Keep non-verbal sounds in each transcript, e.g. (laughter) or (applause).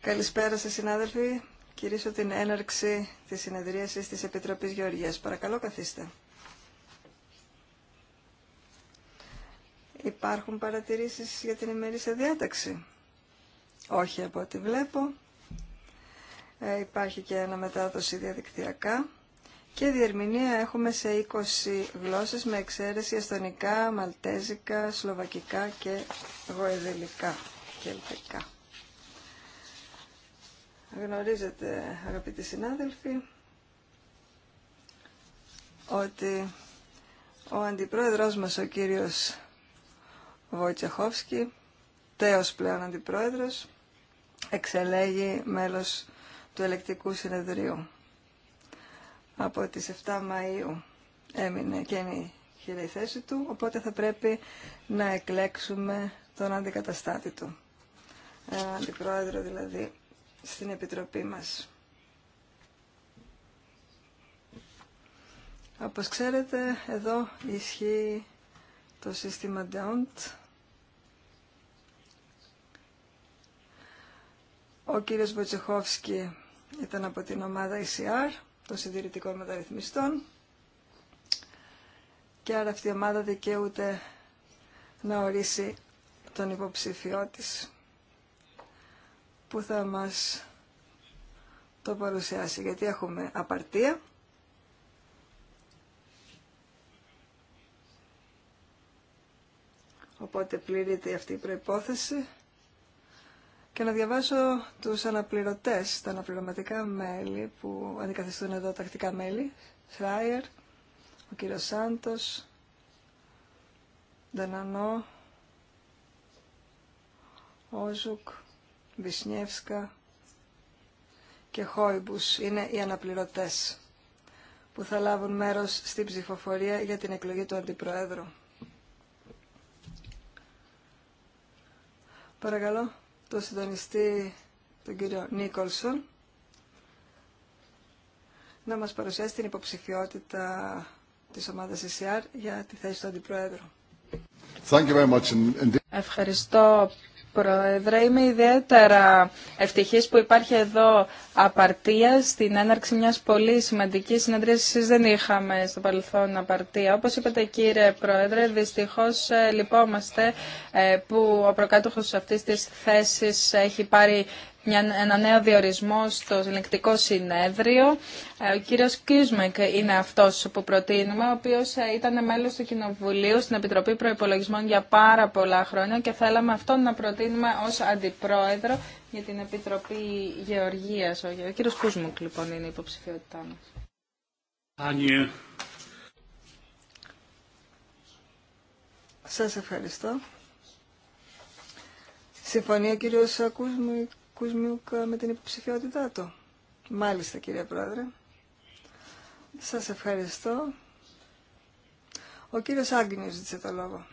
Καλησπέρα σας συνάδελφοι. Κυρίσω την έναρξη της συνεδρίασης της Επιτροπής Γεωργίας. Παρακαλώ καθίστε. Υπάρχουν παρατηρήσεις για την ημερήσια διάταξη. Όχι από ό,τι βλέπω. Ε, υπάρχει και μετάδοση διαδικτυακά. Και διερμηνία έχουμε σε 20 γλώσσες με εξαίρεση αστονικά, μαλτέζικα, σλοβακικά και γοεδελικά και ελπικά. Γνωρίζετε αγαπητοί συνάδελφοι ότι ο αντιπρόεδρος μας ο κύριος Βοητσεχόφσκι, τέος πλέον αντιπρόεδρος, εξελέγει μέλος του ελεκτικού συνεδρίου από τις 7 Μαΐου έμεινε και είναι η χειρή θέση του, οπότε θα πρέπει να εκλέξουμε τον αντικαταστάτη του, ε, αντιπρόεδρο δηλαδή, στην Επιτροπή μας. Όπως ξέρετε, εδώ ισχύει το σύστημα DONT. Ο κύριος Βοτσεχόφσκι ήταν από την ομάδα ECR των συντηρητικών μεταρρυθμιστών και άρα αυτή η ομάδα δικαιούται να ορίσει τον υποψηφιό της που θα μας το παρουσιάσει γιατί έχουμε απαρτία οπότε πληρείται αυτή η προϋπόθεση και να διαβάσω τους αναπληρωτές, τα αναπληρωματικά μέλη που αντικαθιστούν εδώ τακτικά μέλη. Σράιερ, ο κύριος Σάντος, Ντανανό, Όζουκ, Βυσνιεύσκα και Χόιμπους είναι οι αναπληρωτές που θα λάβουν μέρος στην ψηφοφορία για την εκλογή του Αντιπροέδρου. Παρακαλώ το συντονιστή τον κύριο Νίκολσον να μας παρουσιάσει την υποψηφιότητα της ομάδας ECR για τη θέση του Αντιπροέδρου. Ευχαριστώ Πρόεδρε, είμαι ιδιαίτερα ευτυχής που υπάρχει εδώ απαρτία στην έναρξη μιας πολύ σημαντικής συνεδρίας. Εσείς δεν είχαμε στο παρελθόν απαρτία. Όπως είπατε κύριε Πρόεδρε, δυστυχώς ε, λυπόμαστε ε, που ο προκάτοχος αυτής της θέσης έχει πάρει μια, ένα νέο διορισμό στο συλλεκτικό συνέδριο. Ε, ο κύριος Κίσμεκ είναι αυτός που προτείνουμε, ο οποίος ε, ήταν μέλος του Κοινοβουλίου στην Επιτροπή Προϋπολογισμών για πάρα πολλά χρόνια και θέλαμε αυτόν να προτείνουμε ως αντιπρόεδρο για την Επιτροπή Γεωργίας. Ο κύριος Κούσμουκ λοιπόν είναι η υποψηφιότητά μας. Σας ευχαριστώ. Συμφωνία, ο κύριος Κουσμιούκ ε, με την υποψηφιότητά του. Μάλιστα κύριε Πρόεδρε. Σας ευχαριστώ. Ο κύριος Άγγινιος ζήτησε το λόγο.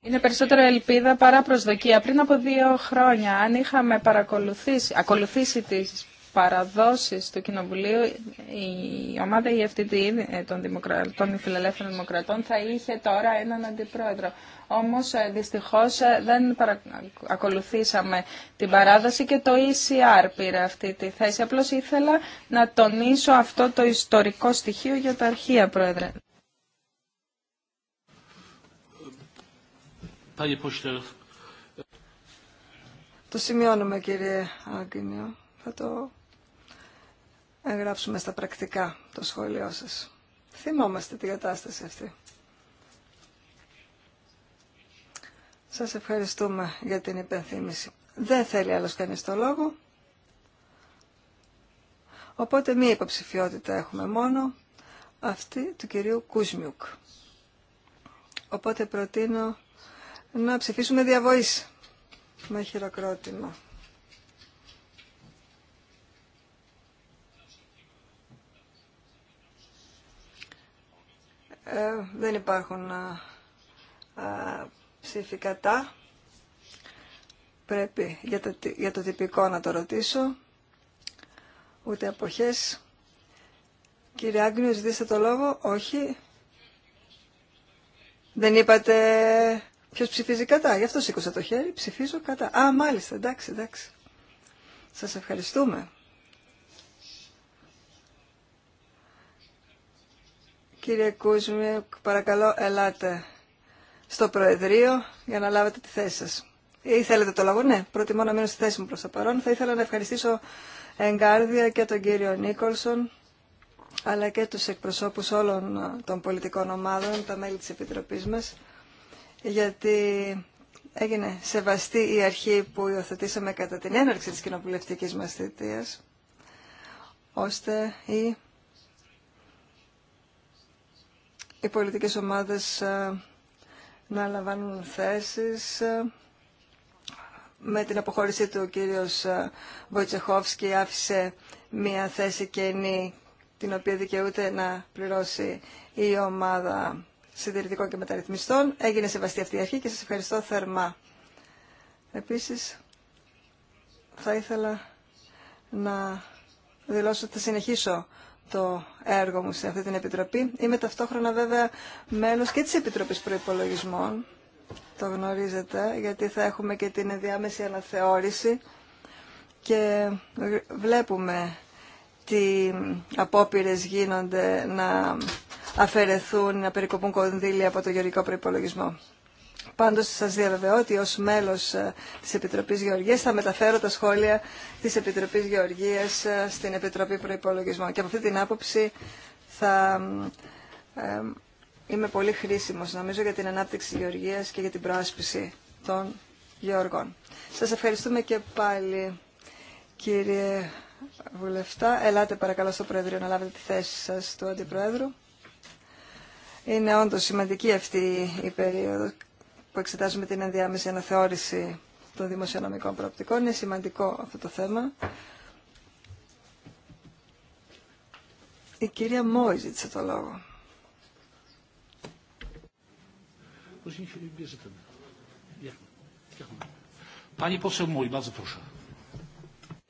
Είναι περισσότερο ελπίδα παρά προσδοκία. Πριν από δύο χρόνια, αν είχαμε παρακολουθήσει, ακολουθήσει τις παραδόσεις του Κοινοβουλίου η ομάδα η e ε, των, των φιλελεύθερων δημοκρατών θα είχε τώρα έναν αντιπρόεδρο. Όμως ε, δυστυχώς ε, δεν ακολουθήσαμε την παράδοση και το ECR πήρε αυτή τη θέση. Απλώς ήθελα να τονίσω αυτό το ιστορικό στοιχείο για τα αρχεία, Πρόεδρε. Το σημειώνουμε κύριε Άγγινιο. Θα το γράψουμε στα πρακτικά το σχόλιο σας. Θυμόμαστε την κατάσταση αυτή. Σας ευχαριστούμε για την υπενθύμηση. Δεν θέλει άλλος κανείς το λόγο. Οπότε μία υποψηφιότητα έχουμε μόνο, αυτή του κυρίου Κούσμιουκ. Οπότε προτείνω να ψηφίσουμε διαβοής με χειροκρότημα. Ε, δεν υπάρχουν ψήφοι κατά. Πρέπει για το, για το τυπικό να το ρωτήσω. Ούτε αποχές. Κύριε Άγγνιο, ζητήστε το λόγο. Όχι. Δεν είπατε ποιο ψηφίζει κατά. Γι' αυτό σήκωσα το χέρι. Ψηφίζω κατά. Α, μάλιστα. Εντάξει, εντάξει. Σας ευχαριστούμε. Κύριε Κούσμιου, παρακαλώ ελάτε στο Προεδρείο για να λάβετε τη θέση σας. Ή θέλετε το λόγο, ναι, προτιμώ να μείνω στη θέση μου προς το παρόν. Θα ήθελα να ευχαριστήσω εγκάρδια και τον κύριο Νίκολσον, αλλά και τους εκπροσώπους όλων των πολιτικών ομάδων, τα μέλη της Επιτροπής μας, γιατί έγινε σεβαστή η αρχή που υιοθετήσαμε κατά την έναρξη της κοινοβουλευτικής μας θητείας, ώστε η οι πολιτικές ομάδες ε, να λαμβάνουν θέσεις. Ε, με την αποχώρησή του ο κύριος ε, Βοητσεχόφσκι άφησε μία θέση κενή την οποία δικαιούται να πληρώσει η ομάδα συντηρητικών και μεταρρυθμιστών. Έγινε σεβαστή αυτή η αρχή και σας ευχαριστώ θερμά. Επίσης, θα ήθελα να δηλώσω ότι θα συνεχίσω το έργο μου σε αυτή την Επιτροπή. Είμαι ταυτόχρονα βέβαια μέλος και της Επιτροπής Προϋπολογισμών, το γνωρίζετε, γιατί θα έχουμε και την διάμεση αναθεώρηση και βλέπουμε τι απόπειρε γίνονται να αφαιρεθούν, να περικοπούν κονδύλια από το γεωργικό προϋπολογισμό. Πάντως σας διαβεβαιώ ότι ως μέλος ε, της Επιτροπής Γεωργίας θα μεταφέρω τα σχόλια της Επιτροπής Γεωργίας ε, στην Επιτροπή Προϋπολογισμών. Και από αυτή την άποψη θα ε, είμαι πολύ χρήσιμος νομίζω για την ανάπτυξη γεωργίας και για την προάσπιση των γεωργών. Σας ευχαριστούμε και πάλι κύριε Βουλευτά. Ελάτε παρακαλώ στο Προεδρείο να λάβετε τη θέση σας του Αντιπροέδρου. Είναι όντως σημαντική αυτή η περίοδος που εξετάζουμε την ενδιάμεση αναθεώρηση των δημοσιονομικών προοπτικών. Είναι σημαντικό αυτό το θέμα. Η κυρία Μόη ζήτησε το λόγο.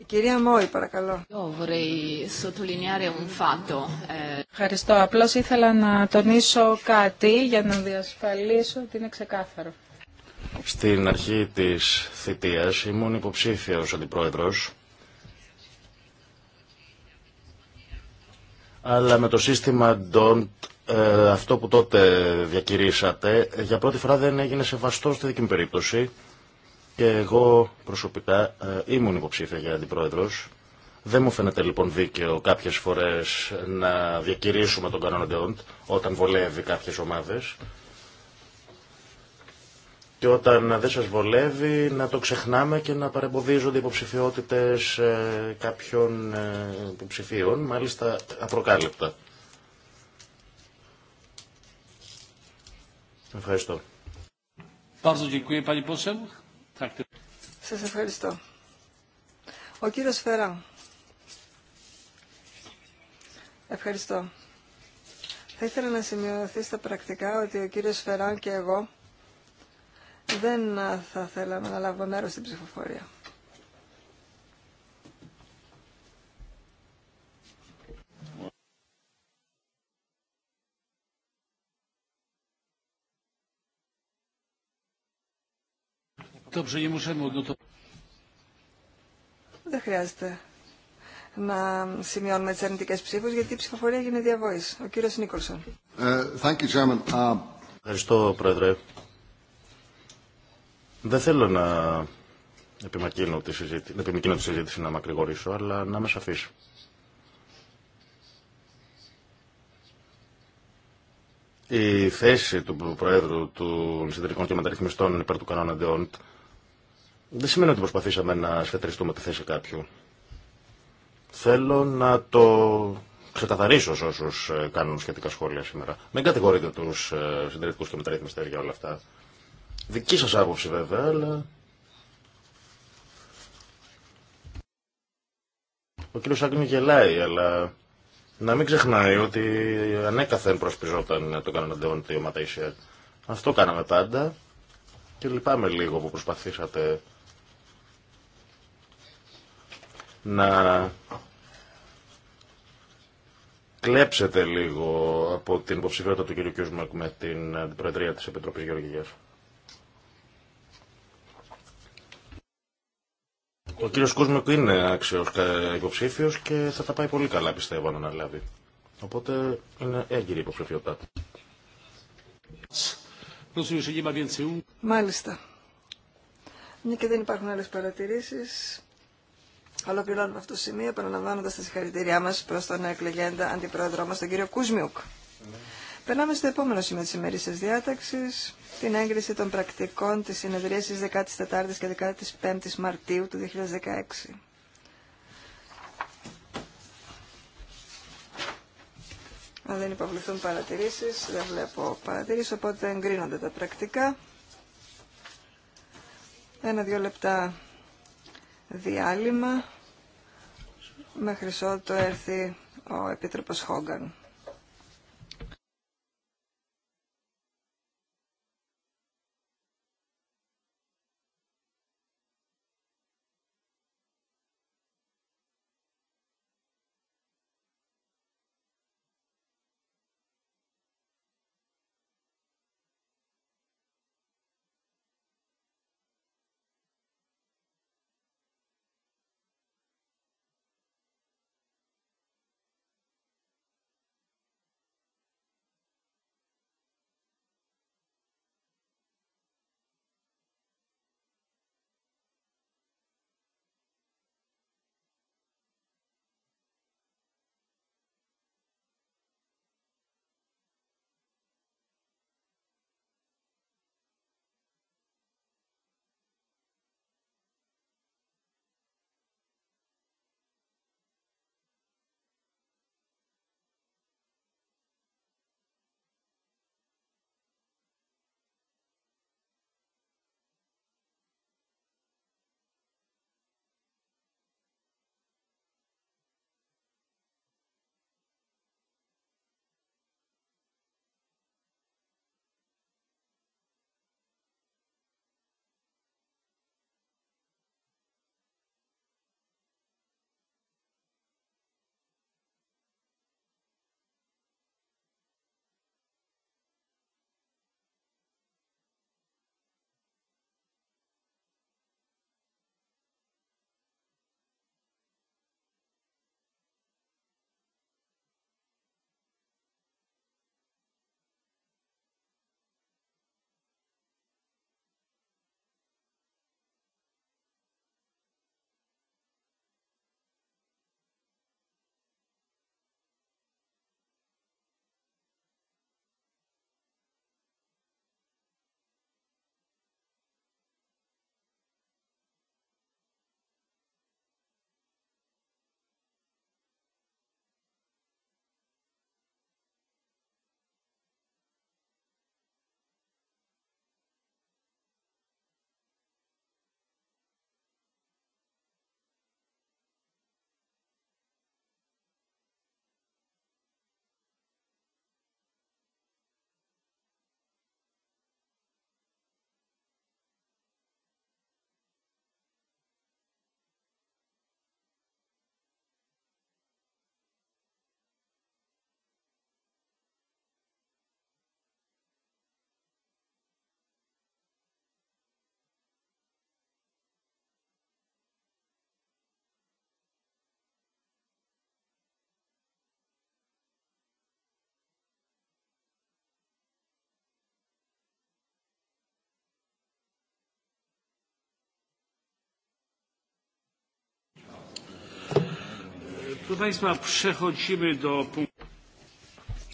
Κυρία Μόη, παρακαλώ. Eh, Ευχαριστώ. Απλώ ήθελα να τονίσω κάτι για να διασφαλίσω ότι είναι ξεκάθαρο. Στην αρχή της θητείας ήμουν υποψήφιος αντιπρόεδρος αλλά με το σύστημα don't, ε, αυτό που τότε διακηρύσατε, για πρώτη φορά δεν έγινε σεβαστό στη δική μου περίπτωση και εγώ προσωπικά ε, ήμουν υποψήφια για αντιπρόεδρος. Δεν μου φαίνεται λοιπόν δίκαιο κάποιες φορές να διακηρύσουμε τον κανόνα Ντεόντ όταν βολεύει κάποιες ομάδες και όταν δεν σας βολεύει να το ξεχνάμε και να παρεμποδίζονται υποψηφιότητες ε, κάποιων ε, υποψηφίων, μάλιστα απροκάλυπτα. Ευχαριστώ. Σας ευχαριστώ. Ο κύριος Φερά. Ευχαριστώ. Θα ήθελα να σημειωθεί στα πρακτικά ότι ο κύριος Φεράν και εγώ δεν θα θέλαμε να λάβουμε μέρος στην ψηφοφορία. Δεν χρειάζεται να σημειώνουμε τι αρνητικέ ψήφου, γιατί η ψηφοφορία γίνεται διαβόη. Ο κύριο Νίκολσον. Ε, Ευχαριστώ, Πρόεδρε. Δεν θέλω να επιμακρύνω τη συζήτηση, να μακρηγορήσω, αλλά να με σαφείς. Η θέση του Προέδρου των Συντηρητικών και Μεταρρυθμιστών υπέρ του κανόνα Ντεόντ δεν σημαίνει ότι προσπαθήσαμε να σφετριστούμε τη θέση κάποιου. Θέλω να το ξεκαθαρίσω σε όσου ε, κάνουν σχετικά σχόλια σήμερα. Μην κατηγορείτε του ε, συντηρητικού και μεταρρύθμιστε για όλα αυτά. Δική σα άποψη βέβαια, αλλά. Ο κύριο Σάγκνη γελάει, αλλά να μην ξεχνάει ότι ανέκαθεν προσπιζόταν το κανοναντεόν τη ομάδα Αυτό κάναμε πάντα και λυπάμαι λίγο που προσπαθήσατε να κλέψετε λίγο από την υποψηφιότητα του κ. Κιούσμακ με την Προεδρία της Επιτροπής Γεωργίας. Ο κύριος Κούσμακ είναι άξιος υποψήφιος και θα τα πάει πολύ καλά πιστεύω να αναλάβει. Οπότε είναι έγκυρη υποψηφιότητά του. Μάλιστα. Μια και δεν υπάρχουν άλλες παρατηρήσεις, Ολοκληρώνουμε αυτό το σημείο, επαναλαμβάνοντα τα συγχαρητήριά μα προ τον εκλεγέντα αντιπρόεδρό μα, τον κύριο Κούσμιουκ. Περνάμε στο επόμενο σημείο τη ημερήσια διάταξη, την έγκριση των πρακτικών τη τη 14 14η και 15η Μαρτίου του 2016. Αν δεν υποβληθούν παρατηρήσεις, δεν βλέπω παρατηρήσεις, οπότε εγκρίνονται τα πρακτικά. Ένα-δύο λεπτά διάλειμμα μέχρι ότου έρθει ο Επίτροπος Χόγκαν.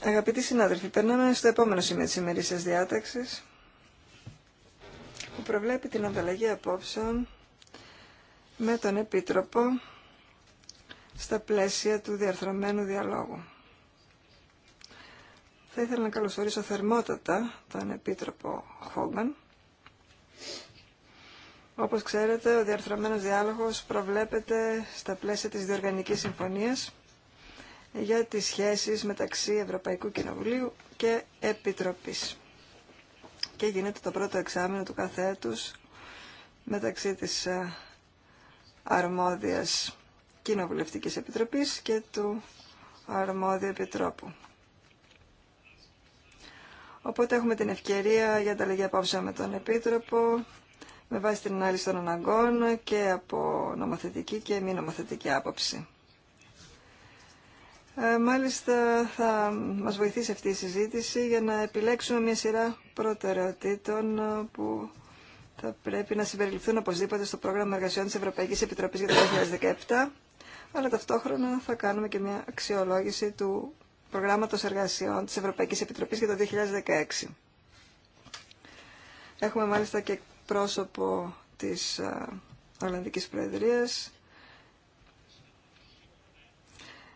Αγαπητοί συνάδελφοι, περνάμε στο επόμενο σημείο τη ημερήσιας διάταξη που προβλέπει την ανταλλαγή απόψεων με τον Επίτροπο στα πλαίσια του διαρθρωμένου διαλόγου. Θα ήθελα να καλωσορίσω θερμότατα τον Επίτροπο Χόγκαν όπως ξέρετε, ο διαρθρωμένος διάλογος προβλέπεται στα πλαίσια της Διοργανικής Συμφωνίας για τις σχέσεις μεταξύ Ευρωπαϊκού Κοινοβουλίου και Επιτροπής. Και γίνεται το πρώτο εξάμεινο του καθέτους μεταξύ της ε, αρμόδιας Κοινοβουλευτικής Επιτροπής και του αρμόδιου Επιτρόπου. Οπότε έχουμε την ευκαιρία για ανταλλαγή απόψε με τον Επίτροπο με βάση την ανάλυση των αναγκών και από νομοθετική και μη νομοθετική άποψη. Ε, μάλιστα θα μας βοηθήσει αυτή η συζήτηση για να επιλέξουμε μια σειρά προτεραιοτήτων ε, που θα πρέπει να συμπεριληφθούν οπωσδήποτε στο πρόγραμμα εργασιών της Ευρωπαϊκής Επιτροπής για το 2017, αλλά ταυτόχρονα θα κάνουμε και μια αξιολόγηση του προγράμματος εργασιών της Ευρωπαϊκής Επιτροπής για το 2016. Έχουμε μάλιστα και πρόσωπο της ε, Ολλανδικής Προεδρίας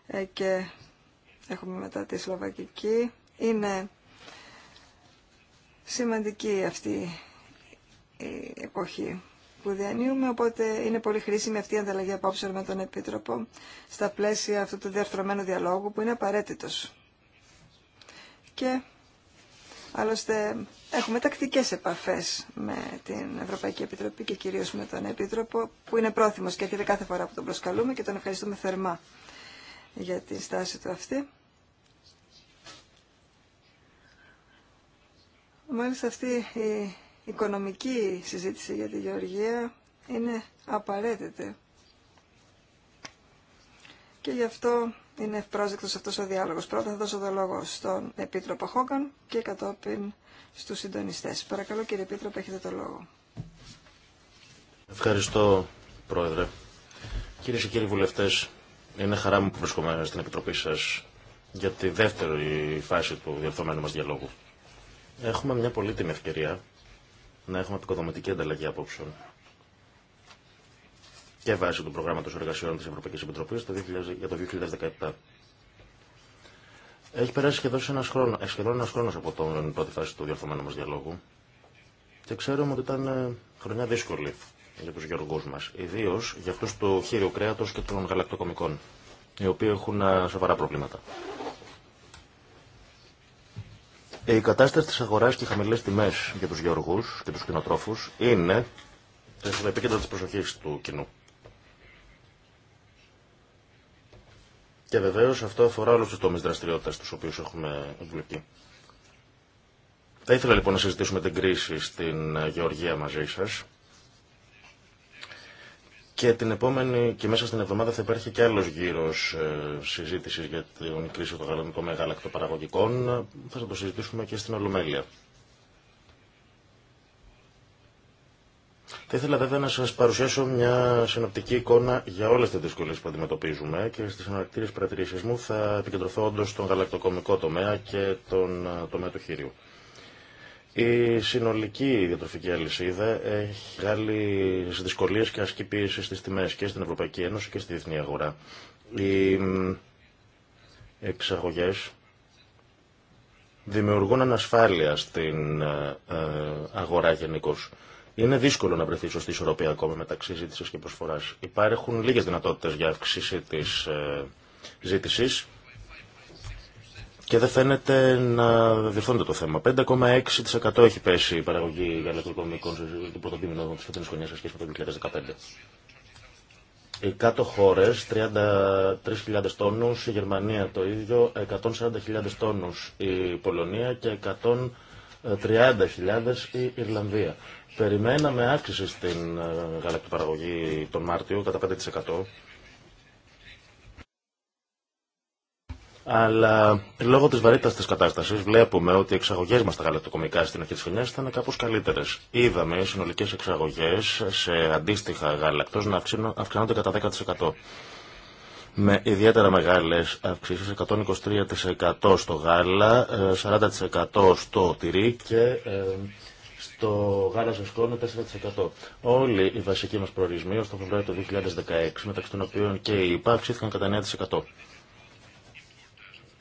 ε, και έχουμε μετά τη Σλοβακική. Είναι σημαντική αυτή η εποχή που διανύουμε, οπότε είναι πολύ χρήσιμη αυτή η ανταλλαγή απόψε με τον Επίτροπο στα πλαίσια αυτού του διαρθρωμένου διαλόγου που είναι απαραίτητος. Και άλλωστε Έχουμε τακτικές επαφές με την Ευρωπαϊκή Επιτροπή και κυρίως με τον Επίτροπο που είναι πρόθυμος και έρχεται κάθε φορά που τον προσκαλούμε και τον ευχαριστούμε θερμά για τη στάση του αυτή. Μάλιστα αυτή η οικονομική συζήτηση για τη Γεωργία είναι απαραίτητη. Και γι' αυτό είναι ευπρόσδεκτος αυτός ο διάλογος. Πρώτα θα δώσω το λόγο στον Επίτροπο Χόγκαν και κατόπιν Στου συντονιστέ. Παρακαλώ κύριε που έχετε το λόγο. Ευχαριστώ Πρόεδρε. Κυρίε και κύριοι βουλευτέ, είναι χαρά μου που βρίσκομαι στην Επιτροπή σας για τη δεύτερη φάση του διορθωμένου μα διαλόγου. Έχουμε μια πολύτιμη ευκαιρία να έχουμε επικοδομητική ανταλλαγή απόψεων και βάσει του προγράμματος εργασιών τη Ευρωπαϊκή Επιτροπή για το 2017. Έχει περάσει σχεδόν ένα χρόνο, ε, σχεδόν ένας χρόνος από τον πρώτη φάση του διορθωμένου μας διαλόγου και ξέρουμε ότι ήταν ε, χρονιά δύσκολη για τους γεωργούς μας, ιδίως για αυτούς του χείριου κρέατος και των γαλακτοκομικών, οι οποίοι έχουν ε, σοβαρά προβλήματα. Η κατάσταση της αγοράς και οι χαμηλές τιμές για τους γεωργούς και τους κοινοτρόφους είναι στο επίκεντρο της προσοχής του κοινού. Και βεβαίω αυτό αφορά όλου του τομεί δραστηριότητα του οποίου έχουμε εμπλοκεί. Θα ήθελα λοιπόν να συζητήσουμε την κρίση στην Γεωργία μαζί σα. Και την επόμενη και μέσα στην εβδομάδα θα υπάρχει και άλλος γύρος ε, συζήτησης για την κρίση των γαλλικών μεγαλακτοπαραγωγικών. Θα το συζητήσουμε και στην Ολομέλεια. Θα ήθελα βέβαια να σας παρουσιάσω μια συνοπτική εικόνα για όλες τις δυσκολίε που αντιμετωπίζουμε και στις αναρκτήριες παρατηρήσεις μου θα επικεντρωθώ όντω στον γαλακτοκομικό τομέα και τον τομέα του χείριου. Η συνολική διατροφική αλυσίδα έχει βγάλει δυσκολίε και ασκεί πίεση στις τιμές και στην Ευρωπαϊκή Ένωση και στη διεθνή αγορά. Οι εξαγωγέ δημιουργούν ανασφάλεια στην αγορά γενικώ. Είναι δύσκολο να βρεθεί σωστή ισορροπία ακόμα μεταξύ ζήτηση και προσφορά. Υπάρχουν λίγε δυνατότητε για αύξηση τη ε, ζήτηση και δεν φαίνεται να διευθύνεται το θέμα. 5,6% έχει πέσει η παραγωγή γαλακτοκομικών του πρώτο δίμηνο τη φετινή χρονιά σε σχέση με το 2015. Οι κάτω χώρε, 33.000 τόνου, η Γερμανία το ίδιο, 140.000 τόνου η Πολωνία και 130.000 η Ιρλανδία. Περιμέναμε αύξηση στην ε, γαλακτοπαραγωγή τον Μάρτιο κατά 5%. Αλλά λόγω της βαρύτητας της κατάστασης βλέπουμε ότι οι εξαγωγές μας στα γαλακτοκομικά στην αρχή τη χρονιάς ήταν κάπως καλύτερες. Είδαμε οι συνολικέ εξαγωγέ σε αντίστοιχα γάλακτος να αυξάνονται κατά 10%. Με ιδιαίτερα μεγάλες αυξήσεις, 123% στο γάλα, 40% ε, στο τυρί και ε, το γάλα ζεσκόνο 4%. Όλοι οι βασικοί μας προορισμοί ως το Φεβρουάριο του 2016, μεταξύ των οποίων και οι ΙΠΑ, αυξήθηκαν κατά 9%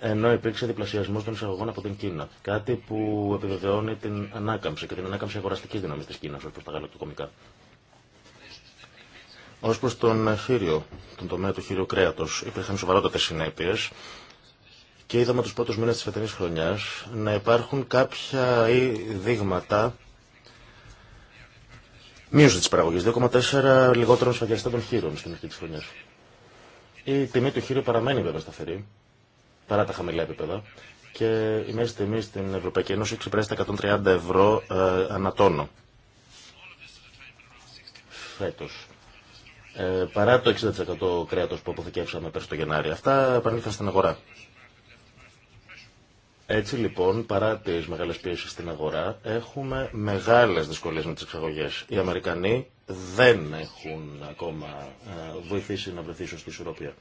ενώ υπήρξε διπλασιασμό των εισαγωγών από την Κίνα. Κάτι που επιβεβαιώνει την ανάκαμψη και την ανάκαμψη αγοραστικής δύναμης της Κίνα ως προς τα γαλακτοκομικά. Ω προ τον χείριο, τον τομέα του χείριου κρέατο, υπήρχαν σοβαρότατε συνέπειε και είδαμε του πρώτου μήνε τη φετινή χρονιά να υπάρχουν κάποια δείγματα Μείωση τη παραγωγή 2,4 λιγότερων σφαγιαστών χείρων στην αρχή τη χρονιά. Η τιμή του χείρου παραμένει βέβαια σταθερή, παρά τα χαμηλά επίπεδα, και η μέση τιμή στην Ευρωπαϊκή Ένωση ξεπεράσει τα 130 ευρώ ε, ανατόνο. Φέτο. Ε, παρά το 60% κρέατο που αποθηκεύσαμε πέρσι το Γενάρη. Αυτά επανήλθαν στην αγορά. Έτσι λοιπόν, παρά τι μεγάλε πιέσει στην αγορά, έχουμε μεγάλε δυσκολίε με τι εξαγωγέ. Οι Αμερικανοί δεν έχουν ακόμα ε, βοηθήσει να βρεθεί σωστή ισορροπία.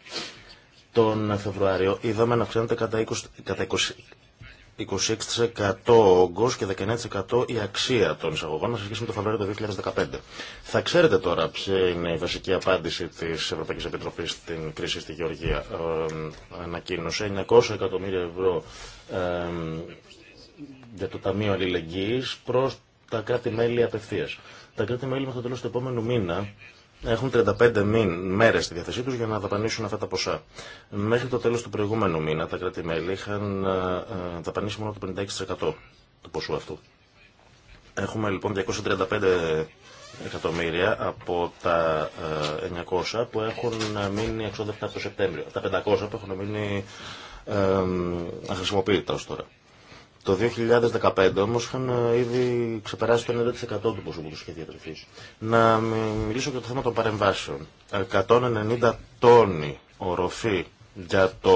Τον Φεβρουάριο είδαμε να αυξάνεται κατά 20%. Κατά 26% ο όγκο και 19% η αξία των εισαγωγών να σχέση με το Φεβρουάριο του 2015. Θα ξέρετε τώρα ποια είναι η βασική απάντηση τη Ευρωπαϊκή Επιτροπή στην κρίση στη Γεωργία. Ε, ε, ανακοίνωσε 900 εκατομμύρια ευρώ για το Ταμείο Αλληλεγγύης προς τα κράτη-μέλη απευθείας. Τα κράτη-μέλη μέχρι το τέλος του επόμενου μήνα έχουν 35 μέρες στη διάθεσή τους για να δαπανίσουν αυτά τα ποσά. Μέχρι το τέλος του προηγούμενου μήνα τα κράτη-μέλη είχαν ε, ε, δαπανίσει μόνο το 56% του ποσού αυτού. Έχουμε λοιπόν 235 εκατομμύρια από τα 900 ε, που έχουν μείνει εξόδευτα από το Σεπτέμβριο. Τα 500 που έχουν μείνει αχρησιμοποιείται ως τώρα. Το 2015 όμως είχαν ε, ήδη ξεπεράσει το 90% του ποσού τους σχεδιατροφής. Να μιλήσω για το θέμα των παρεμβάσεων. 190 ε, τόνοι οροφή για το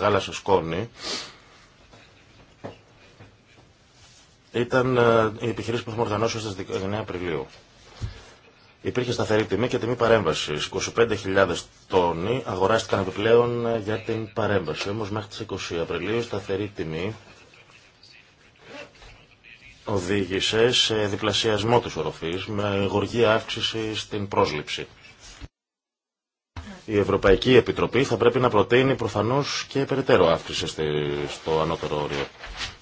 γάλα σε σκόνη ήταν η ε, επιχείρηση που έχουμε οργανώσει στις 19 Απριλίου. Υπήρχε σταθερή τιμή και τιμή παρέμβαση. 25.000 τόνοι αγοράστηκαν επιπλέον ε, για την παρέμβαση. Όμω μέχρι τι 20 Απριλίου σταθερή τιμή οδήγησε σε διπλασιασμό τη οροφή με γοργή αύξηση στην πρόσληψη. Η Ευρωπαϊκή Επιτροπή θα πρέπει να προτείνει προφανώς και περαιτέρω αύξηση στο ανώτερο όριο.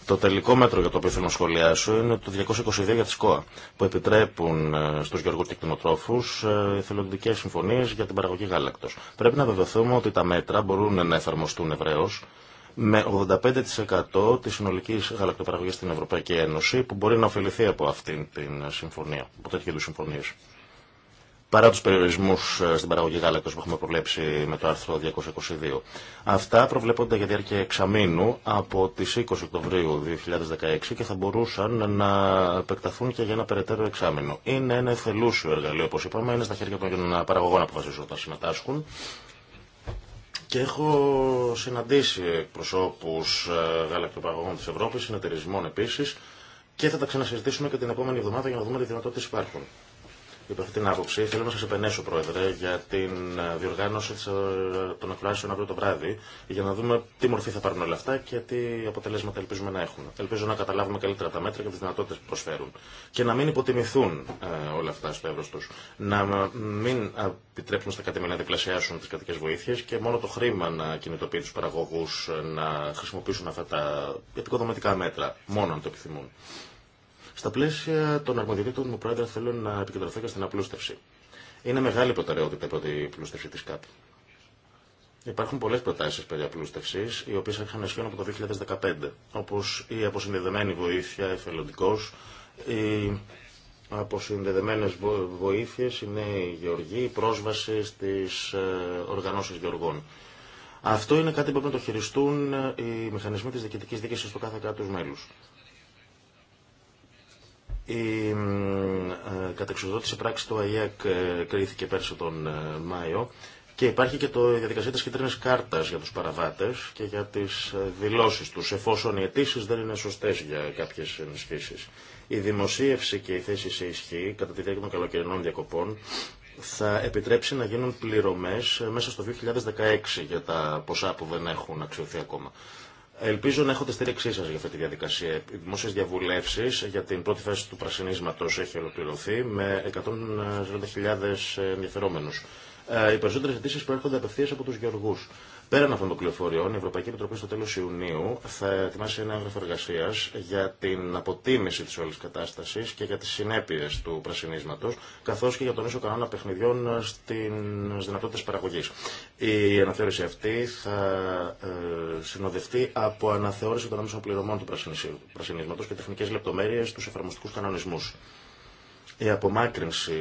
Το τελικό μέτρο για το οποίο θέλω να σχολιάσω είναι το 222 για τη ΣΚΟΑ, που επιτρέπουν ε, στου γεωργού και κτηνοτρόφου ε, εθελοντικέ συμφωνίε για την παραγωγή γάλακτο. Πρέπει να βεβαιωθούμε ότι τα μέτρα μπορούν να εφαρμοστούν ευρέω με 85% της συνολικής γαλακτοπαραγωγής στην Ευρωπαϊκή Ένωση που μπορεί να ωφεληθεί από αυτήν την συμφωνία, από τέτοιου συμφωνίες παρά τους περιορισμούς ε, στην παραγωγή γάλακτος που έχουμε προβλέψει με το άρθρο 222. Αυτά προβλέπονται για διάρκεια εξαμήνου από τις 20 Οκτωβρίου 2016 και θα μπορούσαν να επεκταθούν και για ένα περαιτέρω εξάμεινο. Είναι ένα εθελούσιο εργαλείο, όπως είπαμε, είναι στα χέρια των παραγωγών αποφασίζουν να συμμετάσχουν. Και έχω συναντήσει εκπροσώπους ε, γαλακτοπαραγωγών της Ευρώπης, συνεταιρισμών επίσης, και θα τα ξανασυζητήσουμε και την επόμενη εβδομάδα για να δούμε τι δυνατότητε υπάρχουν. Υπό αυτή την άποψη, θέλω να σα επενέσω, Πρόεδρε, για την διοργάνωση των εκφράσεων αύριο το βράδυ, για να δούμε τι μορφή θα πάρουν όλα αυτά και τι αποτελέσματα ελπίζουμε να έχουν. Ελπίζω να καταλάβουμε καλύτερα τα μέτρα και τι δυνατότητε που προσφέρουν. Και να μην υποτιμηθούν ε, όλα αυτά στο εύρο του. Να μην επιτρέπουν στα κατεμένα να διπλασιάσουν τι κρατικέ βοήθειε και μόνο το χρήμα να κινητοποιεί του παραγωγού να χρησιμοποιήσουν αυτά τα επικοδομητικά μέτρα, μόνο αν το επιθυμούν. Στα πλαίσια των αρμοδιοτήτων μου, Πρόεδρε, θέλω να επικεντρωθώ και στην απλούστευση. Είναι μεγάλη προτεραιότητα η πρώτη πλούστευση τη ΚΑΠ. Υπάρχουν πολλέ προτάσει περί απλούστευση, οι οποίε έρχαν σχεδόν από το 2015, όπω η αποσυνδεδεμένη βοήθεια εθελοντικό, οι αποσυνδεδεμένε βοήθειε, οι νέοι γεωργή, η πρόσβαση στι ε, οργανώσει γεωργών. Αυτό είναι κάτι που πρέπει να το χειριστούν ε, οι μηχανισμοί τη διοικητική δίκηση στο κάθε κράτο μέλου. Η ε, κατεξοδότηση πράξη του ΑΙΑΚ ε, κρίθηκε πέρσι τον ε, Μάιο και υπάρχει και το, διαδικασία της κίτρινης κάρτας για τους παραβάτες και για τις δηλώσεις τους, εφόσον οι αιτήσει δεν είναι σωστές για κάποιες ενισχύσεις. Η δημοσίευση και η θέση σε ισχύ κατά τη διάρκεια των καλοκαιρινών διακοπών θα επιτρέψει να γίνουν πληρωμές μέσα στο 2016 για τα ποσά που δεν έχουν αξιωθεί ακόμα. Ελπίζω να έχω τη στήριξή σα για αυτή τη διαδικασία. Οι δημόσιε διαβουλεύσει για την πρώτη φάση του πρασινίσματο έχει ολοκληρωθεί με 140.000 ενδιαφερόμενου. Ε, οι περισσότερε αιτήσει προέρχονται απευθεία από του γεωργού. Πέραν αυτών των πληροφοριών, η Ευρωπαϊκή Επιτροπή στο τέλο Ιουνίου θα ετοιμάσει ένα έγγραφο εργασία για την αποτίμηση τη όλη κατάσταση και για τι συνέπειε του πρασινίσματο, καθώ και για τον ίσο κανόνα παιχνιδιών στι δυνατότητε παραγωγή. Η αναθεώρηση αυτή θα ε, συνοδευτεί από αναθεώρηση των άμεσων πληρωμών του πρασινίσματο και τεχνικέ λεπτομέρειε στου εφαρμοστικού κανονισμού. Η απομάκρυνση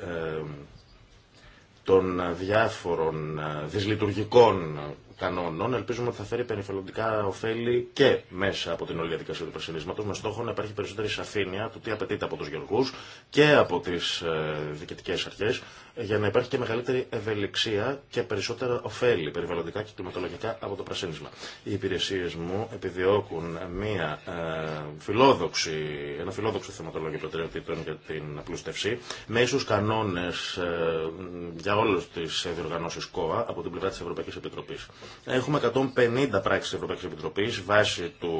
ε, των ε, διάφορων ε, δυσλειτουργικών κανόνων, ελπίζουμε ότι θα φέρει περιβαλλοντικά ωφέλη και μέσα από την όλη διαδικασία του πρασινίσματο, με στόχο να υπάρχει περισσότερη σαφήνεια του τι απαιτείται από του γεωργού και από τι ε, διοικητικέ αρχέ, για να υπάρχει και μεγαλύτερη ευελιξία και περισσότερα ωφέλη περιβαλλοντικά και κλιματολογικά από το πρασίνισμα. Οι υπηρεσίε μου επιδιώκουν μια, ε, φιλόδοξη, ένα φιλόδοξο θεματολόγιο προτεραιοτήτων για την απλούστευση, με ίσου κανόνε ε, για όλε τι διοργανώσει ΚΟΑ από την πλευρά τη Ευρωπαϊκή Επιτροπή. Έχουμε 150 πράξει τη Ευρωπαϊκή Επιτροπή βάσει του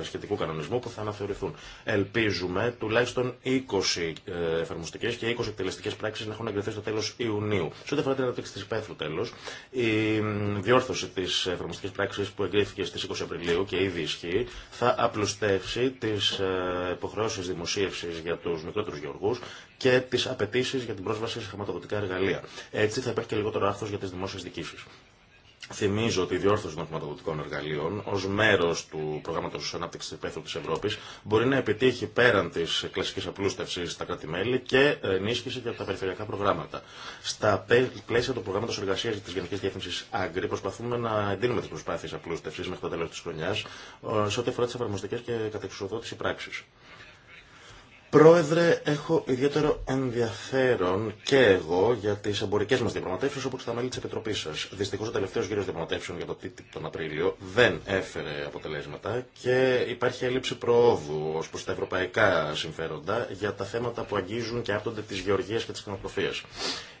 ε, σχετικού κανονισμού που θα αναθεωρηθούν. Ελπίζουμε τουλάχιστον 20 ε, εφαρμοστικέ και 20 εκτελεστικέ πράξει να έχουν εγκριθεί στο τέλο Ιουνίου. Σε ό,τι αφορά την αναπτύξη τη υπαίθρου τέλο, η διόρθωση τη εφαρμοστική πράξη που εγκρίθηκε στι 20 Απριλίου και ήδη ισχύει θα απλουστεύσει τι ε, υποχρεώσει δημοσίευση για του μικρότερου γεωργού και τι απαιτήσει για την πρόσβαση σε χρηματοδοτικά εργαλεία. Έτσι θα υπάρχει και λιγότερο άρθρο για τι δημόσιε διοικήσει. Θυμίζω ότι η διόρθωση των χρηματοδοτικών εργαλείων ω μέρο του προγράμματο ανάπτυξη τη υπαίθρου τη Ευρώπη μπορεί να επιτύχει πέραν τη κλασική απλούστευση στα κράτη-μέλη και ενίσχυση για τα περιφερειακά προγράμματα. Στα πλαίσια του προγράμματο εργασία τη Γενική Διεύθυνση Άγκρη προσπαθούμε να εντείνουμε τι προσπάθειε απλούστευση μέχρι το τέλο τη χρονιά ε, σε ό,τι αφορά τι εφαρμοστικέ και κατεξοδότηση πράξει. Πρόεδρε, έχω ιδιαίτερο ενδιαφέρον και εγώ για τι εμπορικέ μα διαπραγματεύσει όπω και τα μέλη τη Επιτροπή σα. Δυστυχώ ο τελευταίο γύρο διαπραγματεύσεων για το TTIP τον Απρίλιο δεν έφερε αποτελέσματα και υπάρχει έλλειψη προόδου ω προ τα ευρωπαϊκά συμφέροντα για τα θέματα που αγγίζουν και άπτονται τη γεωργία και τη κτηνοτροφία.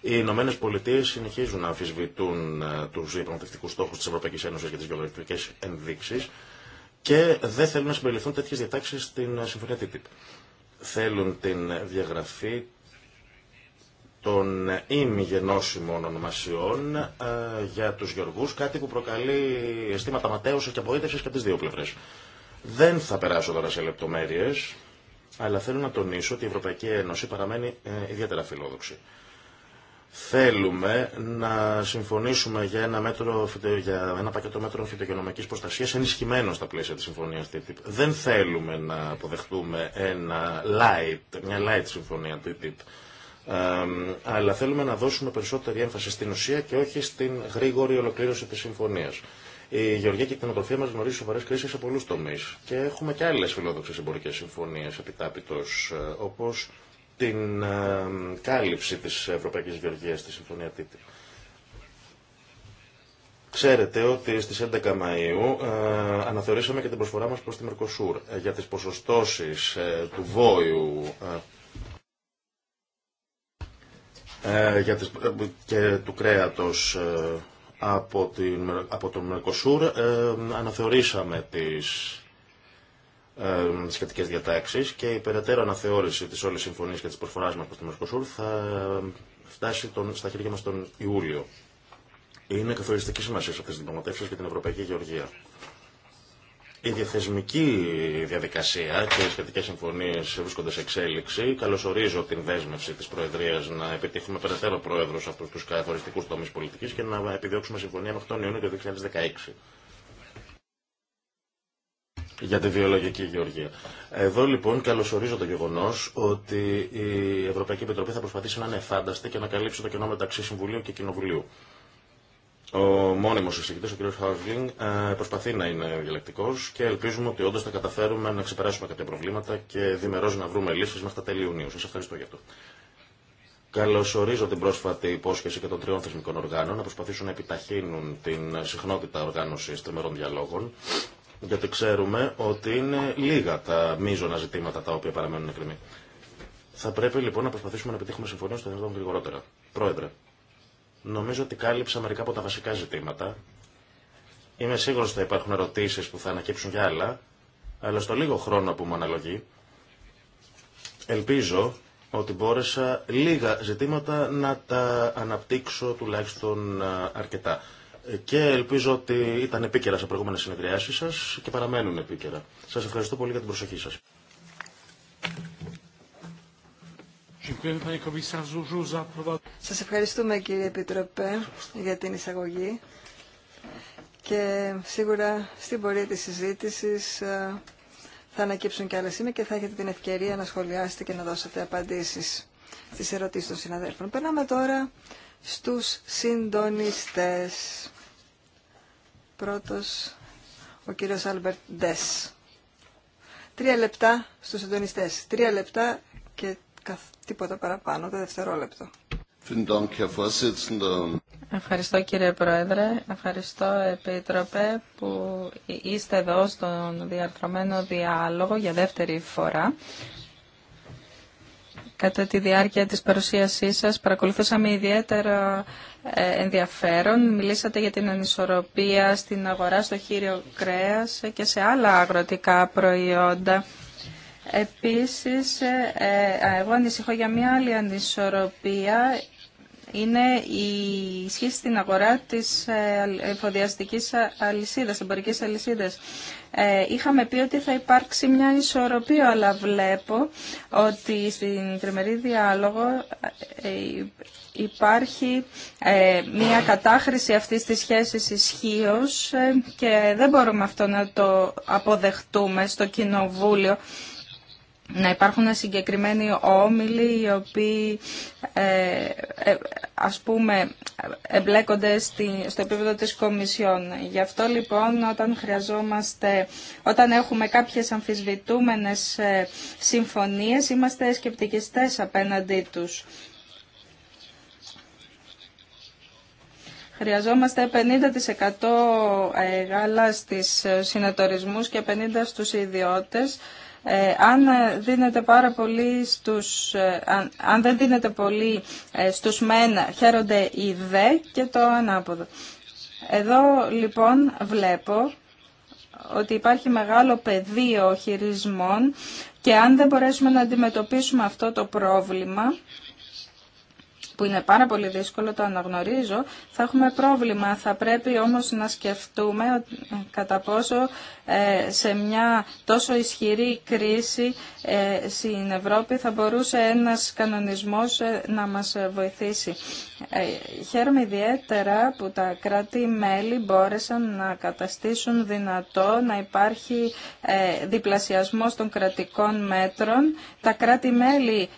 Οι Ηνωμένε Πολιτείε συνεχίζουν να αμφισβητούν ε, του διαπραγματευτικού στόχου τη Ευρωπαϊκή Ένωση για τι γεωργικέ ενδείξει και δεν θέλουν να συμπεριληφθούν τέτοιε διατάξει στην ε, συμφωνία θέλουν την διαγραφή των ημιγενώσιμων ονομασιών ε, για τους γεωργούς, κάτι που προκαλεί αισθήματα ματέωση και απογοήτευσης και από τις δύο πλευρές. Δεν θα περάσω τώρα σε λεπτομέρειες, αλλά θέλω να τονίσω ότι η Ευρωπαϊκή Ένωση παραμένει ε, ιδιαίτερα φιλόδοξη. Θέλουμε να συμφωνήσουμε για ένα, μέτρο, για ένα πακέτο μέτρων φυτογενομικής προστασίας ενισχυμένο στα πλαίσια της συμφωνίας TTIP. Δεν θέλουμε να αποδεχτούμε ένα light, μια light συμφωνία TTIP. αλλά θέλουμε να δώσουμε περισσότερη έμφαση στην ουσία και όχι στην γρήγορη ολοκλήρωση της συμφωνίας. Η γεωργία και η κτηνοτροφία μα γνωρίζει σοβαρέ κρίσει σε πολλού τομεί και έχουμε και άλλες φιλόδοξες εμπορικές συμφωνίες επιτάπητος ε, όπω την ε, κάλυψη της Ευρωπαϊκής Γεωργίας στη Συμφωνία Τίτη. Ξέρετε ότι στις 11 Μαΐου ε, αναθεωρήσαμε και την προσφορά μας προς τη Μερκοσούρ ε, για τις ποσοστώσεις του βόηου για τις, και του κρέατος από, την, από τον Μερκοσούρ. αναθεωρήσαμε τις ε, σχετικέ διατάξει και η περαιτέρω αναθεώρηση τη όλη συμφωνία και τη προσφορά μα προ το Μερκοσούρ θα φτάσει τον, στα χέρια μα τον Ιούλιο. Είναι καθοριστική σημασία σε τι τις για την Ευρωπαϊκή Γεωργία. Η διαθεσμική διαδικασία και οι σχετικέ συμφωνίε βρίσκονται σε εξέλιξη. Καλωσορίζω την δέσμευση τη Προεδρία να επιτύχουμε περαιτέρω πρόεδρο σε αυτού του καθοριστικού τομεί πολιτική και να επιδιώξουμε συμφωνία αυτόν τον Ιούνιο του 2016 για τη βιολογική γεωργία. Εδώ λοιπόν καλωσορίζω το γεγονό ότι η Ευρωπαϊκή Επιτροπή θα προσπαθήσει να είναι φάνταστη και να καλύψει το κενό μεταξύ Συμβουλίου και Κοινοβουλίου. Ο μόνιμο εισηγητή, ο κ. Χάουσλινγκ, ε, προσπαθεί να είναι διαλεκτικό και ελπίζουμε ότι όντω θα καταφέρουμε να ξεπεράσουμε κάποια προβλήματα και διμερώ να βρούμε λύσει μέχρι τα τέλη Ιουνίου. Σα ευχαριστώ για αυτό. Καλωσορίζω την πρόσφατη υπόσχεση και των τριών θεσμικών οργάνων να προσπαθήσουν να επιταχύνουν την συχνότητα οργάνωση τριμερών διαλόγων γιατί ξέρουμε ότι είναι λίγα τα μείζωνα ζητήματα τα οποία παραμένουν εκκρεμή. Θα πρέπει λοιπόν να προσπαθήσουμε να πετύχουμε συμφωνία στο δυνατόν γρηγορότερα. Πρόεδρε, νομίζω ότι κάλυψα μερικά από τα βασικά ζητήματα. Είμαι σίγουρο ότι θα υπάρχουν ερωτήσει που θα ανακύψουν κι άλλα, αλλά στο λίγο χρόνο που μου αναλογεί, ελπίζω ότι μπόρεσα λίγα ζητήματα να τα αναπτύξω τουλάχιστον αρκετά και ελπίζω ότι ήταν επίκαιρα σε προηγούμενε συνεδριάσει σας και παραμένουν επίκαιρα. Σας ευχαριστώ πολύ για την προσοχή σας. Σας ευχαριστούμε κύριε Επιτροπέ για την εισαγωγή και σίγουρα στην πορεία της συζήτησης ε, θα ανακύψουν και άλλα σήμερα και θα έχετε την ευκαιρία να σχολιάσετε και να δώσετε απαντήσεις στις ερωτήσεις των συναδέλφων. Περνάμε τώρα στους συντονιστές. Πρώτος ο κύριος Άλμπερτ Ντες. Τρία λεπτά στους συντονιστές. Τρία λεπτά και τίποτα παραπάνω, το δευτερόλεπτο. Ευχαριστώ κύριε Πρόεδρε, ευχαριστώ Επίτροπε που είστε εδώ στον διαρθρωμένο διάλογο για δεύτερη φορά. Κατά τη διάρκεια της παρουσίασής σας παρακολουθούσαμε ιδιαίτερα ε, ενδιαφέρον. Μιλήσατε για την ανισορροπία στην αγορά στο χείριο κρέας και σε άλλα αγροτικά προϊόντα. Επίσης, ε, ε, εγώ ανησυχώ για μια άλλη ανισορροπία είναι η σχέση στην αγορά της ε, εφοδιαστικής αλυσίδας, εμπορικής αλυσίδας. Ε, είχαμε πει ότι θα υπάρξει μια ισορροπία, αλλά βλέπω ότι στην τριμερή διάλογο ε, υπάρχει μια κατάχρηση αυτής της σχέσης ισχύω και δεν μπορούμε αυτό να το αποδεχτούμε στο Κοινοβούλιο να υπάρχουν συγκεκριμένοι όμιλοι οι οποίοι ε, ε, ας πούμε εμπλέκονται στο επίπεδο της Κομισιόν. Γι' αυτό λοιπόν όταν χρειαζόμαστε, όταν έχουμε κάποιες αμφισβητούμενες ε, συμφωνίες είμαστε σκεπτικιστές απέναντί τους. Χρειαζόμαστε 50% γάλα στις συνατορισμούς και 50% στους ιδιώτες ε, αν, ε, δίνετε πάρα πολύ στους, ε, αν, δεν δίνεται πολύ στους μένα χαίρονται οι δε και το ανάποδο. Εδώ λοιπόν βλέπω ότι υπάρχει μεγάλο πεδίο χειρισμών και αν δεν μπορέσουμε να αντιμετωπίσουμε αυτό το πρόβλημα που είναι πάρα πολύ δύσκολο, το αναγνωρίζω, θα έχουμε πρόβλημα. Θα πρέπει όμως να σκεφτούμε κατά πόσο ε, σε μια τόσο ισχυρή κρίση ε, στην Ευρώπη θα μπορούσε ένας κανονισμός ε, να μας βοηθήσει. Χαίρομαι ιδιαίτερα που τα κράτη-μέλη μπόρεσαν να καταστήσουν δυνατό να υπάρχει διπλασιασμός των κρατικών μέτρων. Τα κράτη-μέλη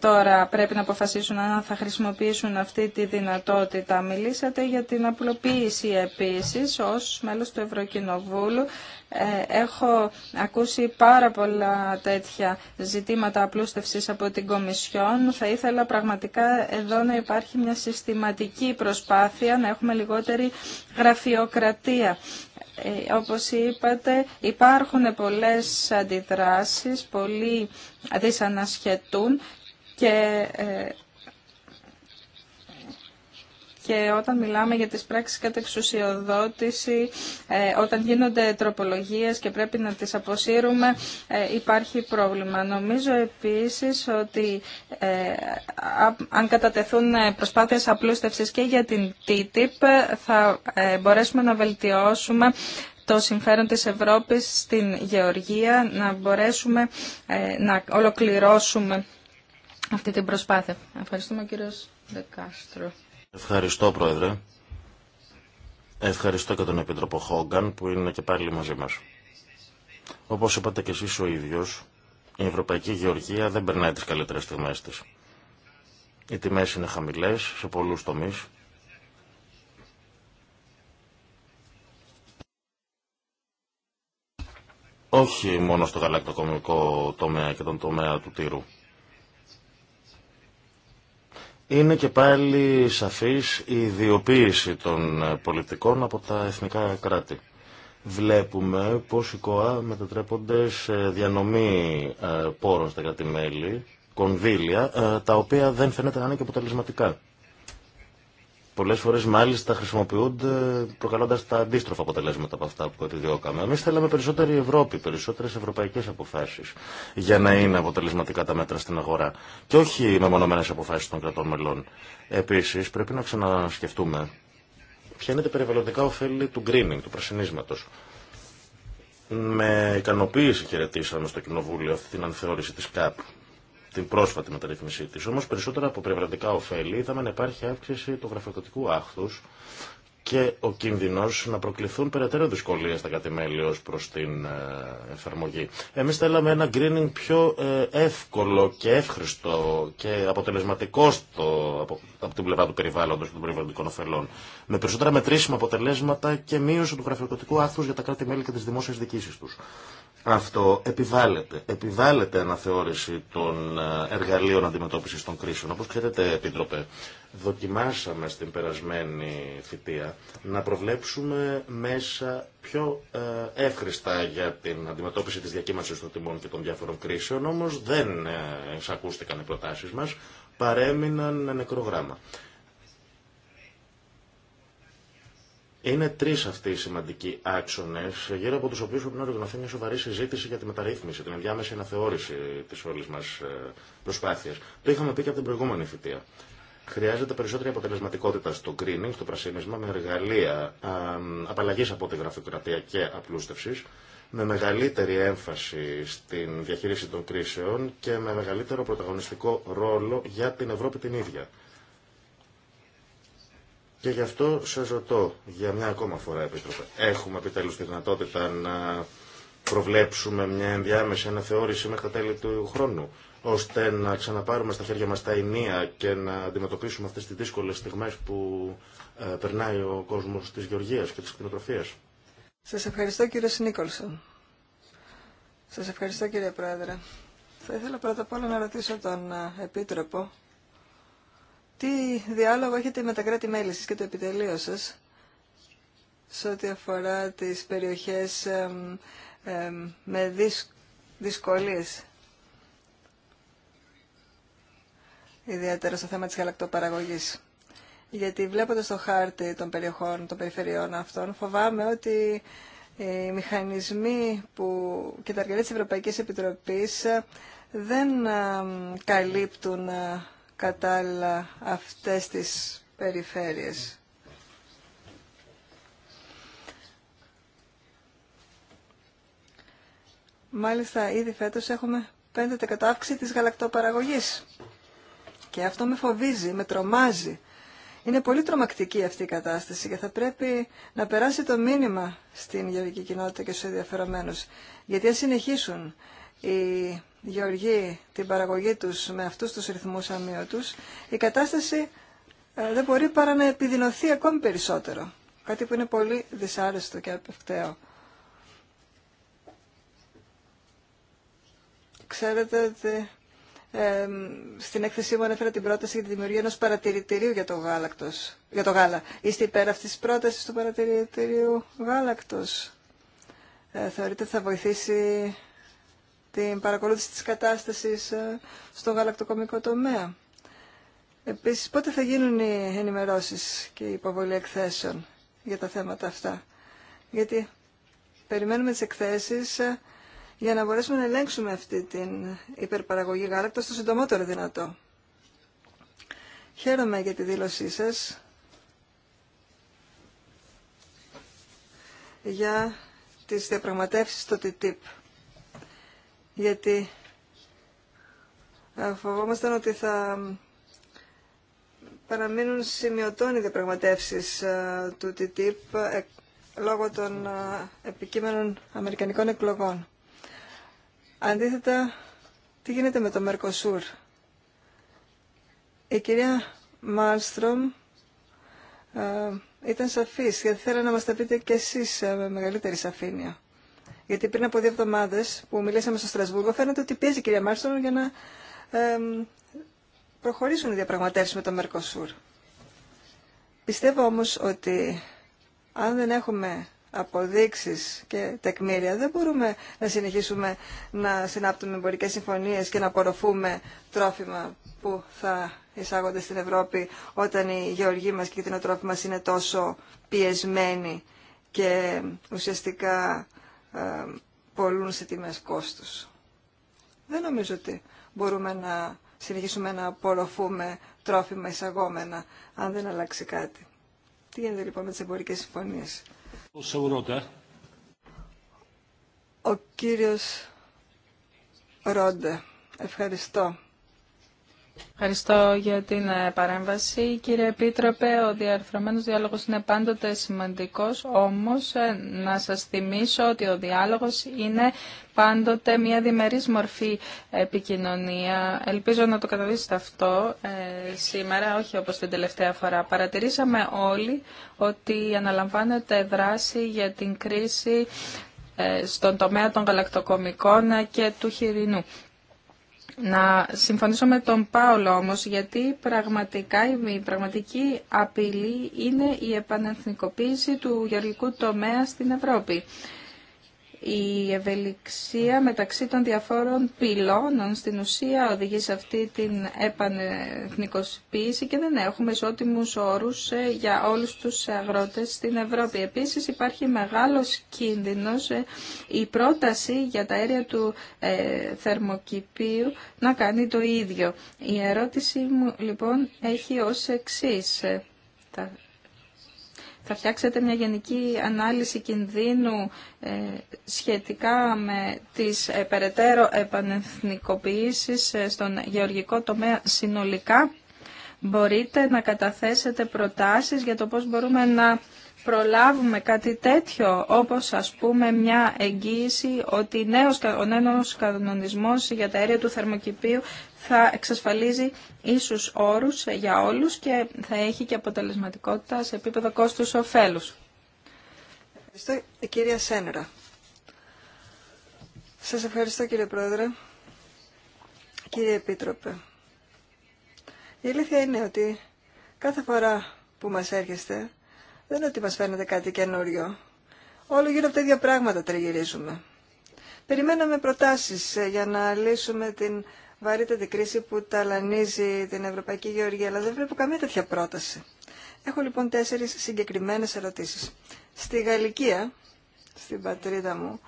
τώρα πρέπει να αποφασίσουν αν θα χρησιμοποιήσουν χρησιμοποιήσουν αυτή τη δυνατότητα. Μιλήσατε για την απλοποίηση επίσης ως μέλος του Ευρωκοινοβούλου. Ε, έχω ακούσει πάρα πολλά τέτοια ζητήματα απλούστευσης από την Κομισιόν. Θα ήθελα πραγματικά εδώ να υπάρχει μια συστηματική προσπάθεια, να έχουμε λιγότερη γραφειοκρατία. Ε, όπως είπατε, υπάρχουν πολλές αντιδράσεις, πολλοί δυσανασχετούν και ε, και όταν μιλάμε για τις πράξεις κατά εξουσιοδότηση, ε, όταν γίνονται τροπολογίες και πρέπει να τις αποσύρουμε, ε, υπάρχει πρόβλημα. Νομίζω επίσης ότι ε, αν κατατεθούν προσπάθειες απλούστευσης και για την TTIP, θα μπορέσουμε να βελτιώσουμε το συμφέρον της Ευρώπης στην Γεωργία, να μπορέσουμε να ολοκληρώσουμε αυτή την προσπάθεια. Ευχαριστούμε κύριος Δεκάστρο. Ευχαριστώ, Πρόεδρε. Ευχαριστώ και τον Επίτροπο Χόγκαν που είναι και πάλι μαζί μας. Όπως είπατε και εσείς ο ίδιος, η Ευρωπαϊκή Γεωργία δεν περνάει τις καλύτερες στιγμές της. Οι τιμές είναι χαμηλές σε πολλούς τομείς. Όχι μόνο στο γαλακτοκομικό τομέα και τον τομέα του τύρου. Είναι και πάλι σαφής η ιδιοποίηση των ε, πολιτικών από τα εθνικά κράτη. Βλέπουμε πως οι ΚΟΑ μετατρέπονται σε διανομή ε, πόρων στα κράτη-μέλη, κονδύλια, ε, τα οποία δεν φαίνεται να είναι και αποτελεσματικά. Πολλέ φορέ μάλιστα χρησιμοποιούνται προκαλώντα τα αντίστροφα αποτελέσματα από αυτά που επιδιώκαμε. Εμεί θέλαμε περισσότερη Ευρώπη, περισσότερε ευρωπαϊκέ αποφάσει για να είναι αποτελεσματικά τα μέτρα στην αγορά και όχι μεμονωμένε αποφάσει των κρατών μελών. Επίση πρέπει να ξανασκεφτούμε ποια είναι τα περιβαλλοντικά ωφέλη του greening, του πρασινίσματο. Με ικανοποίηση χαιρετήσαμε στο Κοινοβούλιο αυτή την ανθεώρηση τη ΚΑΠ την πρόσφατη μεταρρύθμιση τη. Όμως περισσότερα από πνευματικά ωφέλη είδαμε να υπάρχει αύξηση του γραφειοκρατικού άχθου και ο κίνδυνος να προκληθούν περαιτέρω δυσκολίε στα κατημέλη ως προς την ε, εφαρμογή. Εμείς θέλαμε ένα greening πιο ε, εύκολο και εύχριστο και αποτελεσματικό στο, από, από την πλευρά του περιβάλλοντος και των περιβαλλοντικών ωφελών, με περισσότερα μετρήσιμα αποτελέσματα και μείωση του γραφειοκρατικού άθου για τα κράτη-μέλη και τις δημόσιες δικήσεις τους. Αυτό επιβάλλεται. Επιβάλλεται αναθεώρηση των ε, εργαλείων αντιμετώπισης των κρίσεων. όπω ξέρετε, Επίτροπε, δοκιμάσαμε στην περασμένη θητεία να προβλέψουμε μέσα πιο ε, εύχριστα για την αντιμετώπιση της διακύμανσης των τιμών και των διάφορων κρίσεων, όμως δεν ε, εισακούστηκαν οι προτάσεις μας, παρέμειναν νεκρό γράμμα. Είναι τρει αυτοί οι σημαντικοί άξονε, γύρω από του οποίου πρέπει να οργανωθεί μια σοβαρή συζήτηση για τη μεταρρύθμιση, την ενδιάμεση αναθεώρηση τη όλη μα ε, προσπάθεια. Το είχαμε πει και από την προηγούμενη θητεία. Χρειάζεται περισσότερη αποτελεσματικότητα στο greening, στο πρασίνισμα, με εργαλεία απαλλαγή από τη γραφειοκρατία και απλούστευση, με μεγαλύτερη έμφαση στην διαχείριση των κρίσεων και με μεγαλύτερο πρωταγωνιστικό ρόλο για την Ευρώπη την ίδια. Και γι' αυτό σας ρωτώ για μια ακόμα φορά, Επίτροπε, έχουμε επιτέλου τη δυνατότητα να προβλέψουμε μια ενδιάμεση αναθεώρηση μέχρι τα τέλη του χρόνου ώστε να ξαναπάρουμε στα χέρια μας τα ενία και να αντιμετωπίσουμε αυτές τις δύσκολες στιγμές που ε, περνάει ο κόσμος της γεωργίας και της κτηνοτροφίας. Σας ευχαριστώ κύριε Σνίκολσον. Σας ευχαριστώ κύριε Πρόεδρε. Θα ήθελα πρώτα απ' όλα να ρωτήσω τον ε, Επίτροπο τι διάλογο έχετε με τα κράτη-μέλη σας και το επιτελείο σας σε ό,τι αφορά τις περιοχές ε, ε, με δυσκολίες ιδιαίτερα στο θέμα της γαλακτοπαραγωγής. Γιατί βλέποντας το χάρτη των περιοχών, των περιφερειών αυτών, φοβάμαι ότι οι μηχανισμοί που, και τα εργαλεία της Ευρωπαϊκής Επιτροπής ε, δεν ε, καλύπτουν ε, κατάλληλα αυτές τις περιφέρειες. Μάλιστα, ήδη φέτος έχουμε 5% αύξηση της γαλακτοπαραγωγής και αυτό με φοβίζει, με τρομάζει. Είναι πολύ τρομακτική αυτή η κατάσταση και θα πρέπει να περάσει το μήνυμα στην γεωργική κοινότητα και στους ενδιαφερομένους. Γιατί αν συνεχίσουν οι γεωργοί την παραγωγή τους με αυτούς τους ρυθμούς αμύωτους, η κατάσταση ε, δεν μπορεί παρά να επιδεινωθεί ακόμη περισσότερο. Κάτι που είναι πολύ δυσάρεστο και απευκταίο. Ξέρετε ότι στην έκθεσή μου ανέφερα την πρόταση για τη δημιουργία ενός παρατηρητηρίου για το, γάλακτος, για το γάλα. Είστε υπέρ αυτή τη πρότασης του παρατηρητηρίου γάλακτος. Ε, θεωρείτε ότι θα βοηθήσει την παρακολούθηση της κατάστασης ε, στο γαλακτοκομικό τομέα. Επίσης, πότε θα γίνουν οι ενημερώσεις και η υποβολή εκθέσεων για τα θέματα αυτά. Γιατί περιμένουμε τις εκθέσεις ε, για να μπορέσουμε να ελέγξουμε αυτή την υπερπαραγωγή γάλακτος το συντομότερο δυνατό. Χαίρομαι για τη δήλωσή σας για τις διαπραγματεύσεις στο TTIP. Γιατί ε, φοβόμασταν ότι θα παραμείνουν σημειωτών οι διαπραγματεύσεις ε, του TTIP ε, λόγω των επικείμενων αμερικανικών εκλογών. Αντίθετα, τι γίνεται με το Μερκοσούρ. Η κυρία Μάλστρομ ε, ήταν σαφής γιατί θέλω να μας τα πείτε και εσείς ε, με μεγαλύτερη σαφήνεια. Γιατί πριν από δύο εβδομάδες που μιλήσαμε στο Στρασβούργο φαίνεται ότι πιέζει η κυρία Μάλστρομ για να προχωρήσουν οι διαπραγματεύσεις με το Μερκοσούρ. Πιστεύω όμως ότι αν δεν έχουμε αποδείξεις και τεκμήρια. Δεν μπορούμε να συνεχίσουμε να συνάπτουμε εμπορικέ συμφωνίες και να απορροφούμε τρόφιμα που θα εισάγονται στην Ευρώπη όταν οι γεωργοί μας και οι κτηνοτρόφοι μα είναι τόσο πιεσμένοι και ουσιαστικά ε, πολλούν σε τιμές κόστους. Δεν νομίζω ότι μπορούμε να συνεχίσουμε να απορροφούμε τρόφιμα εισαγόμενα αν δεν αλλάξει κάτι. Τι γίνεται λοιπόν με τις εμπορικές συμφωνίες. Ο κύριος Ρόντε. Ευχαριστώ. Ευχαριστώ για την ε, παρέμβαση. Κύριε Επίτροπε, ο διαρθρωμένος διάλογος είναι πάντοτε σημαντικός, όμως ε, να σας θυμίσω ότι ο διάλογος είναι πάντοτε μια διμερής μορφή επικοινωνία. Ελπίζω να το καταδείσετε αυτό ε, σήμερα, όχι όπως την τελευταία φορά. Παρατηρήσαμε όλοι ότι αναλαμβάνεται δράση για την κρίση στον τομέα των γαλακτοκομικών και του χοιρινού. Να συμφωνήσω με τον Πάολο όμως, γιατί πραγματικά η πραγματική απειλή είναι η επανεθνικοποίηση του γεωργικού τομέα στην Ευρώπη η ευελιξία μεταξύ των διαφόρων πυλώνων στην ουσία οδηγεί σε αυτή την επανεθνικοποίηση και δεν ναι, ναι, έχουμε ισότιμους όρους ε, για όλους τους αγρότες στην Ευρώπη. Επίσης υπάρχει μεγάλος κίνδυνος ε, η πρόταση για τα αέρια του ε, θερμοκηπίου να κάνει το ίδιο. Η ερώτησή μου λοιπόν έχει ως εξής. Θα φτιάξετε μια γενική ανάλυση κινδύνου ε, σχετικά με τις ε, περαιτέρω επανεθνικοποιήσεις ε, στον γεωργικό τομέα συνολικά. Μπορείτε να καταθέσετε προτάσεις για το πώς μπορούμε να προλάβουμε κάτι τέτοιο, όπως ας πούμε μια εγγύηση ότι νέος, ο νέος κανονισμός για τα αέρια του θερμοκηπίου θα εξασφαλίζει ίσους όρους για όλους και θα έχει και αποτελεσματικότητα σε επίπεδο κόστους ωφέλους. Ευχαριστώ κυρία Σένερα. Σας ευχαριστώ κύριε Πρόεδρε. Κύριε Επίτροπε, η αλήθεια είναι ότι κάθε φορά που μας έρχεστε δεν είναι ότι μας φαίνεται κάτι καινούριο. Όλο γύρω από τα ίδια πράγματα τριγυρίζουμε. Περιμέναμε προτάσεις ε, για να λύσουμε την την κρίση που ταλανίζει την Ευρωπαϊκή Γεωργία, αλλά δεν βλέπω καμία τέτοια πρόταση. Έχω λοιπόν τέσσερις συγκεκριμένες ερωτήσεις. Στη Γαλλικία, στην πατρίδα μου,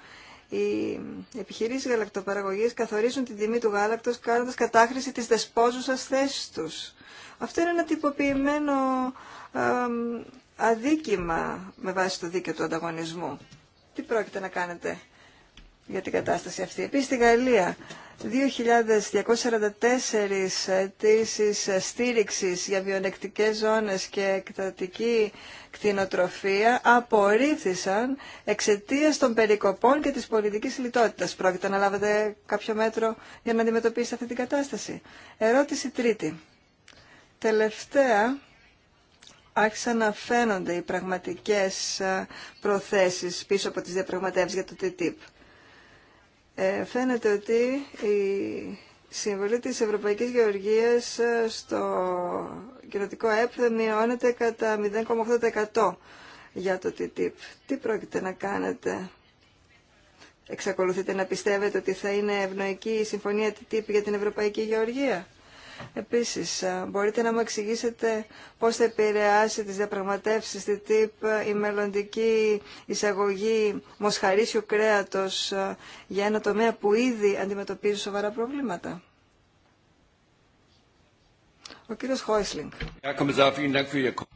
οι επιχειρήσεις γαλακτοπαραγωγής καθορίζουν την τιμή του γάλακτο κάνοντας κατάχρηση της δεσπόζουσας θέσης τους. Αυτό είναι ένα τυποποιημένο αδίκημα με βάση το δίκαιο του ανταγωνισμού. Τι πρόκειται να κάνετε για την κατάσταση αυτή. Επίση, στη Γαλλία 2.244 αιτήσει στήριξη για βιονεκτικές ζώνες και εκτατική κτηνοτροφία απορρίφθησαν εξαιτία των περικοπών και τη πολιτική λιτότητα. Πρόκειται να λάβετε κάποιο μέτρο για να αντιμετωπίσετε αυτή την κατάσταση. Ερώτηση τρίτη. Τελευταία, άρχισαν να φαίνονται οι πραγματικές προθέσεις πίσω από τις διαπραγματεύσεις για το TTIP. Ε, φαίνεται ότι η συμβολή της Ευρωπαϊκής Γεωργίας ε, στο κοινοτικό ΕΠ μειώνεται κατά 0,8% για το TTIP. Τι πρόκειται να κάνετε. Εξακολουθείτε να πιστεύετε ότι θα είναι ευνοϊκή η συμφωνία TTIP για την Ευρωπαϊκή Γεωργία. Επίσης, ε, μπορείτε να μου εξηγήσετε πώς θα επηρεάσει τις διαπραγματεύσεις στη ΤΥΠ ε, η μελλοντική εισαγωγή μοσχαρίσιου κρέατος ε, για ένα τομέα που ήδη αντιμετωπίζει σοβαρά προβλήματα.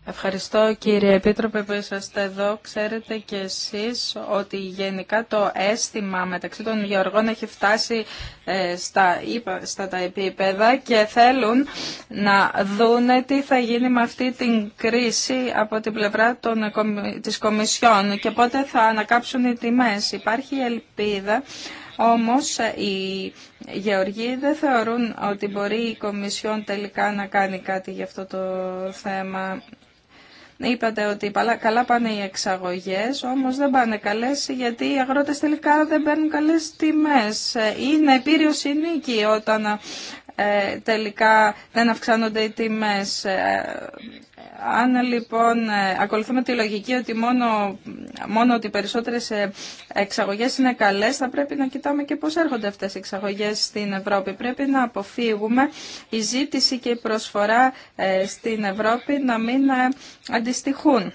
Ευχαριστώ κύριε Επίτροπε που είσαστε εδώ. Ξέρετε και εσείς ότι γενικά το αίσθημα μεταξύ των γεωργών έχει φτάσει ε, στα, τα επίπεδα και θέλουν να δούνε τι θα γίνει με αυτή την κρίση από την πλευρά των, της Κομισιόν και πότε θα ανακάψουν οι τιμές. Υπάρχει ελπίδα όμως οι γεωργοί δεν θεωρούν ότι μπορεί η Κομισιόν τελικά να κάνει κάτι για αυτό το θέμα. Είπατε ότι καλά πάνε οι εξαγωγές, όμως δεν πάνε καλές γιατί οι αγρότες τελικά δεν παίρνουν καλές τιμές. Είναι η νίκη όταν ε, τελικά δεν αυξάνονται οι τιμές. Ε, αν λοιπόν ε, ακολουθούμε τη λογική ότι μόνο, μόνο ότι οι περισσότερες εξαγωγές είναι καλές, θα πρέπει να κοιτάμε και πώς έρχονται αυτές οι εξαγωγές στην Ευρώπη. Πρέπει να αποφύγουμε η ζήτηση και η προσφορά στην Ευρώπη να μην αντιστοιχούν.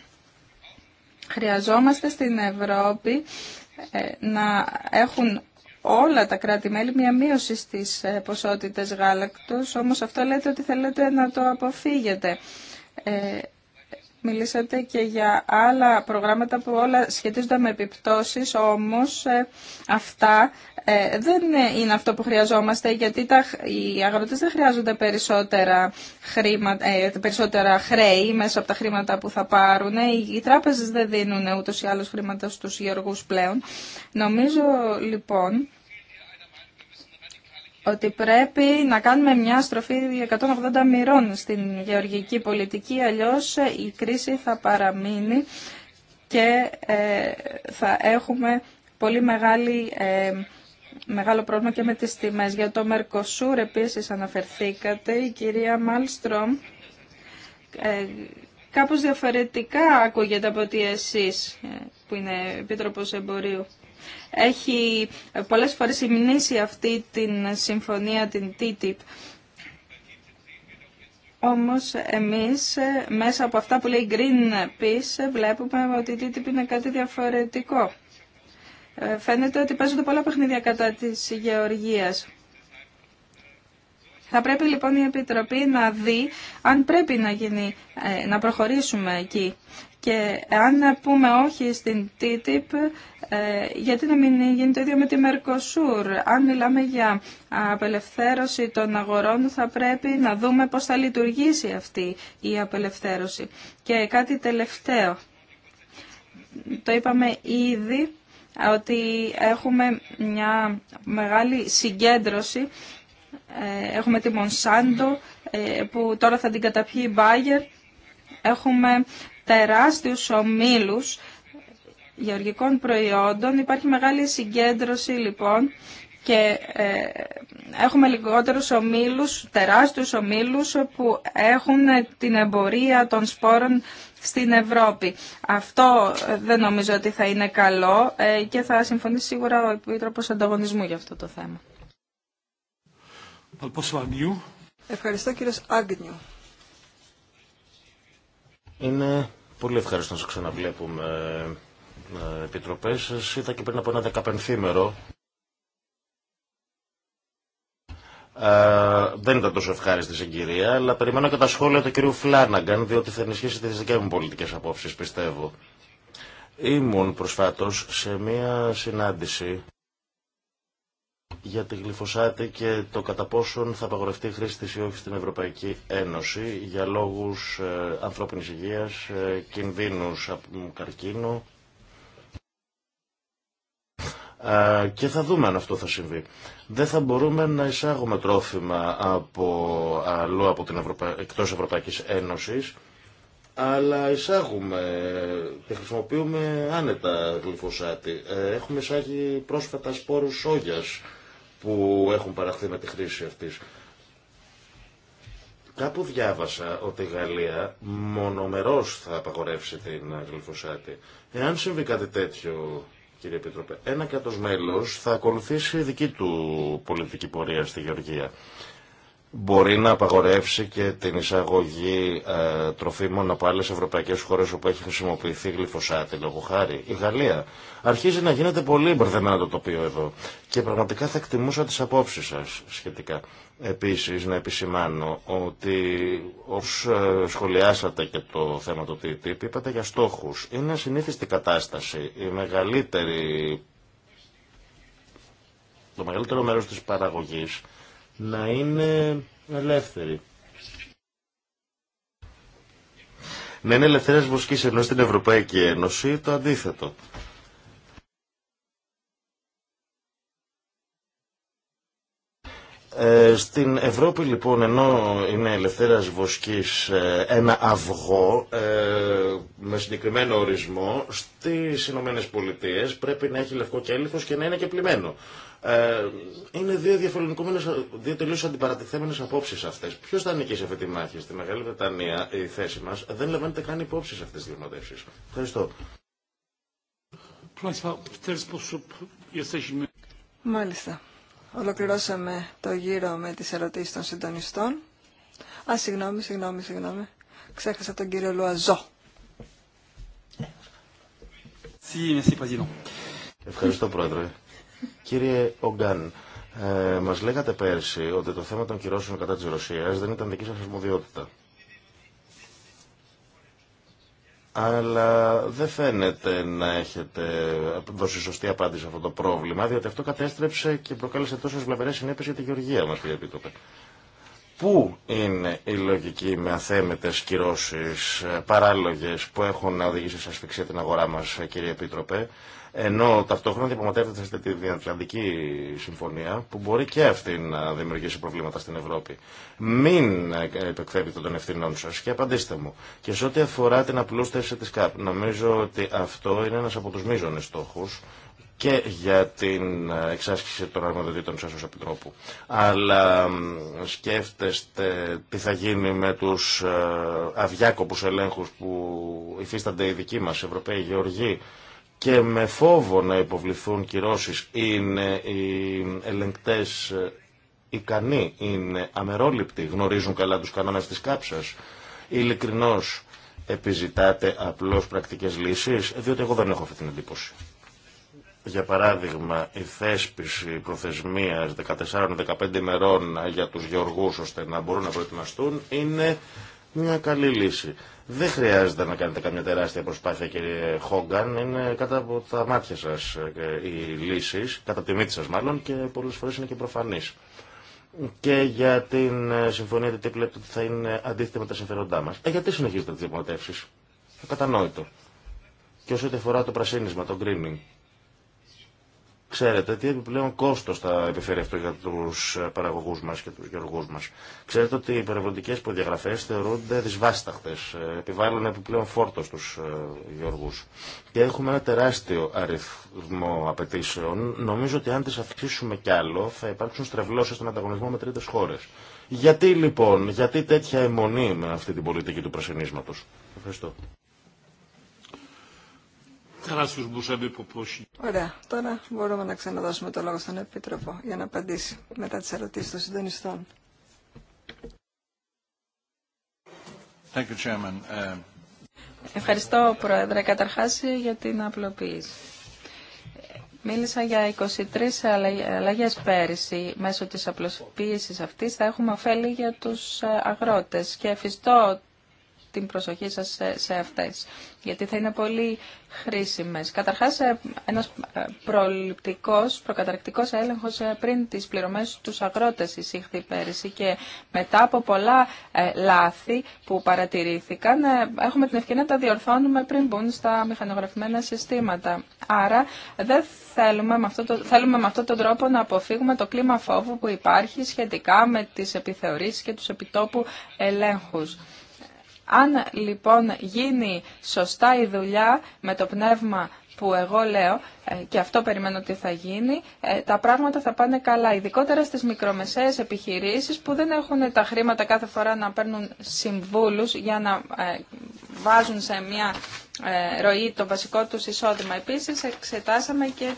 Χρειαζόμαστε στην Ευρώπη ε, να έχουν όλα τα κράτη-μέλη μια μείωση στις ε, ποσότητες γάλακτος, όμως αυτό λέτε ότι θέλετε να το αποφύγετε. Ε, μιλήσατε και για άλλα προγράμματα που όλα σχετίζονται με επιπτώσεις, όμως αυτά ε, δεν είναι αυτό που χρειαζόμαστε γιατί τα, οι αγρότες δεν χρειάζονται περισσότερα, χρήματα, ε, περισσότερα χρέη μέσα από τα χρήματα που θα πάρουν. Οι, οι τράπεζες δεν δίνουν ούτως ή άλλως χρήματα στους γεωργούς πλέον. Νομίζω λοιπόν ότι πρέπει να κάνουμε μια στροφή 180 μοιρών στην γεωργική πολιτική, αλλιώς ε, η κρίση θα παραμείνει και θα έχουμε πολύ μεγάλη μεγάλο πρόβλημα και με τις τιμές. Για το Mercosur επίσης αναφερθήκατε, η κυρία Μάλστρομ ε, κάπως διαφορετικά ακούγεται από ότι εσείς ε, που είναι Επίτροπος Εμπορίου. Έχει ε, πολλές φορές υμνήσει αυτή την συμφωνία, την TTIP. Όμως εμείς ε, μέσα από αυτά που λέει Greenpeace βλέπουμε ότι η TTIP είναι κάτι διαφορετικό. Ε, φαίνεται ότι παίζονται πολλά παιχνίδια κατά της γεωργίας. Θα πρέπει λοιπόν η Επιτροπή να δει αν πρέπει να, γίνει, ε, να προχωρήσουμε εκεί. Και αν πούμε όχι στην TTIP, ε, γιατί να μην γίνει το ίδιο με τη Mercosur. Αν μιλάμε για απελευθέρωση των αγορών, θα πρέπει να δούμε πώς θα λειτουργήσει αυτή η απελευθέρωση. Και κάτι τελευταίο. Το είπαμε ήδη ότι έχουμε μια μεγάλη συγκέντρωση. Ε, έχουμε τη Μονσάντο ε, που τώρα θα την καταπιεί η Μπάγερ. Έχουμε τεράστιους ομίλους γεωργικών προϊόντων. Υπάρχει μεγάλη συγκέντρωση λοιπόν και ε, έχουμε λιγότερους ομίλους, τεράστιους ομίλους που έχουν την εμπορία των σπόρων στην Ευρώπη. Αυτό ε, δεν νομίζω ότι θα είναι καλό ε, και θα συμφωνήσει σίγουρα ο Επίτροπος Ανταγωνισμού για αυτό το θέμα. Ευχαριστώ κύριος Άγνιου. Είναι πολύ ευχαριστώ να σας ξαναβλέπουμε ε, επιτροπές. Σας είδα και πριν από ένα δεκαπενθήμερο Ε, δεν ήταν τόσο ευχάριστη συγκυρία, αλλά περιμένω και τα σχόλια του κυρίου Φλάναγκαν, διότι θα ενισχύσει τι δικέ μου πολιτικέ απόψει, πιστεύω. Ήμουν προσφάτω σε μία συνάντηση για τη γλυφοσάτη και το κατά πόσον θα απαγορευτεί η χρήση της ή όχι στην Ευρωπαϊκή Ένωση για λόγους ε, ανθρώπινης υγείας, ε, κινδύνους από καρκίνο ε, και θα δούμε αν αυτό θα συμβεί. Δεν θα μπορούμε να εισάγουμε τρόφιμα από αλλού από την Ευρωπα... εκτός Ευρωπαϊκής Ένωσης αλλά εισάγουμε και χρησιμοποιούμε άνετα γλυφοσάτη. Ε, έχουμε εισάγει πρόσφατα σπόρους σόγιας που έχουν παραχθεί με τη χρήση αυτής. Κάπου διάβασα ότι η Γαλλία μονομερός θα απαγορεύσει την γλυφοσάτη. Εάν συμβεί κάτι τέτοιο κύριε Επίτροπε. Ένα το μέλο θα ακολουθήσει δική του πολιτική πορεία στη Γεωργία. Μπορεί να απαγορεύσει και την εισαγωγή ε, τροφίμων από άλλε ευρωπαϊκέ χώρε όπου έχει χρησιμοποιηθεί γλυφοσάτη, λόγω χάρη. Η Γαλλία. Αρχίζει να γίνεται πολύ μπερδεμένο το τοπίο εδώ. Και πραγματικά θα εκτιμούσα τι απόψει σα σχετικά. Επίσης να επισημάνω ότι όσο ε, σχολιάσατε και το θέμα του TTIP είπατε για στόχους. Είναι ασυνήθιστη κατάσταση. Η μεγαλύτερη, το μεγαλύτερο μέρος της παραγωγής να είναι ελεύθερη. Να είναι ελευθερές βοσκής ενώ στην Ευρωπαϊκή Ένωση το αντίθετο. Ε, στην Ευρώπη λοιπόν ενώ είναι ελευθέρας βοσκής ε, ένα αυγό ε, με συγκεκριμένο ορισμό στις Ηνωμένες Πολιτείες πρέπει να έχει λευκό κέλυφος και να είναι και πλημμένο. είναι δύο διαφορετικόμενες, δύο τελείως αντιπαρατηθέμενες απόψεις αυτές. Ποιος θα νικήσει αυτή τη μάχη στη Μεγάλη Βρετανία η θέση μας δεν λαμβάνεται καν υπόψη σε αυτές τις Ευχαριστώ. Μάλιστα. Ολοκληρώσαμε το γύρο με τις ερωτήσεις των συντονιστών. Α, συγγνώμη, συγγνώμη, συγγνώμη. Ξέχασα τον κύριο Λουαζό. Ευχαριστώ, Πρόεδρε. Κύριε Ογκάν, ε, μας λέγατε πέρσι ότι το θέμα των κυρώσεων κατά της Ρωσίας δεν ήταν δική σας αρμοδιότητα. αλλά δεν φαίνεται να έχετε δώσει σωστή απάντηση σε αυτό το πρόβλημα, διότι αυτό κατέστρεψε και προκάλεσε τόσε βλαβερέ συνέπειε για τη γεωργία μα, κύριε Επίτροπε. Πού είναι η λογική με αθέμετες κυρώσεις, παράλογες που έχουν οδηγήσει σε ασφυξία την αγορά μας, κύριε Επίτροπε, ενώ ταυτόχρονα διαπραγματεύεται τη Διατλαντική Συμφωνία που μπορεί και αυτή να δημιουργήσει προβλήματα στην Ευρώπη. Μην ε, επεκφεύγετε των ευθυνών σα και απαντήστε μου. Και σε ό,τι αφορά την απλούστευση τη ΚΑΠ, νομίζω ότι αυτό είναι ένα από του μείζονε στόχου και για την ε, εξάσκηση των αρμοδιοτήτων σας ως Επιτρόπου. Αλλά σκέφτεστε τι θα γίνει με τους ε, αδιάκοπους ελέγχους που υφίστανται οι δικοί μας Ευρωπαίοι Γεωργοί και με φόβο να υποβληθούν κυρώσεις είναι οι ελεγκτές ε, ικανοί, είναι αμερόληπτοι, γνωρίζουν καλά τους κανόνες της κάψας. Ειλικρινώς επιζητάτε απλώς πρακτικές λύσεις, διότι εγώ δεν έχω αυτή την εντύπωση. Για παράδειγμα, η θέσπιση προθεσμίας 14-15 ημερών για τους γεωργούς ώστε να μπορούν να προετοιμαστούν είναι μια καλή λύση. Δεν χρειάζεται να κάνετε καμιά τεράστια προσπάθεια κύριε Χόγκαν, είναι κατά από τα μάτια σας ε, οι λύσεις, κατά τη μύτη σας μάλλον και πολλές φορές είναι και προφανείς. Και για την ε, συμφωνία ότι θα είναι αντίθετα με τα συμφέροντά μας. Ε, γιατί συνεχίζετε τις διαπραγματεύσεις. Κατανόητο. Και όσο αφορά το πρασίνισμα, το greening, Ξέρετε τι επιπλέον κόστος θα επιφέρει αυτό για τους ε, παραγωγούς μας και τους γεωργούς μας. Ξέρετε ότι οι περιβαλλοντικές προδιαγραφές θεωρούνται δυσβάσταχτες, ε, επιβάλλουν επιπλέον φόρτο στους ε, γεωργούς. Και έχουμε ένα τεράστιο αριθμό απαιτήσεων. Νομίζω ότι αν τις αυξήσουμε κι άλλο θα υπάρξουν στρεβλώσεις στον ανταγωνισμό με τρίτες χώρες. Γιατί λοιπόν, γιατί τέτοια αιμονή με αυτή την πολιτική του πρασινίσματος. Ευχαριστώ. Ωραία, τώρα μπορούμε να ξαναδώσουμε το λόγο στον Επίτροπο για να απαντήσει μετά τις ερωτήσεις των συντονιστών. Ε, Ευχαριστώ, Πρόεδρε. Καταρχάς για την απλοποίηση. Μίλησα για 23 αλλαγέ πέρυσι. Μέσω της απλοποίησης αυτής θα έχουμε ωφέλη για τους ε, αγρότες. Και εφιστώ την προσοχή σας σε αυτές, γιατί θα είναι πολύ χρήσιμες. Καταρχάς, ε, ένας ε, προληπτικός, προκαταρκτικός έλεγχος ε, πριν τις πληρωμές τους αγρότες εισήχθη πέρυσι και μετά από πολλά λάθη που παρατηρήθηκαν, έχουμε την ευκαιρία να τα διορθώνουμε πριν μπουν στα μηχανογραφημένα συστήματα. Άρα, δεν θέλουμε με, αυτό το, θέλουμε με αυτόν τον τρόπο να αποφύγουμε το κλίμα φόβου που υπάρχει σχετικά με τις επιθεωρήσεις και τους επιτόπου ελέγχους. Αν λοιπόν γίνει σωστά η δουλειά με το πνεύμα που εγώ λέω ε, και αυτό περιμένω ότι θα γίνει, ε, τα πράγματα θα πάνε καλά. Ειδικότερα στις μικρομεσαίες επιχειρήσεις που δεν έχουν τα χρήματα κάθε φορά να παίρνουν συμβούλους για να ε, βάζουν σε μια ροή το βασικό τους εισόδημα. Επίσης εξετάσαμε και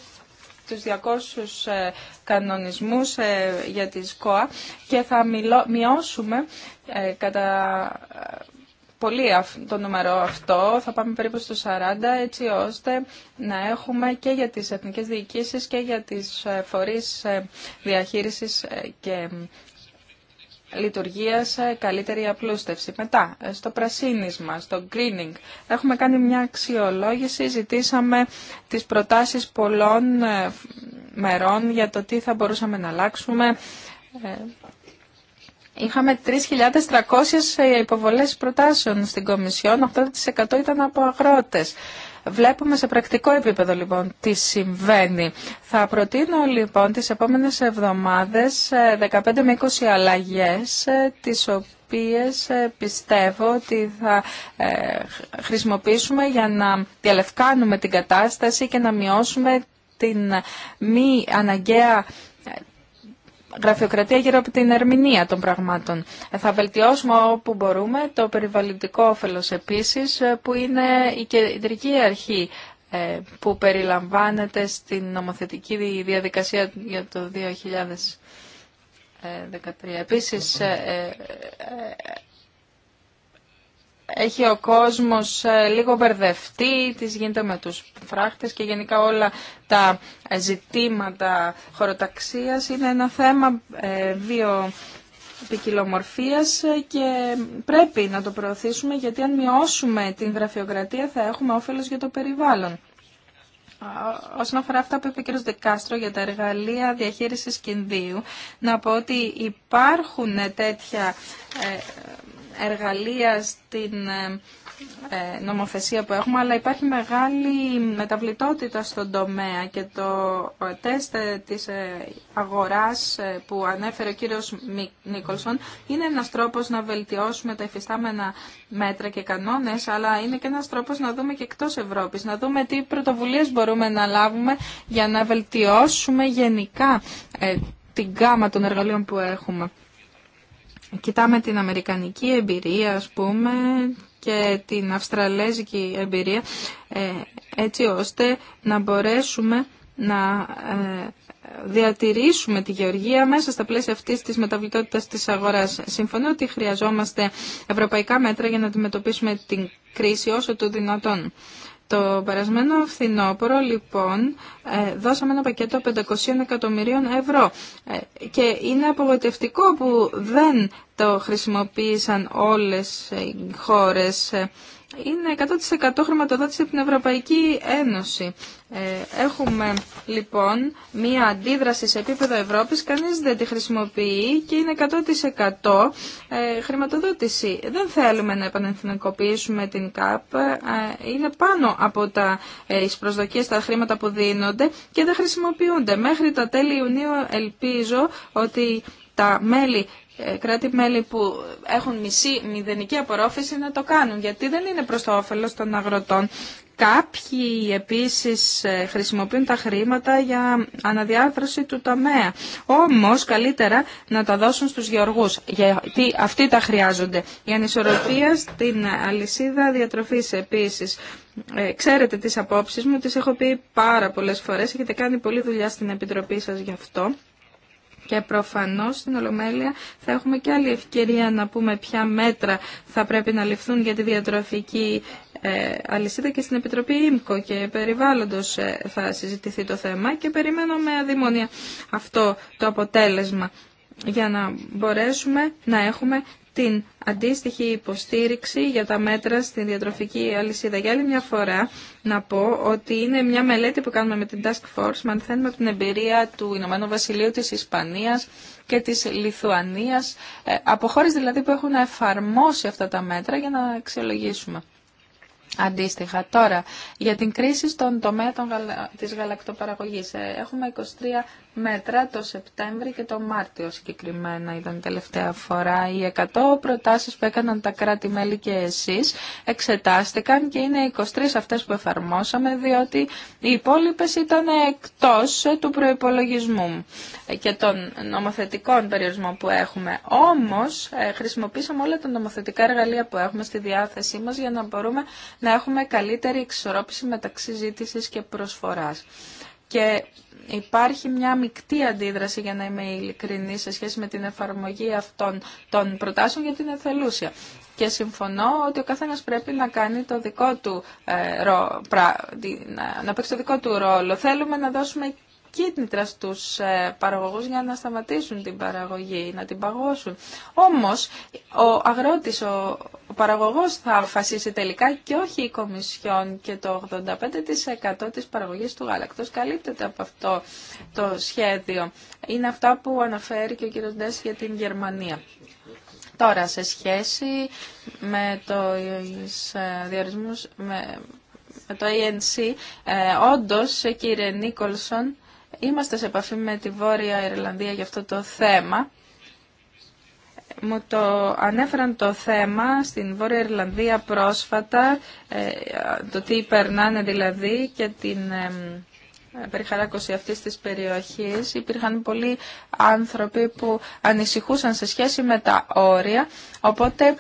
τους 200 κανονισμούς για τη ΚΟΑ και θα μειώσουμε κατά πολύ το νούμερο αυτό, θα πάμε περίπου στους 40, έτσι ώστε να έχουμε και για τις εθνικές διοικήσεις και για τις ε, φορείς ε, διαχείρισης ε, και λειτουργίας καλύτερη απλούστευση. Μετά, στο πρασίνισμα, στο greening, έχουμε κάνει μια αξιολόγηση, ζητήσαμε τις προτάσεις πολλών μερών για το τι θα μπορούσαμε να αλλάξουμε, Είχαμε 3.300 ε, υποβολές προτάσεων στην Κομισιόν, 80% ήταν από αγρότες. Βλέπουμε σε πρακτικό επίπεδο λοιπόν τι συμβαίνει. Θα προτείνω λοιπόν τις επόμενες εβδομάδες 15 ε, με 20 αλλαγές, ε, τις οποίες πιστεύω ότι θα χρησιμοποιήσουμε για να διαλευκάνουμε την κατάσταση και να μειώσουμε την μη αναγκαία γραφειοκρατία γύρω από την ερμηνεία των πραγμάτων. Ε, θα βελτιώσουμε όπου μπορούμε το περιβαλλοντικό όφελο επίσης ε, που είναι η κεντρική αρχή ε, που περιλαμβάνεται στην νομοθετική διαδικασία για το 2013. Επίσης έχει ο κόσμος ε, λίγο μπερδευτεί, τι γίνεται με τους φράχτες και γενικά όλα τα ζητήματα χωροταξίας είναι ένα θέμα ε, βιοπικιλομορφίας ε, και πρέπει να το προωθήσουμε γιατί αν μειώσουμε την γραφειοκρατία θα έχουμε όφελος για το περιβάλλον. Όσον αφορά αυτά που είπε ο κ. Δεκάστρο για τα εργαλεία διαχείρισης κινδύου, να πω ότι υπάρχουν τέτοια εργαλεία στην ε, ε, νομοθεσία που έχουμε, αλλά υπάρχει μεγάλη μεταβλητότητα στον τομέα και το ε, τεστ της αγοράς που ανέφερε ο κύριος Νίκολσον είναι ένας τρόπος να βελτιώσουμε τα εφιστάμενα μέτρα και κανόνες, αλλά είναι και ένας τρόπος να δούμε και εκτός Ευρώπης, να δούμε τι πρωτοβουλίες μπορούμε να λάβουμε για να βελτιώσουμε γενικά την γάμα των εργαλείων που έχουμε κοιτάμε την αμερικανική εμπειρία, ας πούμε, και την αυστραλέζικη εμπειρία, ε, έτσι ώστε να μπορέσουμε να ε, διατηρήσουμε τη γεωργία μέσα στα πλαίσια αυτής της μεταβλητότητας της αγοράς. Συμφωνώ ότι χρειαζόμαστε ευρωπαϊκά μέτρα για να αντιμετωπίσουμε την κρίση όσο το δυνατόν. Το περασμένο φθινόπωρο, λοιπόν, ε, δώσαμε ένα πακέτο 500 εκατομμυρίων ευρώ ε, και είναι απογοητευτικό που δεν το χρησιμοποίησαν όλες οι χώρες ε, είναι 100% χρηματοδότηση από την Ευρωπαϊκή Ένωση. Ε, έχουμε λοιπόν μία αντίδραση σε επίπεδο Ευρώπης, κανείς δεν τη χρησιμοποιεί και είναι 100% ε, χρηματοδότηση. Δεν θέλουμε να επανεθνικοποιήσουμε την ΚΑΠ, ε, είναι πάνω από τα ε, προσδοκίες τα χρήματα που δίνονται και δεν χρησιμοποιούνται. Μέχρι τα τέλη Ιουνίου ελπίζω ότι τα μέλη ε, κράτη-μέλη που έχουν μισή μηδενική απορρόφηση να το κάνουν, γιατί δεν είναι προς το όφελος των αγροτών. Κάποιοι επίσης ε, χρησιμοποιούν τα χρήματα για αναδιάρθρωση του τομέα. Όμως καλύτερα να τα δώσουν στους γεωργούς, γιατί αυτοί τα χρειάζονται. Η ανισορροπία στην αλυσίδα διατροφής επίσης. Ε, ξέρετε τις απόψεις μου, τις έχω πει πάρα πολλές φορές, έχετε κάνει πολλή δουλειά στην Επιτροπή σας γι' αυτό. Και προφανώς στην Ολομέλεια θα έχουμε και άλλη ευκαιρία να πούμε ποια μέτρα θα πρέπει να ληφθούν για τη διατροφική ε, αλυσίδα και στην Επιτροπή ΙΜΚΟ και περιβάλλοντος ε, θα συζητηθεί το θέμα και περιμένω με αδειμονία αυτό το αποτέλεσμα για να μπορέσουμε να έχουμε την αντίστοιχη υποστήριξη για τα μέτρα στην διατροφική αλυσίδα. Για άλλη μια φορά να πω ότι είναι μια μελέτη που κάνουμε με την Task Force, μαθαίνουμε από την εμπειρία του Ηνωμένου Βασιλείου, της Ισπανίας και της Λιθουανίας, ε, από χώρε δηλαδή που έχουν εφαρμόσει αυτά τα μέτρα για να αξιολογήσουμε. Αντίστοιχα, τώρα, για την κρίση στον τομέα των, της γαλακτοπαραγωγής. Ε, έχουμε 23 μέτρα το Σεπτέμβρη και το Μάρτιο συγκεκριμένα ήταν τελευταία φορά. Οι 100 προτάσεις που έκαναν τα κράτη-μέλη και εσείς εξετάστηκαν και είναι 23 αυτές που εφαρμόσαμε διότι οι υπόλοιπε ήταν εκτός του προϋπολογισμού και των νομοθετικών περιορισμών που έχουμε. Όμως ε, χρησιμοποίησαμε όλα τα νομοθετικά εργαλεία που έχουμε στη διάθεσή μας για να μπορούμε να έχουμε καλύτερη εξορρόπηση μεταξύ ζήτησης και προσφοράς. Και υπάρχει μια μεικτή αντίδραση, για να είμαι ειλικρινή, σε σχέση με την εφαρμογή αυτών των προτάσεων για την εθελούσια. Και συμφωνώ ότι ο καθένας πρέπει να κάνει το δικό του, ε, να παίξει το δικό του ρόλο. Θέλουμε να δώσουμε κίνητρα στους ε, παραγωγούς για να σταματήσουν την παραγωγή, να την παγώσουν. Όμως, ο αγρότης, ο, παραγωγός θα αποφασίσει τελικά και όχι η Κομισιόν και το 85% της παραγωγής του γάλακτος καλύπτεται από αυτό το σχέδιο. Είναι αυτά που αναφέρει και ο κύριος Ντές για την Γερμανία. Τώρα, σε σχέση με το ε, διορισμούς, με, το ANC, ε, όντως, κύριε Νίκολσον, Είμαστε σε επαφή με τη Βόρεια Ιρλανδία για αυτό το θέμα. Μου το ανέφεραν το θέμα στην Βόρεια Ιρλανδία πρόσφατα, ε, το τι περνάνε δηλαδή και την περιχαράκωση αυτής της περιοχής. Υπήρχαν πολλοί άνθρωποι που ανησυχούσαν σε σχέση με τα όρια, οπότε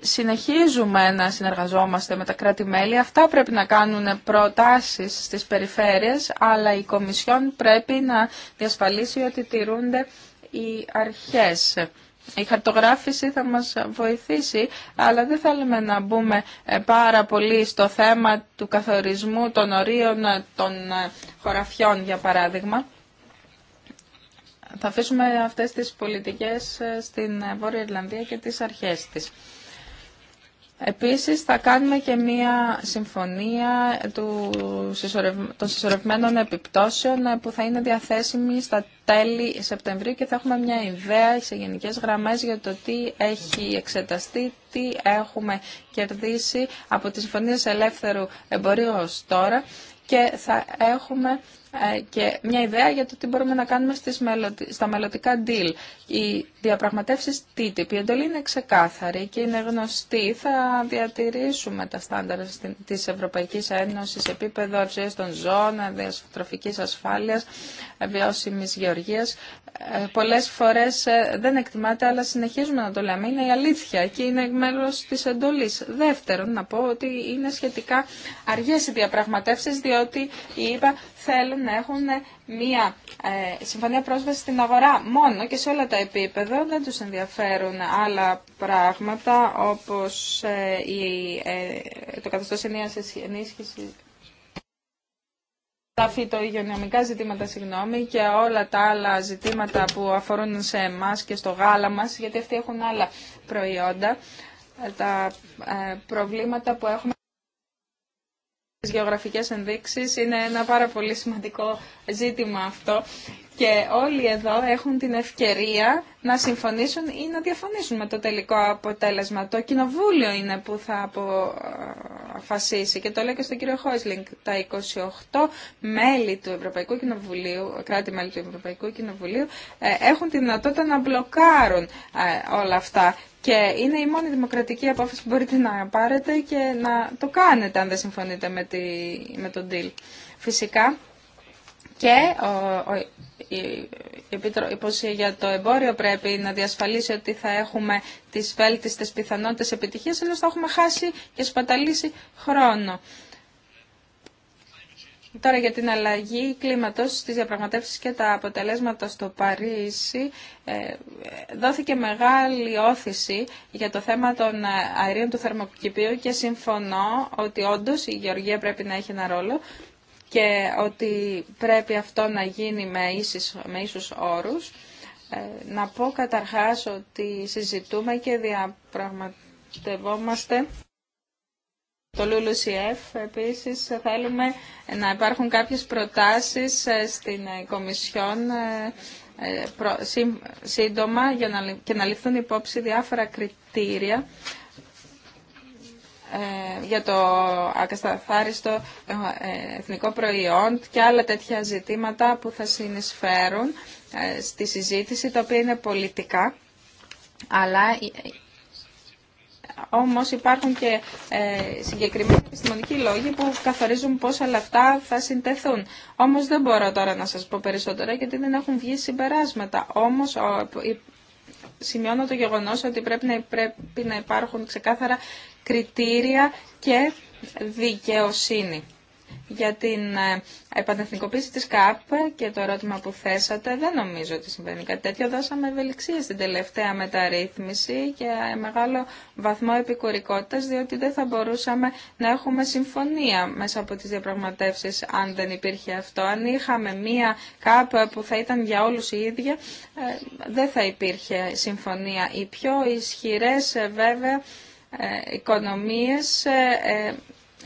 συνεχίζουμε να συνεργαζόμαστε με τα κράτη-μέλη. Αυτά πρέπει να κάνουν προτάσεις στις περιφέρειες, αλλά η Κομισιόν πρέπει να διασφαλίσει ότι τηρούνται οι αρχές. Η χαρτογράφηση θα μας βοηθήσει, αλλά δεν θέλουμε να μπούμε ε, πάρα πολύ στο θέμα του καθορισμού των ορίων ε, των ε, χωραφιών, για παράδειγμα. Θα αφήσουμε αυτές τις πολιτικές στην Βόρεια Ιρλανδία και τις αρχές της. Επίσης θα κάνουμε και μία συμφωνία των συσσωρευμένων επιπτώσεων ε, που θα είναι διαθέσιμη στα τέλη Σεπτεμβρίου και θα έχουμε μια ιδέα σε γενικές γραμμές για το τι έχει εξεταστεί, τι έχουμε κερδίσει από τις συμφωνίες ελεύθερου εμπορίου ως τώρα και θα έχουμε ε, και μια ιδέα για το τι μπορούμε να κάνουμε στις στα μελλοντικά deal. Οι διαπραγματεύσεις TTIP, η εντολή είναι ξεκάθαρη και είναι γνωστή. Θα διατηρήσουμε τα στάνταρ της Ευρωπαϊκής Ένωσης σε επίπεδο αξίας των ζώων, διαστροφικής ασφάλειας, βιώσιμης γεωργίας. Ε, πολλές φορές ε, δεν εκτιμάται, αλλά συνεχίζουμε να το λέμε. Είναι η αλήθεια και είναι μέλος της εντολής. Δεύτερον, να πω ότι είναι σχετικά αργές οι διαπραγματεύσεις, διότι η θέλουν να έχουν μία ε, συμφωνία πρόσβαση στην αγορά μόνο και σε όλα τα επίπεδα. Δεν τους ενδιαφέρουν άλλα πράγματα όπως ε, ε, το καθεστώς ενίσχυσης τα υγειονομικά ζητήματα, συγγνώμη, και όλα τα άλλα ζητήματα που αφορούν σε εμά και στο γάλα μας, γιατί αυτοί έχουν άλλα προϊόντα, τα προβλήματα που έχουμε γεωγραφικές ενδείξεις. Είναι ένα πάρα πολύ σημαντικό ζήτημα αυτό και όλοι εδώ έχουν την ευκαιρία να συμφωνήσουν ή να διαφωνήσουν με το τελικό αποτέλεσμα. Το κοινοβούλιο είναι που θα αποφασίσει και το λέει και στον κύριο Χόισλινγκ. Τα 28 μέλη του Ευρωπαϊκού Κοινοβουλίου, κράτη μέλη του Ευρωπαϊκού Κοινοβουλίου, ε, έχουν τη δυνατότητα να μπλοκάρουν ε, όλα αυτά. Και είναι η μόνη δημοκρατική απόφαση που μπορείτε να πάρετε και να το κάνετε αν δεν συμφωνείτε με, τη, με τον deal. Φυσικά, και η Υπουργή για το Εμπόριο πρέπει να διασφαλίσει ότι θα έχουμε τις βέλτιστες πιθανότητες επιτυχίας, ενώ θα έχουμε χάσει και σπαταλήσει χρόνο. Τώρα για την αλλαγή κλίματος στις διαπραγματεύσεις και τα αποτελέσματα στο Παρίσι ε, δόθηκε μεγάλη όθηση για το θέμα των ε, αερίων του θερμοκηπίου και συμφωνώ ότι όντως η Γεωργία πρέπει να έχει ένα ρόλο και ότι πρέπει αυτό να γίνει με, ίσους, με όρους. Ε, να πω καταρχάς ότι συζητούμε και διαπραγματευόμαστε το LULUCF. Επίσης θέλουμε να υπάρχουν κάποιες προτάσεις ε, στην ε, Κομισιόν σύντομα για να, και να ληφθούν υπόψη διάφορα κριτήρια ε, για το ακασταθάριστο ε, εθνικό προϊόν και άλλα τέτοια ζητήματα που θα συνεισφέρουν ε, στη συζήτηση, τα οποία είναι πολιτικά, αλλά όμως υπάρχουν και συγκεκριμένοι επιστημονικοί λόγοι που καθορίζουν πώς όλα αυτά θα συντεθούν. Όμως δεν μπορώ τώρα να σας πω περισσότερα γιατί δεν έχουν βγει συμπεράσματα. Όμως σημειώνω το γεγονός ότι πρέπει πρέπει να υπάρχουν ξεκάθαρα κριτήρια και δικαιοσύνη. Για την ε, επανεθνικοποίηση της ΚΑΠ και το ερώτημα που θέσατε, δεν νομίζω ότι συμβαίνει κάτι τέτοιο. Δώσαμε ευελιξία στην τελευταία μεταρρύθμιση και μεγάλο βαθμό επικουρικότητας, διότι δεν θα μπορούσαμε να έχουμε συμφωνία μέσα από τις διαπραγματεύσεις αν δεν υπήρχε αυτό. Αν είχαμε μία ΚΑΠ που θα ήταν για όλους η ίδια, ε, δεν θα υπήρχε συμφωνία. Οι πιο ισχυρές ε, βέβαια ε, οικονομίες ε, ε,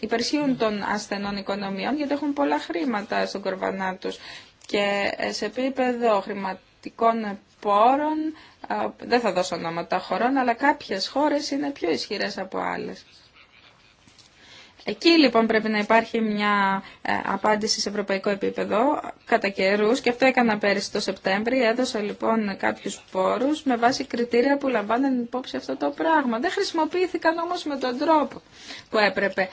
υπερισχύουν των ασθενών οικονομιών γιατί έχουν πολλά χρήματα στον κορβανά τους και σε επίπεδο χρηματικών πόρων, δεν θα δώσω ονόματα χωρών, αλλά κάποιες χώρες είναι πιο ισχυρές από άλλες. Εκεί λοιπόν πρέπει να υπάρχει μια ε, απάντηση σε ευρωπαϊκό επίπεδο κατά καιρού και αυτό έκανα πέρυσι το Σεπτέμβρη. Έδωσα λοιπόν κάποιου πόρου με βάση κριτήρια που λαμβάνουν υπόψη αυτό το πράγμα. Δεν χρησιμοποιήθηκαν όμω με τον τρόπο που έπρεπε.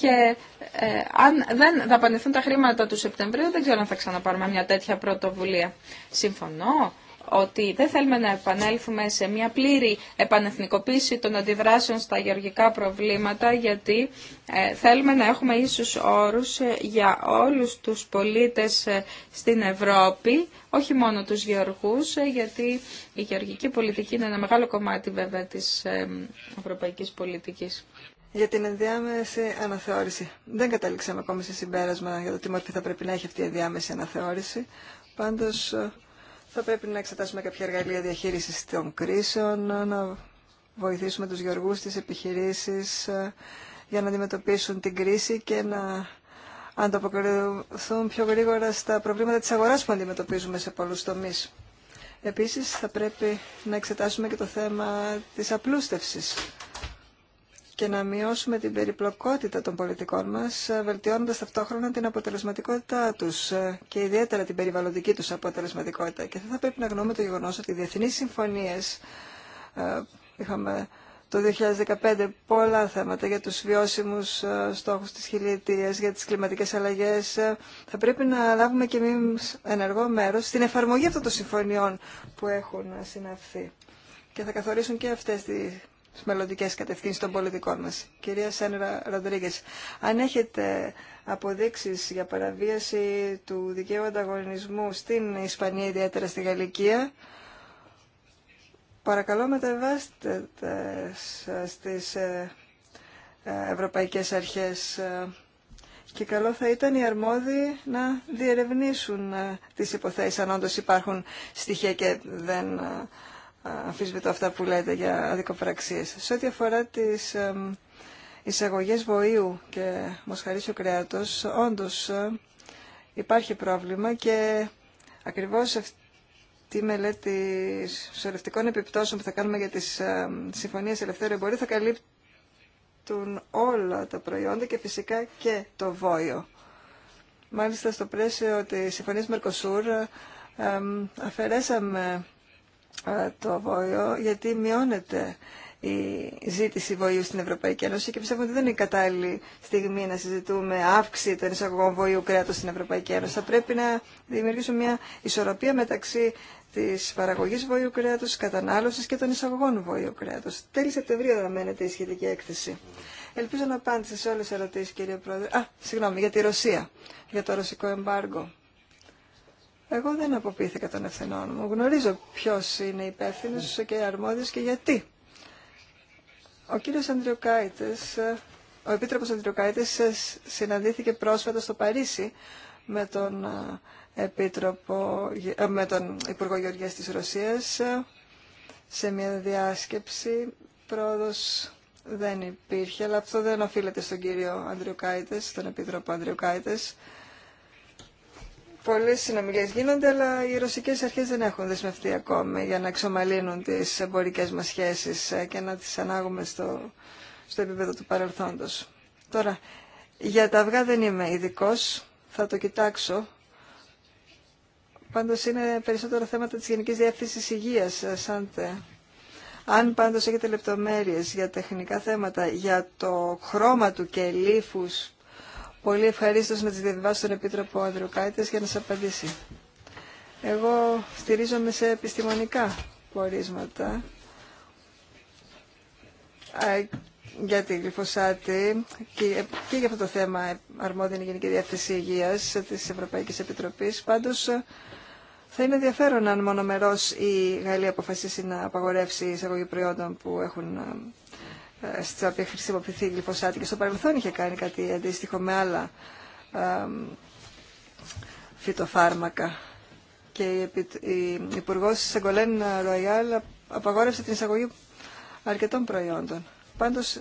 Και ε, αν δεν δαπανηθούν τα χρήματα του Σεπτεμβρίου δεν ξέρω αν θα ξαναπάρουμε μια τέτοια πρωτοβουλία. Συμφωνώ ότι δεν θέλουμε να επανέλθουμε σε μια πλήρη επανεθνικοποίηση των αντιδράσεων στα γεωργικά προβλήματα, γιατί ε, θέλουμε να έχουμε ίσους όρους ε, για όλους τους πολίτες ε, στην Ευρώπη, όχι μόνο τους γεωργούς, γιατί η γεωργική πολιτική είναι ένα μεγάλο κομμάτι βέβαια της ευρωπαϊκής πολιτικής. Για την ενδιάμεση αναθεώρηση. Δεν καταλήξαμε ακόμη σε συμπέρασμα για το τι θα πρέπει να έχει αυτή η ενδιάμεση αναθεώρηση. Πάντως θα πρέπει να εξετάσουμε κάποια εργαλεία διαχείρισης των κρίσεων, να βοηθήσουμε τους γεωργούς της επιχειρήσεις ε, για να αντιμετωπίσουν την κρίση και να ανταποκριθούν πιο γρήγορα στα προβλήματα της αγοράς που αντιμετωπίζουμε σε πολλούς τομείς. Επίσης θα πρέπει να εξετάσουμε και το θέμα της απλούστευσης και να μειώσουμε την περιπλοκότητα των πολιτικών μας, ε, βελτιώνοντας ταυτόχρονα την αποτελεσματικότητά τους ε, και ιδιαίτερα την περιβαλλοντική τους αποτελεσματικότητα. Και θα πρέπει να γνωρούμε το γεγονός ότι οι διεθνείς συμφωνίες, ε, είχαμε το 2015 πολλά θέματα για τους βιώσιμους στόχους της χιλιετίας, για τις κλιματικές αλλαγές, θα πρέπει να λάβουμε και εμείς ενεργό μέρος στην εφαρμογή αυτών των συμφωνιών που έχουν συναυθεί. Και θα καθορίσουν και αυτές τις τι μελλοντικέ κατευθύνσεις των πολιτικών μας. Κυρία Σένρα Ροντρίγκε, αν έχετε αποδείξει για παραβίαση του δικαίου ανταγωνισμού στην Ισπανία, ιδιαίτερα στη Γαλλικία, παρακαλώ μεταβάστε στις ε, ε, ευρωπαϊκές αρχές ε, και καλό θα ήταν οι αρμόδιοι να διερευνήσουν τις υποθέσεις αν όντως υπάρχουν στοιχεία και δεν αμφισβητώ αυτά που λέτε για αδικοπραξίες. Σε ό,τι αφορά τις εισαγωγές βοήου και μοσχαρίσιο κρέατος, όντως ε, υπάρχει πρόβλημα και ακριβώς αυτή η μελέτη σωρευτικών επιπτώσεων που θα κάνουμε για τις συμφωνίες ελευθέρω εμπορίου θα καλύπτουν όλα τα προϊόντα και φυσικά και το βόιο. Μάλιστα στο πλαίσιο της συμφωνίας Μερκοσούρ αφαιρέσαμε το βόλιο γιατί μειώνεται η ζήτηση βοηθού στην Ευρωπαϊκή Ένωση και πιστεύω ότι δεν είναι η κατάλληλη στιγμή να συζητούμε αύξηση των εισαγωγών βοήου κρέατος στην Ευρωπαϊκή Ένωση. Θα πρέπει να δημιουργήσουμε μια ισορροπία μεταξύ τη παραγωγή βοηθού κρέατο, τη κατανάλωση και των εισαγωγών βοήου κρέατο. Τέλη Σεπτεμβρίου αναμένεται η σχετική έκθεση. Ελπίζω να απάντησε σε όλε τι ερωτήσει, κύριε Πρόεδρε. Α, συγγνώμη, για τη Ρωσία, για το ρωσικό εμπάργκο. Εγώ δεν αποποιήθηκα των ευθυνών μου. Γνωρίζω ποιο είναι υπεύθυνο και αρμόδιος και γιατί. Ο κύριος Ανδριοκάητης, ο Επίτροπος Ανδριοκάητης συναντήθηκε πρόσφατα στο Παρίσι με τον, ε, Επίτροπο, ε, με τον Υπουργό Γεωργία της Ρωσίας ε, σε μια διάσκεψη. Πρόοδο δεν υπήρχε, αλλά αυτό δεν οφείλεται στον κύριο Ανδριοκάητες, στον Επίτροπο Ανδριοκάητες. Πολλές συνομιλίες γίνονται, αλλά οι ρωσικές αρχές δεν έχουν δεσμευτεί ακόμη για να εξομαλύνουν τις εμπορικές μας σχέσεις ε, και να τις ανάγουμε στο, στο επίπεδο του παρελθόντος. Τώρα, για τα αυγά δεν είμαι ειδικό, θα το κοιτάξω. Πάντως είναι περισσότερο θέματα της Γενικής Διεύθυνσης Υγείας, ε, Σάντε. Αν πάντως έχετε λεπτομέρειες για τεχνικά θέματα, για το χρώμα του και πολύ ευχαρίστως να τις διαβιβάσω στον Επίτροπο Ανδρουκάητες για να σας απαντήσει. Εγώ στηρίζομαι σε επιστημονικά πορίσματα για τη γλυφοσάτη και, για αυτό το θέμα αρμόδια είναι η Γενική Διεύθυνση Υγείας της Ευρωπαϊκής Επιτροπής. Πάντως θα είναι ενδιαφέρον αν μονομερός η Γαλλία αποφασίσει να απαγορεύσει εισαγωγή προϊόντων που έχουν στα οποία χρησιμοποιηθεί η γλυφοσάτη και στο παρελθόν είχε κάνει κάτι αντίστοιχο με άλλα φυτοφάρμακα. Και η Υπουργό Σεγκολέν Ροϊάλ απαγόρευσε την εισαγωγή αρκετών προϊόντων. Πάντως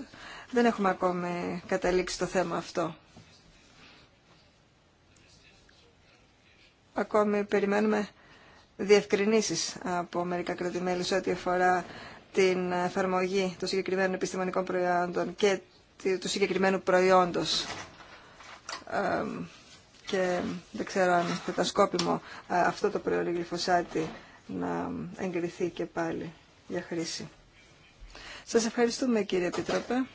δεν έχουμε ακόμη καταλήξει το θέμα αυτό. Ακόμη περιμένουμε διευκρινήσεις από μερικά κρατημέλη σε ό,τι αφορά την εφαρμογή των συγκεκριμένων επιστημονικών προϊόντων και του συγκεκριμένου προϊόντος. Και δεν ξέρω αν θα σκόπιμο ε, αυτό το προϊόν να εγκριθεί και πάλι για χρήση. Σας ευχαριστούμε κύριε Επίτροπε.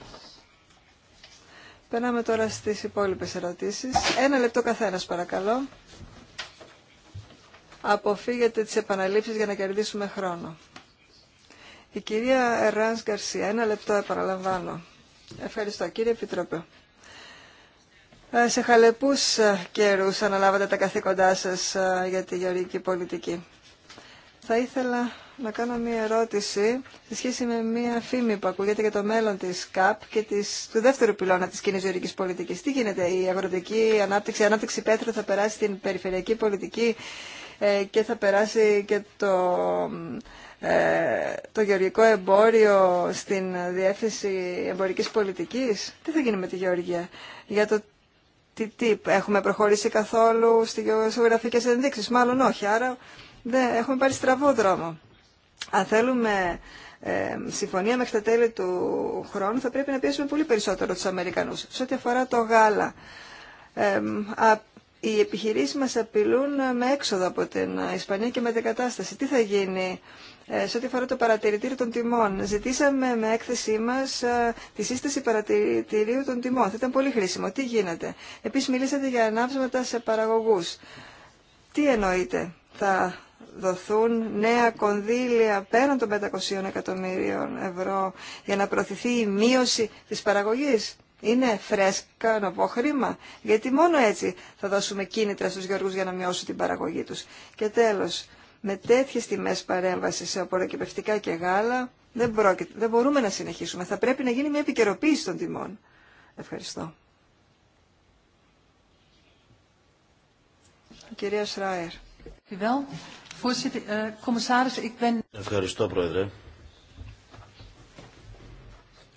Περνάμε τώρα στις υπόλοιπες ερωτήσεις. Ένα λεπτό καθένας παρακαλώ. Αποφύγετε τις επαναλήψεις για να κερδίσουμε χρόνο. Η κυρία Εράνς Γκαρσία, ένα λεπτό επαναλαμβάνω. Ευχαριστώ κύριε Επιτρόπε. Ε, σε χαλεπούς ε, καιρούς αναλάβατε τα καθήκοντά σας ε, για τη γεωργική πολιτική. Θα ήθελα να κάνω μία ερώτηση σε σχέση με μία φήμη που ακούγεται για το μέλλον της ΚΑΠ και της, του δεύτερου πυλώνα της κοινής γεωργικής πολιτικής. Τι γίνεται, η αγροτική ανάπτυξη, η ανάπτυξη πέτρου θα περάσει την περιφερειακή πολιτική και θα περάσει και το ε, το γεωργικό εμπόριο στην διεύθυνση εμπορικής πολιτικής. Τι θα γίνει με τη Γεωργία. Για το τι έχουμε προχωρήσει καθόλου στις γεωγραφικές ενδείξεις. Μάλλον όχι. Άρα δεν, έχουμε πάρει στραβό δρόμο. Αν θέλουμε ε, συμφωνία μέχρι τα τέλη του χρόνου θα πρέπει να πιέσουμε πολύ περισσότερο τους Αμερικανούς. Σε ό,τι αφορά το γάλα, ε, α, οι επιχειρήσεις μας απειλούν με έξοδο από την Ισπανία και με την κατάσταση. Τι θα γίνει ε, σε ό,τι αφορά το παρατηρητήριο των τιμών. Ζητήσαμε με έκθεσή μας ε, τη σύσταση παρατηρητηρίου των τιμών. Θα ήταν πολύ χρήσιμο. Τι γίνεται. Επίση, μιλήσατε για ανάψματα σε παραγωγού. Τι εννοείτε. Θα δοθούν νέα κονδύλια πέραν των 500 εκατομμυρίων ευρώ για να προωθηθεί η μείωση της παραγωγής. Είναι φρέσκα να πω χρήμα, γιατί μόνο έτσι θα δώσουμε κίνητρα στους γεωργούς για να μειώσουν την παραγωγή τους. Και τέλος, με τέτοιες τιμές παρέμβαση σε απορροκυπευτικά και γάλα δεν, πρόκειται, δεν μπορούμε να συνεχίσουμε. Θα πρέπει να γίνει μια επικαιροποίηση των τιμών. Ευχαριστώ. Κυρία Σράερ. Ευχαριστώ, Πρόεδρε.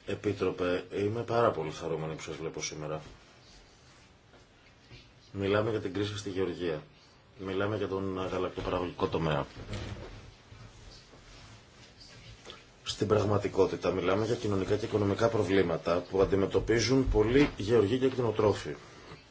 Επίτροπε, είμαι πάρα πολύ χαρούμενη που σας βλέπω σήμερα. Μιλάμε για την κρίση στη Γεωργία. Μιλάμε για τον γαλακτοπαραγωγικό τομέα. Στην πραγματικότητα μιλάμε για κοινωνικά και οικονομικά προβλήματα που αντιμετωπίζουν πολλοί γεωργοί και κτηνοτρόφοι.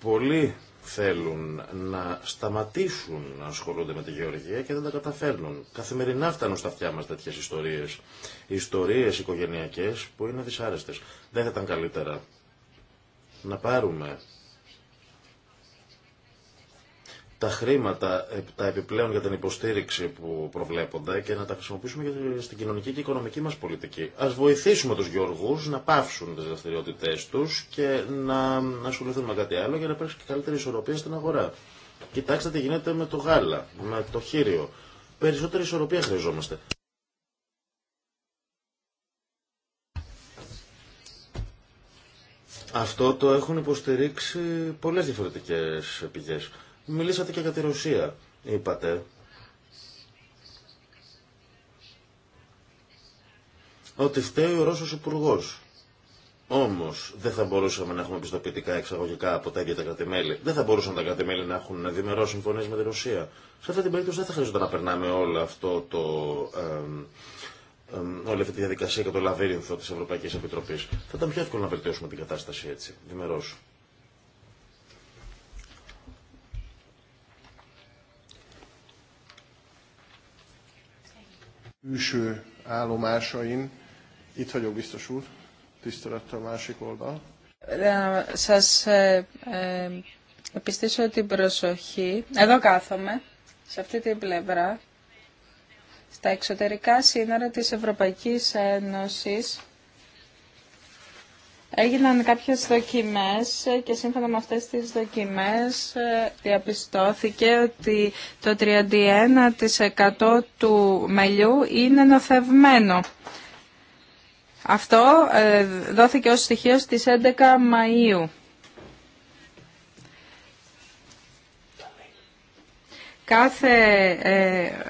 Πολλοί θέλουν να σταματήσουν να ασχολούνται με τη γεωργία και δεν τα καταφέρνουν. Καθημερινά φτάνουν στα αυτιά μας τέτοιες ιστορίες. Ιστορίες οικογενειακές που είναι δυσάρεστες. Δεν θα ήταν καλύτερα να πάρουμε τα χρήματα, ε, τα επιπλέον για την υποστήριξη που προβλέπονται και να τα χρησιμοποιήσουμε στην κοινωνική και οικονομική μας πολιτική. Ας βοηθήσουμε τους Γιώργους να πάυσουν τις δραστηριότητε τους και να ασχοληθούν με κάτι άλλο για να υπάρξει και καλύτερη ισορροπία στην αγορά. Κοιτάξτε τι γίνεται με το γάλα, με το χείριο. Περισσότερη ισορροπία χρειαζόμαστε. Αυτό το έχουν υποστηρίξει πολλές διαφορετικές πηγές. Μιλήσατε και για τη Ρωσία, είπατε. Ότι φταίει ο Ρώσος υπουργό. Όμω δεν θα μπορούσαμε να έχουμε πιστοποιητικά εξαγωγικά από τα ίδια τα κρατημέλη. Δεν θα μπορούσαν τα κρατημέλη να έχουν δημερό συμφωνίε με τη Ρωσία. Σε αυτή την περίπτωση δεν θα χρειαζόταν να περνάμε όλο αυτό το, ε, όλη αυτή τη διαδικασία και το λαβύρινθο τη Ευρωπαϊκή Επιτροπή. Θα ήταν πιο εύκολο να βελτιώσουμε την κατάσταση έτσι, διμερό. külső állomásain. Itt vagyok biztos úr, tisztelettel a másik oldal. σας ε, ε, επιστήσω την προσοχή. Εδώ κάθομαι, σε αυτή την πλευρά, στα εξωτερικά σύνορα της Ευρωπαϊκής Ένωσης Έγιναν κάποιες δοκιμές και σύμφωνα με αυτές τις δοκιμές ε, διαπιστώθηκε ότι το 31% του μελιού είναι νοθευμένο. Αυτό ε, δόθηκε ως στοιχείο στις 11 Μαΐου. Κάθε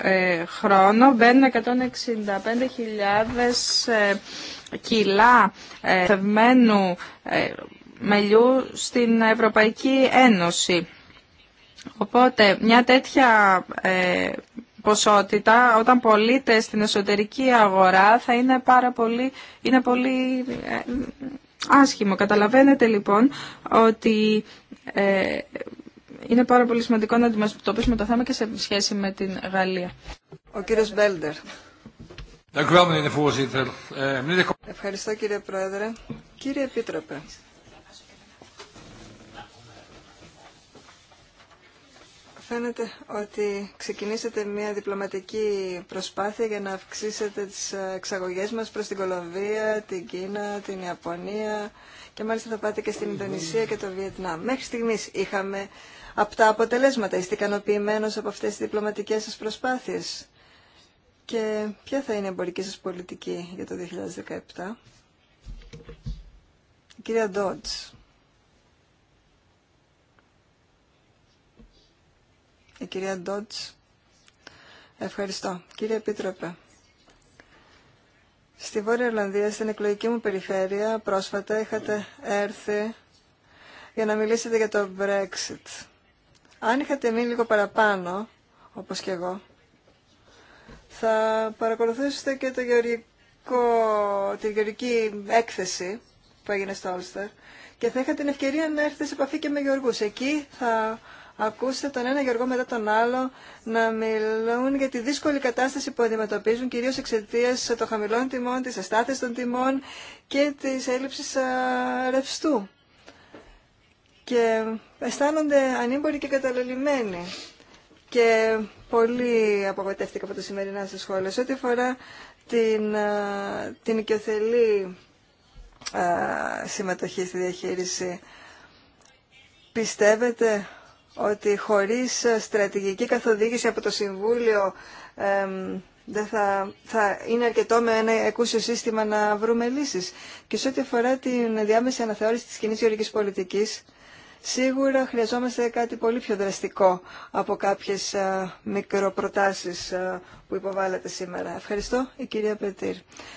ε, χρόνο μπαίνουν 165.000 κιλά ε, θευμένου ε, μελιού στην Ευρωπαϊκή Ένωση. Οπότε μια τέτοια ε, ποσότητα όταν πωλείται στην εσωτερική αγορά θα είναι πάρα πολύ, είναι πολύ άσχημο. Καταλαβαίνετε λοιπόν ότι ε, είναι πάρα πολύ σημαντικό να αντιμετωπίσουμε το θέμα και σε σχέση με την Γαλλία. Ο κύριος Μπέλντερ. Eh, Ευχαριστώ κύριε Πρόεδρε. Κύριε Επίτροπε. Φαίνεται ότι ξεκινήσατε μια διπλωματική προσπάθεια για να αυξήσετε τις ε, εξαγωγές μας προς την Κολομβία, την Κίνα, την Ιαπωνία και μάλιστα θα πάτε και στην Ινδονησία και το Βιετνάμ. Μέχρι στιγμής είχαμε τα αποτελέσματα. Είστε ικανοποιημένος από αυτές τις διπλωματικές σας προσπάθειες και ποια θα είναι η εμπορική σας πολιτική για το 2017. Η κυρία Ντότς. Η κυρία Ντότς. Ευχαριστώ. Κύριε Επίτροπε. Στη Βόρεια Ιρλανδία, στην εκλογική μου περιφέρεια, πρόσφατα είχατε έρθει για να μιλήσετε για το Brexit. Αν είχατε μείνει λίγο παραπάνω, όπως και εγώ, θα παρακολουθήσετε και το γεωργικό, τη γεωργική έκθεση που έγινε στο Όλστερ και θα είχα την ευκαιρία να έρθετε σε επαφή και με γεωργούς. Εκεί θα ακούσετε τον ένα γεωργό μετά τον άλλο να μιλούν για τη δύσκολη κατάσταση που αντιμετωπίζουν κυρίως εξαιτία των χαμηλών τιμών, της αστάθειας των τιμών και της έλλειψης ρευστού. Και αισθάνονται ανήμποροι και καταλελειμμένοι. Και πολύ απογοητεύτηκα από τα σημερινά σας σχόλια. Σε ό,τι αφορά την, ε, την οικειοθελή ε, συμμετοχή στη διαχείριση, πιστεύετε ότι χωρίς στρατηγική καθοδήγηση από το Συμβούλιο δεν θα, θα είναι αρκετό με ένα εκούσιο σύστημα να βρούμε λύσεις. Και σε ό,τι αφορά την διάμεση αναθεώρηση της κοινή γεωργικής πολιτικής, Σίγουρα χρειαζόμαστε κάτι πολύ πιο δραστικό από κάποιες μικροπροτάσεις που υποβάλλατε σήμερα. Ευχαριστώ, η κυρία Πετήρ.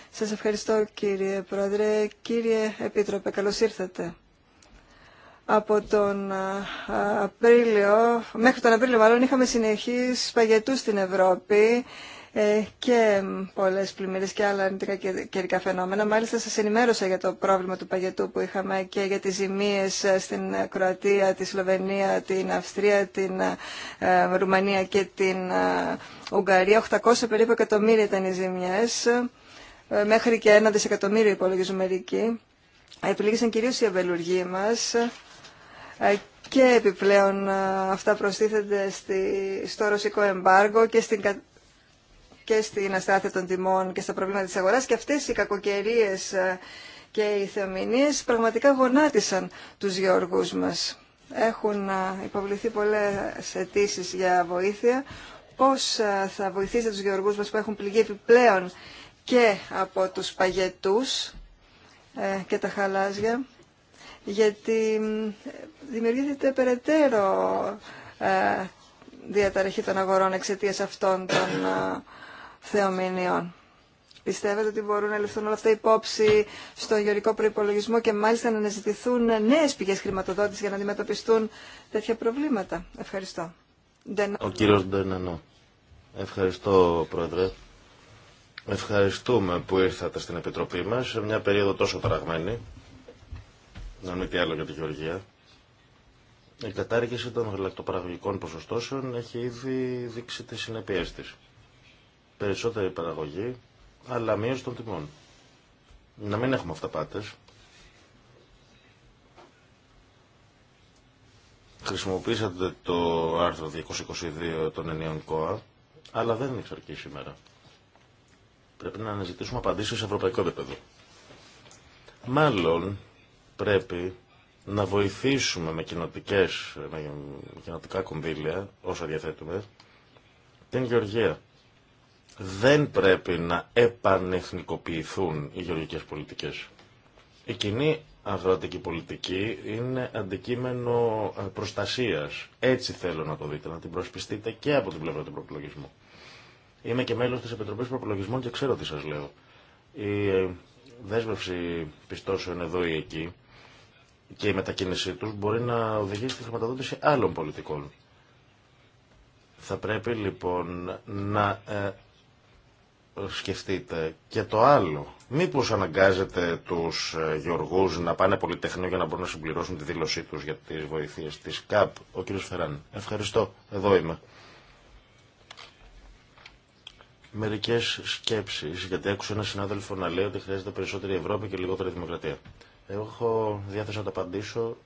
Σας ευχαριστώ, κύριε Πρόεδρε. Κύριε Επίτροπε, καλώς ήρθατε. Από τον Απρίλιο, μέχρι τον Απρίλιο μάλλον, είχαμε συνεχείς παγετούς στην Ευρώπη ε, και πολλές πλημμύρες και άλλα αρνητικά καιρικά φαινόμενα. Μάλιστα σας ενημέρωσα για το πρόβλημα του παγετού που είχαμε και για τις ζημίες ε, στην Κροατία, τη Σλοβενία, την Αυστρία, την ε, Ρουμανία και την Ουγγαρία. 800 περίπου εκατομμύρια ήταν οι ζημιές, μέχρι και ένα δισεκατομμύριο υπολογίζουν μερικοί. Επιλήγησαν κυρίως οι αμπελουργοί μας και επιπλέον αυτά προστίθενται στη, στο ρωσικό εμπάργο και στην και στην αστάθεια των τιμών και στα προβλήματα της αγοράς και αυτές οι κακοκαιρίες ε, και οι θεομηνίες πραγματικά γονάτισαν τους γεωργούς μας. Έχουν ε, υποβληθεί πολλές αιτήσει για βοήθεια. Πώς ε, θα βοηθήσετε τους γεωργούς μας που έχουν πληγεί επιπλέον και από τους παγετούς και τα χαλάζια, γιατί δημιουργήθηκε περαιτέρω διαταραχή των αγορών εξαιτίας αυτών των θεομηνιών. Πιστεύετε ότι μπορούν να ληφθούν όλα αυτά υπόψη στο γεωρικό προπολογισμό και μάλιστα να αναζητηθούν νέε πηγέ χρηματοδότηση για να αντιμετωπιστούν τέτοια προβλήματα. Ευχαριστώ. Ο κύριο Ντενανό. Ευχαριστώ, Πρόεδρε. Ευχαριστούμε που ήρθατε στην Επιτροπή μα σε μια περίοδο τόσο παραγμένη. Να μην τι άλλο για τη Γεωργία. Η κατάργηση των γαλακτοπαραγωγικών ποσοστώσεων έχει ήδη δείξει τι συνέπίε τη περισσότερη παραγωγή, αλλά μείωση των τιμών. Να μην έχουμε αυταπάτες. Χρησιμοποίησατε το άρθρο 222 των ενιών ΚΟΑ, αλλά δεν εξαρκεί σήμερα. Πρέπει να αναζητήσουμε απαντήσεις σε ευρωπαϊκό επίπεδο. Μάλλον πρέπει να βοηθήσουμε με, κοινοτικές, με κοινοτικά κονδύλια, όσα διαθέτουμε, την Γεωργία δεν πρέπει να επανεθνικοποιηθούν οι γεωργικές πολιτικές. Η κοινή αγροτική πολιτική είναι αντικείμενο ε, προστασίας. Έτσι θέλω να το δείτε, να την προσπιστείτε και από την πλευρά του προπολογισμού. Είμαι και μέλος της Επιτροπής Προπολογισμών και ξέρω τι σας λέω. Η ε, δέσμευση πιστώσεων εδώ ή εκεί και η μετακίνησή τους μπορεί να οδηγήσει στη χρηματοδότηση άλλων πολιτικών. Θα πρέπει λοιπόν να ε, σκεφτείτε και το άλλο. Μήπω αναγκάζετε του ε, γεωργού να πάνε πολυτεχνείο για να μπορούν να συμπληρώσουν τη δήλωσή του για τι βοηθείες τη ΚΑΠ. Ο κ. Φεράν, ευχαριστώ. Εδώ είμαι. Μερικέ σκέψει γιατί άκουσα ένα συνάδελφο να λέει ότι χρειάζεται περισσότερη Ευρώπη και λιγότερη δημοκρατία. Εγώ έχω διάθεση να το απαντήσω.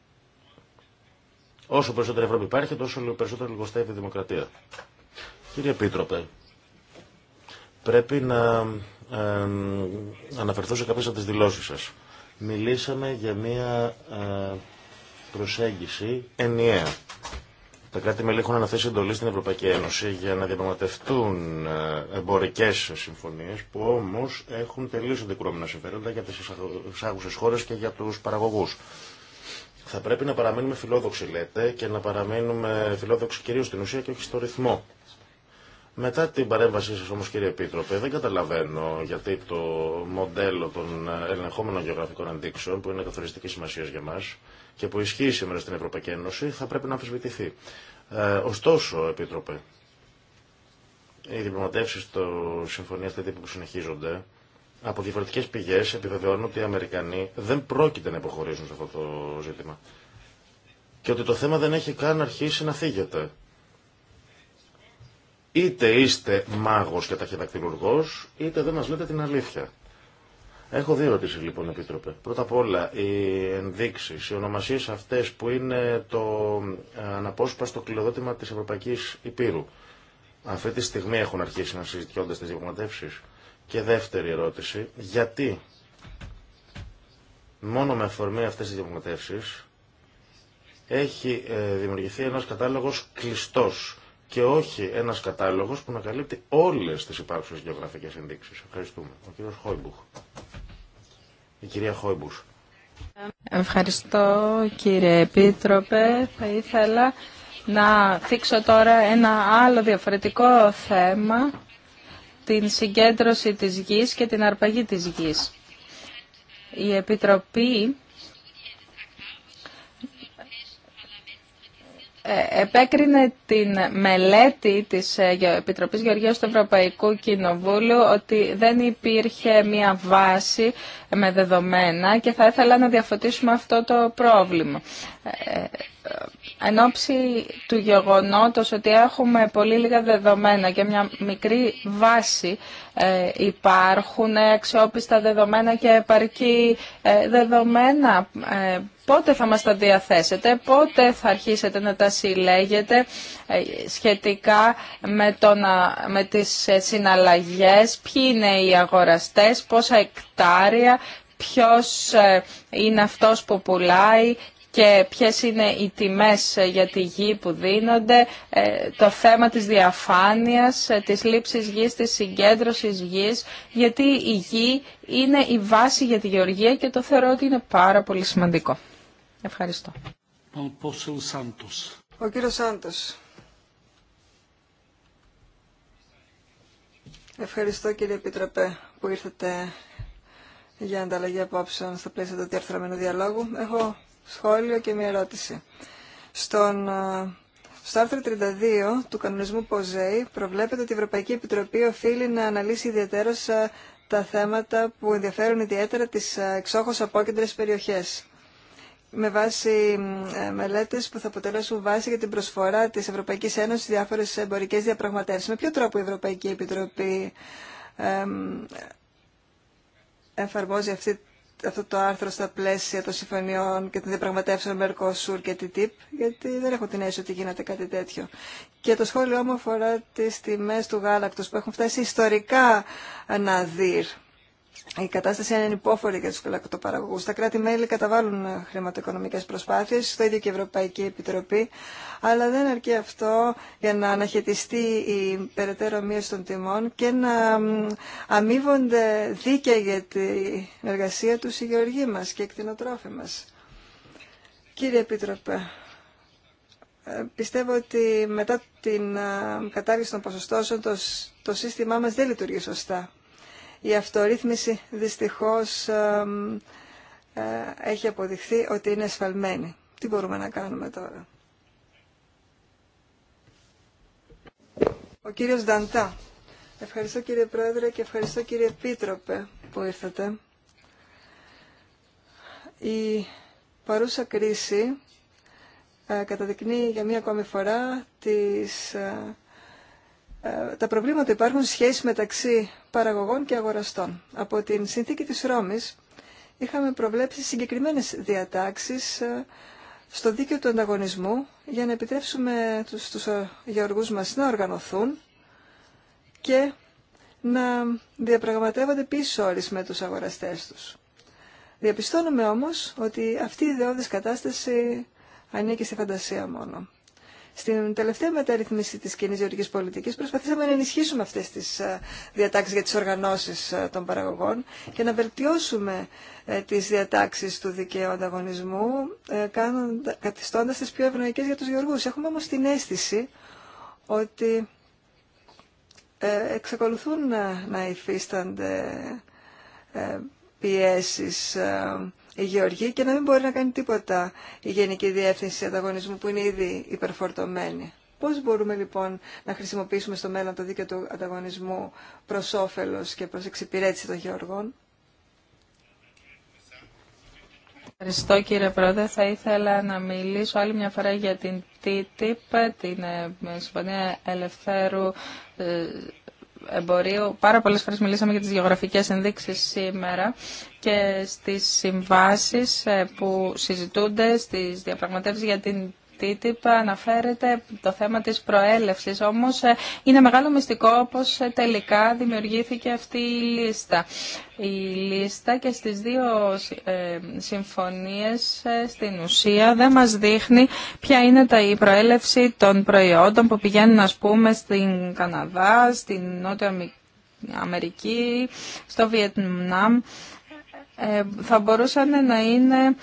Όσο περισσότερη Ευρώπη υπάρχει, τόσο περισσότερο λιγοστεύει η δημοκρατία. Κύριε Επίτροπε, Πρέπει να αναφερθώ σε κάποιες από τις δηλώσεις σας. Μιλήσαμε για μια ε, προσέγγιση ενιαία. Τα κράτη-μέλη έχουν αναθέσει εντολή στην Ευρωπαϊκή Ένωση για να διαπραγματευτούν ε, εμπορικέ συμφωνίε που όμω έχουν τελείω αντικρούμενα συμφέροντα για τι εισάγουσε χώρε και για του παραγωγού. Θα πρέπει να παραμείνουμε φιλόδοξοι, λέτε, και να παραμείνουμε φιλόδοξοι κυρίω στην ουσία και όχι στο ρυθμό. Μετά την παρέμβασή σα όμω, κύριε Επίτροπε, δεν καταλαβαίνω γιατί το μοντέλο των ελεγχόμενων γεωγραφικών αντίξεων που είναι καθοριστική σημασία για μα και που ισχύει σήμερα στην Ευρωπαϊκή Ένωση θα πρέπει να αμφισβητηθεί. Ε, ωστόσο, Επίτροπε, οι διπλωματεύσεις των Συμφωνίας τύπου που συνεχίζονται από διαφορετικέ πηγέ επιβεβαιώνουν ότι οι Αμερικανοί δεν πρόκειται να υποχωρήσουν σε αυτό το ζήτημα και ότι το θέμα δεν έχει καν αρχίσει να θίγεται. Είτε είστε μάγος και ταχυδακτηλουργός, είτε δεν μας λέτε την αλήθεια. Έχω δύο ερωτήσει λοιπόν, Επίτροπε. Πρώτα απ' όλα, οι ενδείξεις, οι ονομασίε αυτέ που είναι το ε, αναπόσπαστο κληροδότημα της Ευρωπαϊκής Υπήρου. Αυτή τη στιγμή έχουν αρχίσει να συζητιώνται στις διαπραγματεύσει. Και δεύτερη ερώτηση, γιατί μόνο με αφορμή αυτές τις διαπραγματεύσει έχει ε, δημιουργηθεί ένας κατάλογος κλειστός και όχι ένας κατάλογος που να καλύπτει όλες τις υπάρχουσες γεωγραφικές ενδείξεις. Ευχαριστούμε. Ο κύριος Χόιμπουχ. Η κυρία Χόιμπουχ. Ευχαριστώ κύριε Επίτροπε. Θα ήθελα να θίξω τώρα ένα άλλο διαφορετικό θέμα, την συγκέντρωση της γης και την αρπαγή της γης. Η Επιτροπή Ε, επέκρινε την μελέτη της ε, Επιτροπής Γεωργίας του Ευρωπαϊκού Κοινοβούλου ότι δεν υπήρχε μία βάση με δεδομένα και θα ήθελα να διαφωτίσουμε αυτό το πρόβλημα. Ε, Εν ώψη του γεγονότος ότι έχουμε πολύ λίγα δεδομένα και μια μικρή βάση ε, υπάρχουν αξιόπιστα δεδομένα και επαρκή ε, δεδομένα. Ε, πότε θα μας τα διαθέσετε, πότε θα αρχίσετε να τα συλλέγετε σχετικά με, το να, με τις συναλλαγές, ποιοι είναι οι αγοραστές, πόσα εκτάρια, ποιος είναι αυτός που πουλάει και ποιες είναι οι τιμές ε, για τη γη που δίνονται, ε, το θέμα της διαφάνειας, ε, της λήψης γης, της συγκέντρωσης γης, γιατί η γη είναι η βάση για τη γεωργία και το θεωρώ ότι είναι πάρα πολύ σημαντικό. Ευχαριστώ. Ο κύριος Σάντος. Ευχαριστώ κύριε Επιτροπέ που ήρθατε για ανταλλαγή απόψεων στο πλαίσια του διαρθρωμένου διαλόγου. Έχω σχόλιο και μια ερώτηση. Στον, ε, στο άρθρο 32 του κανονισμού ΠΟΖΕΙ προβλέπεται ότι η Ευρωπαϊκή Επιτροπή οφείλει να αναλύσει ιδιαίτερως τα θέματα που ενδιαφέρουν ιδιαίτερα τις ε, εξόχως απόκεντρες περιοχές με βάση ε, μελέτες που θα αποτελέσουν βάση για την προσφορά της Ευρωπαϊκής Ένωσης σε διάφορες εμπορικές διαπραγματεύσεις. Με ποιο τρόπο η Ευρωπαϊκή Επιτροπή εμ, εμφαρμόζει αυτή αυτό το άρθρο στα πλαίσια των συμφωνιών και των διαπραγματεύσεων Μερκοσούρ και TTIP, γιατί δεν έχω την αίσθηση ότι γίνεται κάτι τέτοιο. Και το σχόλιο μου αφορά τις τιμές του γάλακτος που έχουν φτάσει ιστορικά να αναδύρ η κατάσταση είναι ανυπόφορη για του κολακτοπαραγωγού. Τα κράτη-μέλη καταβάλουν ε, χρηματοοικονομικέ προσπάθειες, το ίδιο και η Ευρωπαϊκή Επιτροπή, αλλά δεν αρκεί αυτό για να αναχαιτιστεί η περαιτέρω μείωση των τιμών και να αμείβονται δίκαια για την εργασία του οι γεωργοί μα και οι κτηνοτρόφοι μας. Κύριε Επίτροπε, ε, πιστεύω ότι μετά την ε, κατάργηση των ποσοστώσεων το, το σύστημά μα δεν λειτουργεί σωστά η αυτορύθμιση δυστυχώς ε, έχει αποδειχθεί ότι είναι ασφαλμένη. Τι μπορούμε να κάνουμε τώρα. Ο κύριος Δαντά. Ευχαριστώ κύριε Πρόεδρε και ευχαριστώ κύριε Επίτροπε που ήρθατε. Η παρούσα κρίση ε, καταδεικνύει για μία ακόμη φορά τις ε, ε, τα προβλήματα υπάρχουν σχέση μεταξύ παραγωγών και αγοραστών. Από την συνθήκη της Ρώμης είχαμε προβλέψει συγκεκριμένες διατάξεις ε, στο δίκαιο του ανταγωνισμού για να επιτρέψουμε τους, τους ε, γεωργούς μας να οργανωθούν και να διαπραγματεύονται πίσω όρις με τους αγοραστές τους. Διαπιστώνουμε όμως ότι αυτή η ιδεώδης κατάσταση ανήκει στη φαντασία μόνο. Στην τελευταία μεταρρύθμιση της κοινή γεωργικής πολιτικής προσπαθήσαμε να ενισχύσουμε αυτές τις ε, διατάξεις για τις οργανώσεις ε, των παραγωγών και να βελτιώσουμε ε, τις διατάξεις του δικαίου ανταγωνισμού καθιστώντα τι πιο ευνοϊκέ για τους γεωργού. Έχουμε όμω την αίσθηση ότι εξακολουθούν να υφίστανται πιέσεις η Γεωργία και να μην μπορεί να κάνει τίποτα η Γενική Διεύθυνση Ανταγωνισμού που είναι ήδη υπερφορτωμένη. Πώς μπορούμε λοιπόν να χρησιμοποιήσουμε στο μέλλον το δίκαιο του ανταγωνισμού προς όφελος και προς εξυπηρέτηση των γεωργών. Ευχαριστώ κύριε Πρόεδρε. Θα ήθελα να μιλήσω άλλη μια φορά για την TTIP, την ε, Συμφωνία Ελευθέρου ε, εμπορίου. Πάρα πολλές φορές μιλήσαμε για τις γεωγραφικές ενδείξεις σήμερα και στις συμβάσεις ε, που συζητούνται στις διαπραγματεύσεις για την TTIP αναφέρεται το θέμα της προέλευσης, όμως ε, είναι μεγάλο μυστικό πώς ε, τελικά δημιουργήθηκε αυτή η λίστα. Η λίστα και στις δύο ε, συμφωνίες στην ουσία δεν μας δείχνει ποια είναι η προέλευση των προϊόντων που πηγαίνουν ας πούμε στην Καναδά, στην Νότια Αμερική, στο Βιετνάμ. Θα μπορούσαν να είναι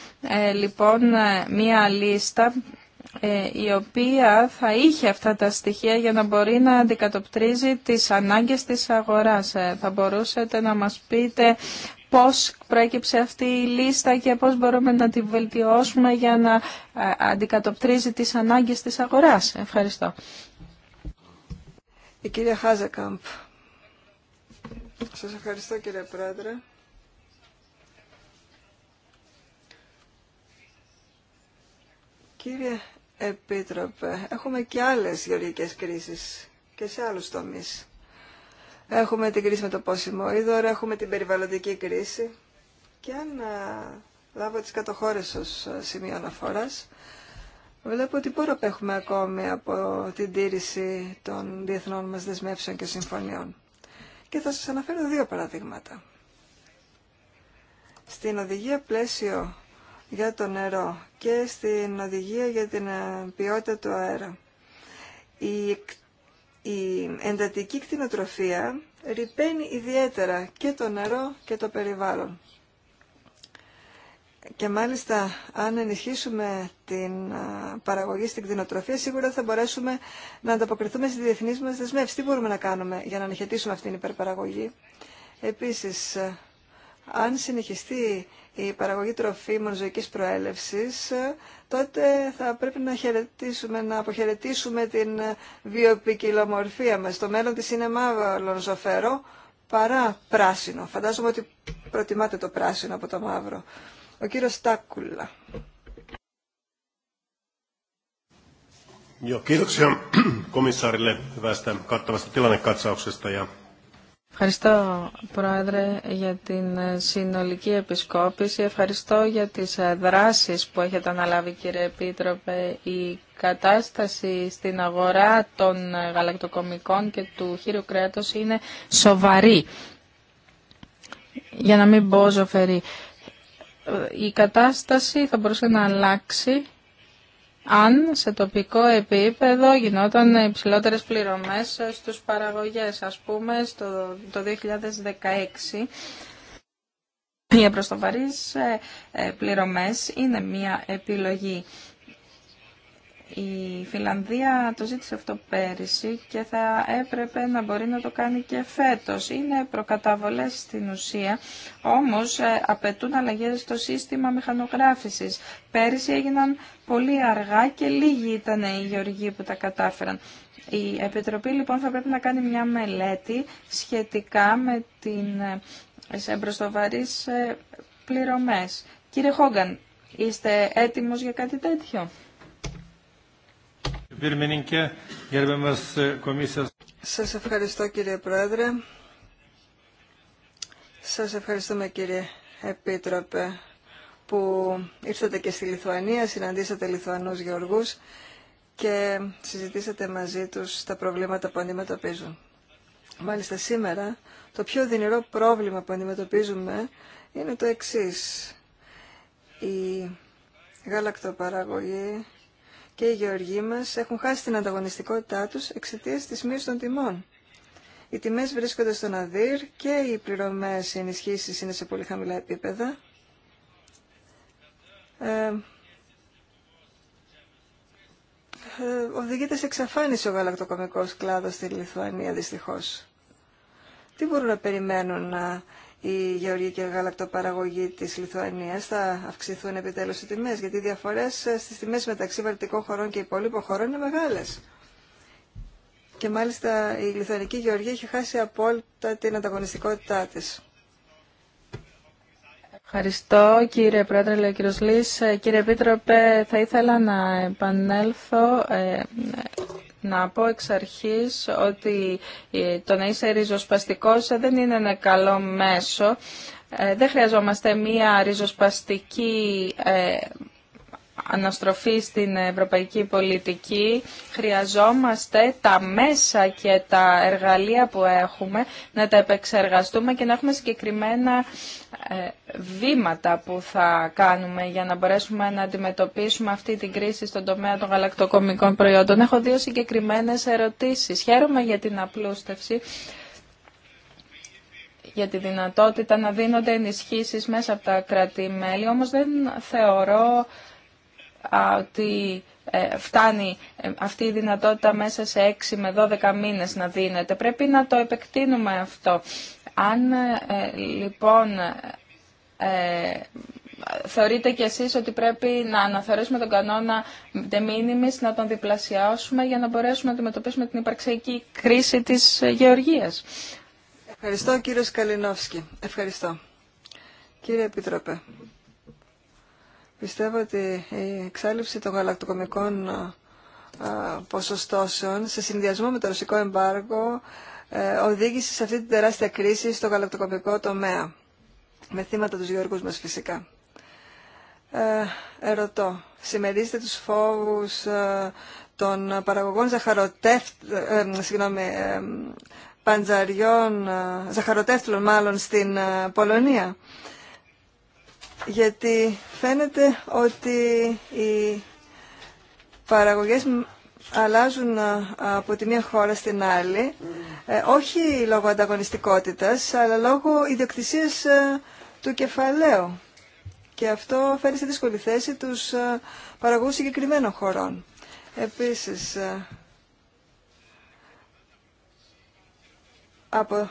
λοιπόν μία λίστα ε, η οποία θα είχε αυτά τα στοιχεία για να μπορεί να αντικατοπτρίζει τις ανάγκες της αγοράς. Ε, θα μπορούσατε να μας πείτε πώς προέκυψε αυτή η λίστα και πώς μπορούμε να τη βελτιώσουμε για να ε, αντικατοπτρίζει τις ανάγκες της αγοράς. Ευχαριστώ. Η κυρία Χάζεκαμπ. Σας ευχαριστώ κύριε Πρόεδρε. Κύριε Επίτροπε, έχουμε και άλλες γεωργικές κρίσεις και σε άλλους τομείς. Έχουμε την κρίση με το πόσιμο είδωρο, έχουμε την περιβαλλοντική κρίση και αν λάβω τις κατοχώρες ως σημείο αναφοράς, βλέπω ότι πόρο έχουμε ακόμη από την τήρηση των διεθνών μας δεσμεύσεων και συμφωνιών. Και θα σας αναφέρω δύο παραδείγματα. Στην οδηγία πλαίσιο για το νερό και στην οδηγία για την ε, ποιότητα του αέρα. Η, η εντατική κτηνοτροφία ρηπαίνει ιδιαίτερα και το νερό και το περιβάλλον. Και μάλιστα αν ενισχύσουμε την ε, παραγωγή στην κτηνοτροφία σίγουρα θα μπορέσουμε να ανταποκριθούμε στις διεθνείς μας δεσμεύσεις. Τι μπορούμε να κάνουμε για να ανοιχετήσουμε αυτήν την υπερπαραγωγή. Επίσης, ε, αν συνεχιστεί η παραγωγή τροφίμων ζωικής προέλευσης, τότε θα πρέπει να, χαιρετήσουμε, να αποχαιρετήσουμε την βιοπικιλομορφία μας. Το μέλλον της είναι μαύρο ζωφερό παρά πράσινο. Φαντάζομαι ότι προτιμάτε το πράσινο από το μαύρο. Ο κύριος Στάκουλα. Joo, kiitoksia (clears throat) komissaarille hyvästä kattavasta tilannekatsauksesta ja Ευχαριστώ, Πρόεδρε, για την ε, συνολική επισκόπηση. Ευχαριστώ για τις ε, δράσεις που έχετε αναλάβει, κύριε Επίτροπε. Η κατάσταση στην αγορά των ε, γαλακτοκομικών και του χείρου κρέατος είναι σοβαρή, για να μην πω Η κατάσταση θα μπορούσε να αλλάξει αν σε τοπικό επίπεδο γινόταν υψηλότερες πληρωμές στους παραγωγές, ας πούμε, στο, το 2016. Οι προστοβαρείς ε, ε, πληρωμές είναι μια επιλογή η Φιλανδία το ζήτησε αυτό πέρυσι και θα έπρεπε να μπορεί να το κάνει και φέτος. Είναι προκαταβολές στην ουσία, όμως ε, απαιτούν αλλαγές στο σύστημα μηχανογράφησης. Πέρυσι έγιναν πολύ αργά και λίγοι ήταν οι γεωργοί που τα κατάφεραν. Η Επιτροπή λοιπόν θα πρέπει να κάνει μια μελέτη σχετικά με την εμπροστοβαρής ε, πληρωμές. Κύριε Χόγκαν, είστε έτοιμος για κάτι τέτοιο. E, Σας ευχαριστώ κύριε Πρόεδρε. Σας ευχαριστούμε κύριε Επίτροπε που ήρθατε και στη Λιθουανία, συναντήσατε Λιθουανούς γεωργούς και συζητήσατε μαζί τους τα προβλήματα που αντιμετωπίζουν. Μάλιστα σήμερα το πιο δυνηρό πρόβλημα που αντιμετωπίζουμε είναι το εξής. Η γαλακτοπαραγωγή και οι γεωργοί μα έχουν χάσει την ανταγωνιστικότητά του εξαιτία τη μείωση των τιμών. Οι τιμέ βρίσκονται στον ΑΔΙΡ και οι πληρωμές, ενισχύσει είναι σε πολύ χαμηλά επίπεδα. Ε, ε, οδηγείται σε εξαφάνιση ο γαλακτοκομικός κλάδος στη Λιθουανία δυστυχώς. Τι μπορούν να περιμένουν να η γεωργική γαλακτοπαραγωγή της Λιθουανίας θα αυξηθούν επιτέλους οι τιμές, γιατί οι διαφορές ε, στις τιμές μεταξύ βαρτικών χωρών και υπόλοιπων χωρών είναι μεγάλες. Και μάλιστα η λιθουανική γεωργία έχει χάσει απόλυτα την ανταγωνιστικότητά της. Ευχαριστώ κύριε Πρόεδρε, λέει ε, Κύριε Επίτροπε, θα ήθελα να επανέλθω ε, να πω εξ αρχής ότι το να είσαι ριζοσπαστικός δεν είναι ένα καλό μέσο. Ε, δεν χρειαζόμαστε μία ριζοσπαστική ε, αναστροφή στην ευρωπαϊκή πολιτική χρειαζόμαστε τα μέσα και τα εργαλεία που έχουμε να τα επεξεργαστούμε και να έχουμε συγκεκριμένα ε, βήματα που θα κάνουμε για να μπορέσουμε να αντιμετωπίσουμε αυτή την κρίση στον τομέα των γαλακτοκομικών προϊόντων. Έχω δύο συγκεκριμένες ερωτήσεις. Χαίρομαι για την απλούστευση για τη δυνατότητα να δίνονται ενισχύσεις μέσα από τα κράτη-μέλη, όμως δεν θεωρώ ότι ε, φτάνει ε, αυτή η δυνατότητα μέσα σε 6 με 12 μήνες να δίνεται. Πρέπει να το επεκτείνουμε αυτό. Αν ε, λοιπόν θεωρείτε κι εσείς ότι πρέπει να αναθεωρήσουμε τον κανόνα de minimis, να τον διπλασιάσουμε για να μπορέσουμε να αντιμετωπίσουμε την υπαρξιακή κρίση της γεωργίας. Ευχαριστώ κύριε Σκαλινόφσκι. Ευχαριστώ. Κύριε Επιτροπέ, Πιστεύω ότι η εξάλληψη των γαλακτοκομικών ε, ε, ποσοστώσεων σε συνδυασμό με το ρωσικό εμπάργο ε, οδήγησε σε αυτή την τεράστια κρίση στο γαλακτοκομικό τομέα. Με θύματα τους γεωργού μας φυσικά. Ε, ερωτώ, συμμερίζετε τους φόβους των παραγωγών ζαχαροτεύ, ε, ε, παντζαριών, ζαχαροτεύτλων μάλλον στην Πολωνία γιατί φαίνεται ότι οι παραγωγές αλλάζουν από τη μία χώρα στην άλλη, ε, όχι λόγω ανταγωνιστικότητας, αλλά λόγω ιδιοκτησίας ε, του κεφαλαίου. Και αυτό φέρει σε δύσκολη θέση τους ε, παραγωγούς συγκεκριμένων χωρών. Επίσης, από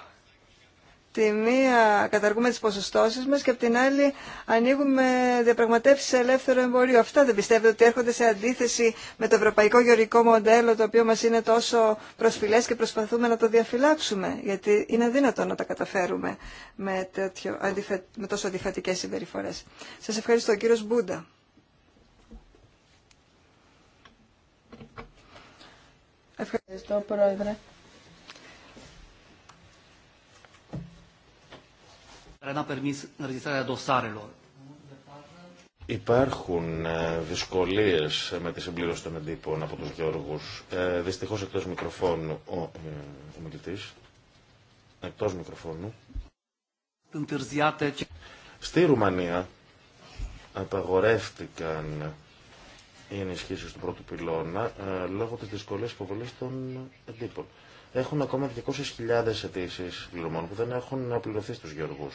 τη μία καταργούμε τις ποσοστώσεις μας και από την άλλη ανοίγουμε διαπραγματεύσεις ελεύθερο εμπορίο. Αυτά δεν πιστεύετε ότι έρχονται σε αντίθεση με το ευρωπαϊκό γεωργικό μοντέλο το οποίο μας είναι τόσο προσφυλές και προσπαθούμε να το διαφυλάξουμε γιατί είναι δύνατο να τα καταφέρουμε με, τέτοιο, με τόσο αντιφατικές συμπεριφορές. Σας ευχαριστώ κύριος Μπούντα. Ευχαριστώ πρόεδρε. Υπάρχουν ε, δυσκολίε με τη συμπλήρωση των εντύπων από του γεωργού. Ε, Δυστυχώ εκτό μικροφώνου ο, ε, ο μιλητή. Εκτό μικροφώνου. Στη Ρουμανία απαγορεύτηκαν οι ενισχύσει του πρώτου πυλώνα ε, λόγω τη δυσκολία υποβολή των εντύπων. Έχουν ακόμα 200.000 αιτήσει πληρωμών που δεν έχουν πληρωθεί στου γεωργού.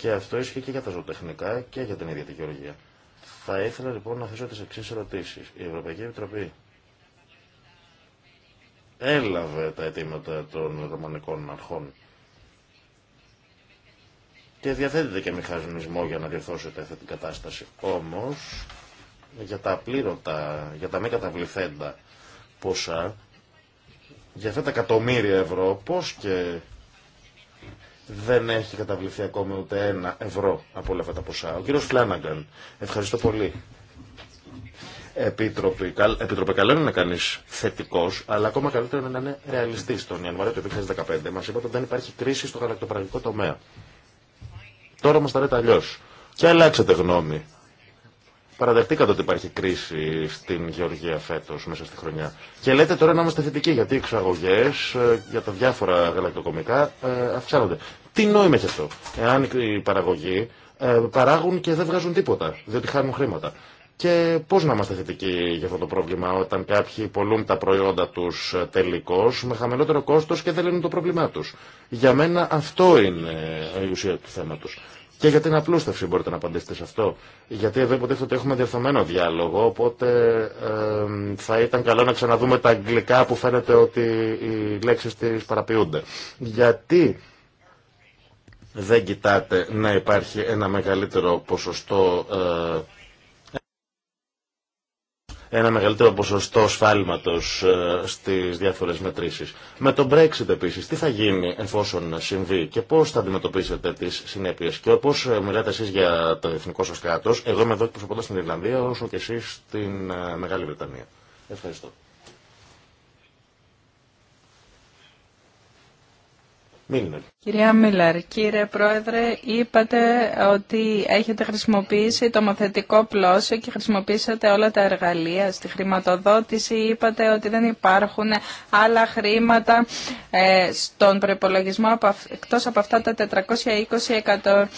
Και αυτό ισχύει και για τα ζωοτεχνικά και για την ίδια τη γεωργία. Θα ήθελα λοιπόν να θέσω τις εξής ερωτήσεις. Η Ευρωπαϊκή Επιτροπή έλαβε τα αιτήματα των ρωμανικών αρχών και διαθέτεται και μηχανισμό για να διορθώσετε αυτή την κατάσταση. Όμως, για τα πλήρωτα, για τα μη καταβληθέντα ποσά, για αυτά τα εκατομμύρια ευρώ, πώς και δεν έχει καταβληθεί ακόμη ούτε ένα ευρώ από όλα αυτά τα ποσά. Ο κύριος Φλάναγκαν, ευχαριστώ πολύ. Επίτροπη, Επιτροπή, καλό είναι να κάνει θετικό, αλλά ακόμα καλύτερο είναι να είναι ρεαλιστή. Τον Ιανουάριο του 2015 μα είπατε ότι δεν υπάρχει κρίση στο χαρακτοπραγικό τομέα. Τώρα μα τα λέτε αλλιώ. Και αλλάξετε γνώμη. Παραδεχτήκατε ότι υπάρχει κρίση στην Γεωργία φέτο, μέσα στη χρονιά. Και λέτε τώρα να είμαστε θετικοί, γιατί οι εξαγωγέ ε, για τα διάφορα γαλακτοκομικά ε, αυξάνονται. Τι νόημα έχει αυτό, εάν οι παραγωγοί ε, παράγουν και δεν βγάζουν τίποτα, διότι χάνουν χρήματα. Και πώ να είμαστε θετικοί για αυτό το πρόβλημα, όταν κάποιοι πολλούν τα προϊόντα του τελικώ με χαμηλότερο κόστο και δεν λύνουν το πρόβλημά του. Για μένα αυτό είναι η ουσία του θέματο. Και για την απλούστευση μπορείτε να απαντήσετε σε αυτό. Γιατί εδώ υποτίθεται ότι έχουμε διαρθωμένο διάλογο, οπότε θα ήταν καλό να ξαναδούμε τα αγγλικά που φαίνεται ότι οι λέξεις της παραποιούνται. Γιατί δεν κοιτάτε να υπάρχει ένα μεγαλύτερο ποσοστό ε, ένα μεγαλύτερο ποσοστό σφάλματος ε, στις διάφορες μετρήσεις. Με το Brexit επίσης, τι θα γίνει εφόσον συμβεί και πώς θα αντιμετωπίσετε τις συνέπειες. Και όπως ε, μιλάτε εσείς για το εθνικό σας κράτος, εγώ είμαι εδώ εκπροσωπώντας στην Ιρλανδία όσο και εσείς στην ε, Μεγάλη Βρετανία. Ευχαριστώ. Κυρία Μίλλερ, κύριε Πρόεδρε, είπατε ότι έχετε χρησιμοποιήσει το μαθητικό πλώσιο και χρησιμοποίησατε όλα τα εργαλεία στη χρηματοδότηση. Είπατε ότι δεν υπάρχουν άλλα χρήματα ε, στον προπολογισμό εκτός από αυτά τα 420 εκατομμύρια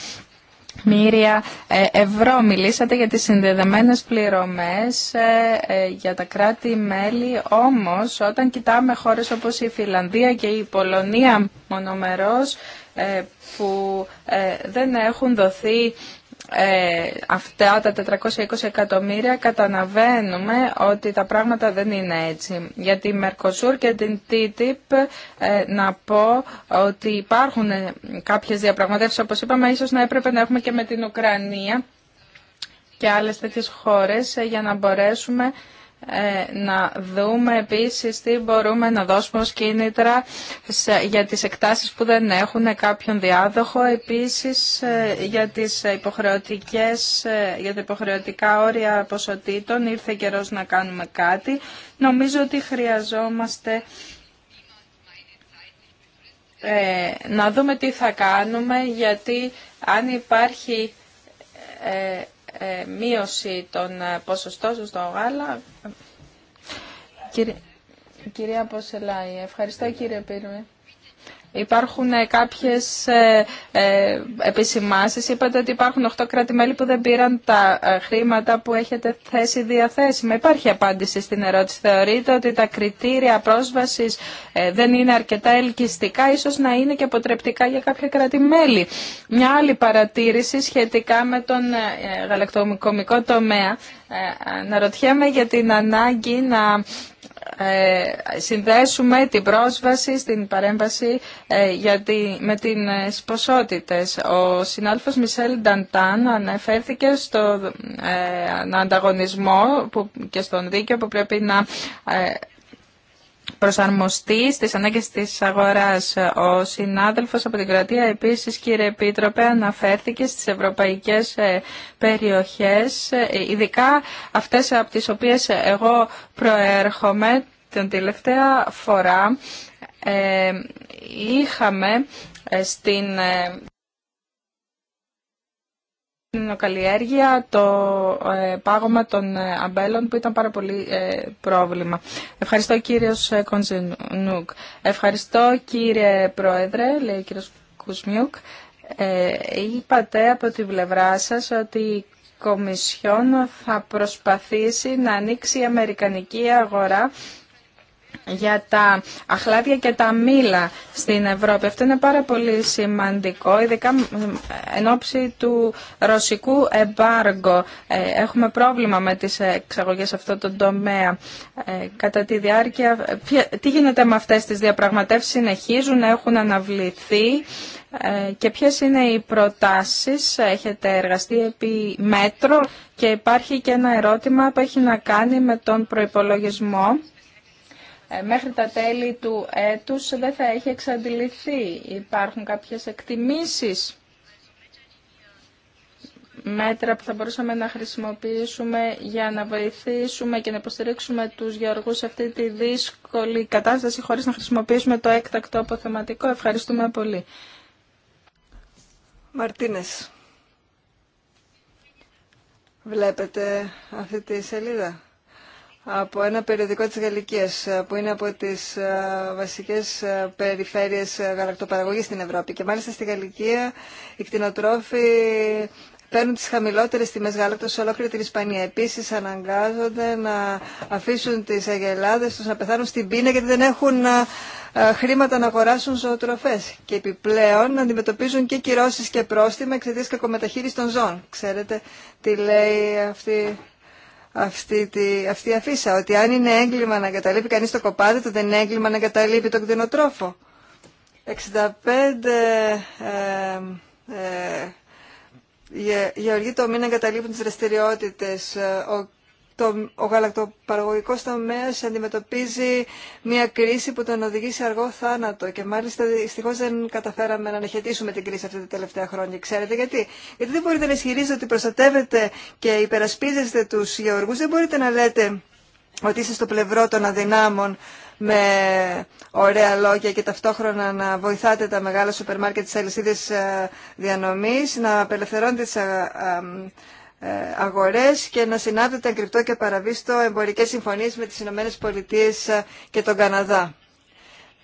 Μύρια ε, ευρώ μιλήσατε για τις συνδεδεμένες πληρωμές ε, ε, για τα κράτη-μέλη, όμως όταν κοιτάμε χώρες όπως η Φιλανδία και η Πολωνία μονομερός που δεν έχουν δοθεί ε, αυτά τα 420 εκατομμύρια καταναβαίνουμε ότι τα πράγματα δεν είναι έτσι. Για τη Μερκοσούρ και την TTIP ε, να πω ότι υπάρχουν κάποιες διαπραγματεύσεις όπως είπαμε ίσως να έπρεπε να έχουμε και με την Ουκρανία και άλλες τέτοιες χώρες ε, για να μπορέσουμε ε, να δούμε επίσης τι μπορούμε να δώσουμε ως κίνητρα για τις εκτάσεις που δεν έχουν κάποιον διάδοχο, επίσης ε, για, τις υποχρεωτικές, ε, για τα υποχρεωτικά όρια ποσοτήτων ήρθε καιρός να κάνουμε κάτι. Νομίζω ότι χρειαζόμαστε να δούμε τι θα κάνουμε, γιατί αν υπάρχει ε, μείωση των ε, ποσοστών στο γάλα. Ε, κυρία Ποσελάη, ευχαριστώ κύριε Πύρμη. Υπάρχουν ε, κάποιες ε, ε, επισημάσεις. Είπατε ότι υπάρχουν 8 κράτη-μέλη που δεν πήραν τα χρήματα που έχετε θέσει διαθέσιμα. Υπάρχει απάντηση στην ερώτηση. Θεωρείτε ότι τα κριτήρια πρόσβασης δεν είναι αρκετά ελκυστικά, ίσως να είναι και αποτρεπτικά για κάποια κράτη-μέλη. Μια άλλη παρατήρηση σχετικά με τον γαλακτοκομικό τομέα. Να για την ανάγκη να ε, συνδέσουμε την πρόσβαση στην παρέμβαση ε, με τις ποσότητες. Ο συνάλφος Μισελ Νταντάν αναφέρθηκε στον ε, ανταγωνισμό και στον δίκαιο που πρέπει να προσαρμοστεί στι ανάγκε τη αγορά. Ο συνάδελφο από την Κροατία επίσης κύριε Επίτροπε αναφέρθηκε στι ευρωπαϊκέ ε, περιοχέ, ε, ειδικά αυτέ από τι οποίε εγώ προέρχομαι την τελευταία φορά ε, είχαμε στην καλλιέργεια, το ε, πάγωμα των ε, αμπέλων που ήταν πάρα πολύ ε, πρόβλημα. Ευχαριστώ κύριος Κοντζενούκ. Ευχαριστώ κύριε Πρόεδρε, λέει ο κύριος Κουσμιούκ. είπατε από την πλευρά σας ότι η Κομισιόν θα προσπαθήσει να ανοίξει η Αμερικανική αγορά για τα αχλάδια και τα μήλα στην Ευρώπη. Αυτό είναι πάρα πολύ σημαντικό, ειδικά εν ώψη του ρωσικού εμπάργκο. Ε, έχουμε πρόβλημα με τις εξαγωγές σε αυτό το τομέα. Ε, κατά τη διάρκεια, τι γίνεται με αυτές τις διαπραγματεύσεις, συνεχίζουν, έχουν αναβληθεί ε, και ποιες είναι οι προτάσεις, έχετε εργαστεί επί μέτρο και υπάρχει και ένα ερώτημα που έχει να κάνει με τον προϋπολογισμό ε, μέχρι τα τέλη του έτους δεν θα έχει εξαντληθεί. Υπάρχουν κάποιες εκτιμήσεις μέτρα που θα μπορούσαμε να χρησιμοποιήσουμε για να βοηθήσουμε και να υποστηρίξουμε τους γεωργούς σε αυτή τη δύσκολη κατάσταση χωρίς να χρησιμοποιήσουμε το έκτακτο αποθεματικό. Ευχαριστούμε πολύ. Μαρτίνες, βλέπετε αυτή τη σελίδα από ένα περιοδικό της Γαλλικής ε, που είναι από τις ε, βασικές ε, περιφέρειες γαλακτοπαραγωγής στην Ευρώπη και μάλιστα στη Γαλλικία οι κτηνοτρόφοι παίρνουν τις χαμηλότερες τιμές γάλακτος σε ολόκληρη την Ισπανία. Επίσης αναγκάζονται να αφήσουν τις αγελάδες τους να πεθάνουν στην πείνα γιατί δεν έχουν χρήματα να αγοράσουν ζωοτροφές. Και επιπλέον αντιμετωπίζουν και κυρώσεις και πρόστιμα εξαιτίας κακομεταχείρισης των ζώων. Ξέρετε τι λέει αυτή αυτή, τη, αυτή η αφίσα, ότι αν είναι έγκλημα να εγκαταλείπει κανείς το κοπάδι του, δεν είναι έγκλημα να εγκαταλείπει τον κτηνοτρόφο. 65 ε, ε, γεωργοί το μήνα εγκαταλείπουν τις δραστηριότητες. Ε, ο το, ο γαλακτοπαραγωγικός τομέας αντιμετωπίζει μια κρίση που τον οδηγεί σε αργό θάνατο και μάλιστα δυστυχώ δεν καταφέραμε να αναχαιτήσουμε την κρίση αυτή τα τελευταία χρόνια. Ξέρετε γιατί. Γιατί δεν μπορείτε να ισχυρίζετε ότι προστατεύετε και υπερασπίζεστε τους γεωργούς. Δεν μπορείτε να λέτε ότι είστε στο πλευρό των αδυνάμων με ωραία λόγια και ταυτόχρονα να βοηθάτε τα μεγάλα σούπερ μάρκετ της αλυσίδης ε, διανομής, να απελευθερώνετε τις ε, ε, ε, αγορές και να συνάδεται κρυπτό και παραβίστο εμπορικές συμφωνίες με τις Ηνωμένες Πολιτείες ε, και τον Καναδά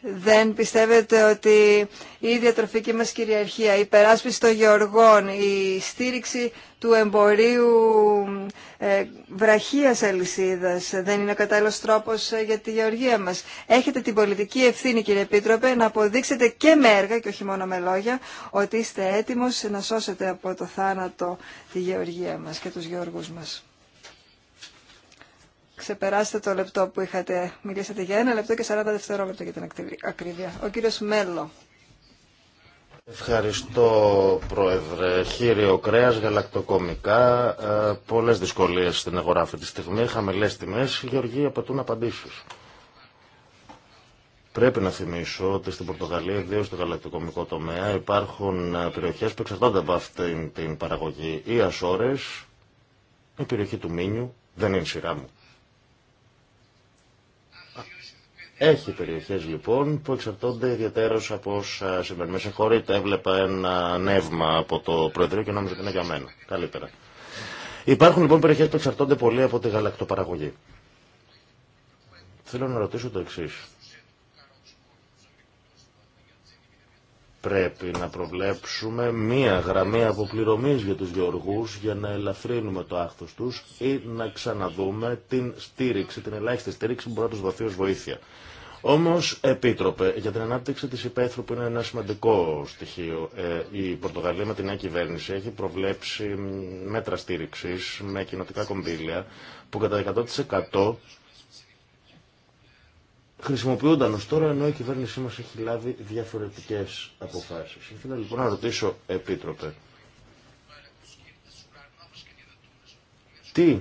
δεν πιστεύετε ότι η διατροφική μας κυριαρχία, η περάσπιση των γεωργών, η στήριξη του εμπορίου ε, βραχίας αλυσίδας δεν είναι ο κατάλληλος τρόπος ε, για τη γεωργία μας. Έχετε την πολιτική ευθύνη κύριε Επίτροπε να αποδείξετε και με έργα και όχι μόνο με λόγια ότι είστε έτοιμος να σώσετε από το θάνατο τη γεωργία μας και τους γεωργούς μας ξεπεράσετε το λεπτό που είχατε. Μιλήσατε για ένα λεπτό και 40 δευτερόλεπτα για την ακρίβεια. Ο κύριος Μέλλο. Ευχαριστώ, Πρόεδρε. Χείριο κρέα, γαλακτοκομικά, ε, πολλέ δυσκολίε στην αγορά αυτή τη στιγμή, χαμηλέ τιμέ. Οι γεωργοί απαιτούν απαντήσει. Πρέπει να θυμίσω ότι στην Πορτογαλία, ιδίω στο γαλακτοκομικό τομέα, υπάρχουν ε, περιοχέ που εξαρτώνται από αυτή την παραγωγή. η Ασόρε, η περιοχή του Μίνιου, δεν είναι σειρά μου. Έχει περιοχές λοιπόν που εξαρτώνται ιδιαίτερως από όσα συμβαίνουν. Με συγχωρείτε, έβλεπα ένα νεύμα από το Προεδρείο και νόμιζα ότι είναι για μένα. Καλύτερα. Υπάρχουν λοιπόν περιοχές που εξαρτώνται πολύ από τη γαλακτοπαραγωγή. Θέλω να ρωτήσω το εξής. πρέπει να προβλέψουμε μία γραμμή αποπληρωμής για τους γεωργούς για να ελαφρύνουμε το άχθος τους ή να ξαναδούμε την στήριξη, την ελάχιστη στήριξη που μπορεί να τους δοθεί ως βοήθεια. Όμως, επίτροπε, για την ανάπτυξη τη υπαίθρου που είναι ένα σημαντικό στοιχείο, ε, η Πορτογαλία με την νέα κυβέρνηση έχει προβλέψει μέτρα στήριξης με κοινοτικά κονδύλια που κατά 100% χρησιμοποιούνταν ω τώρα ενώ η κυβέρνησή μα έχει λάβει διαφορετικέ αποφάσει. Ήθελα λοιπόν να ρωτήσω, Επίτροπε, τι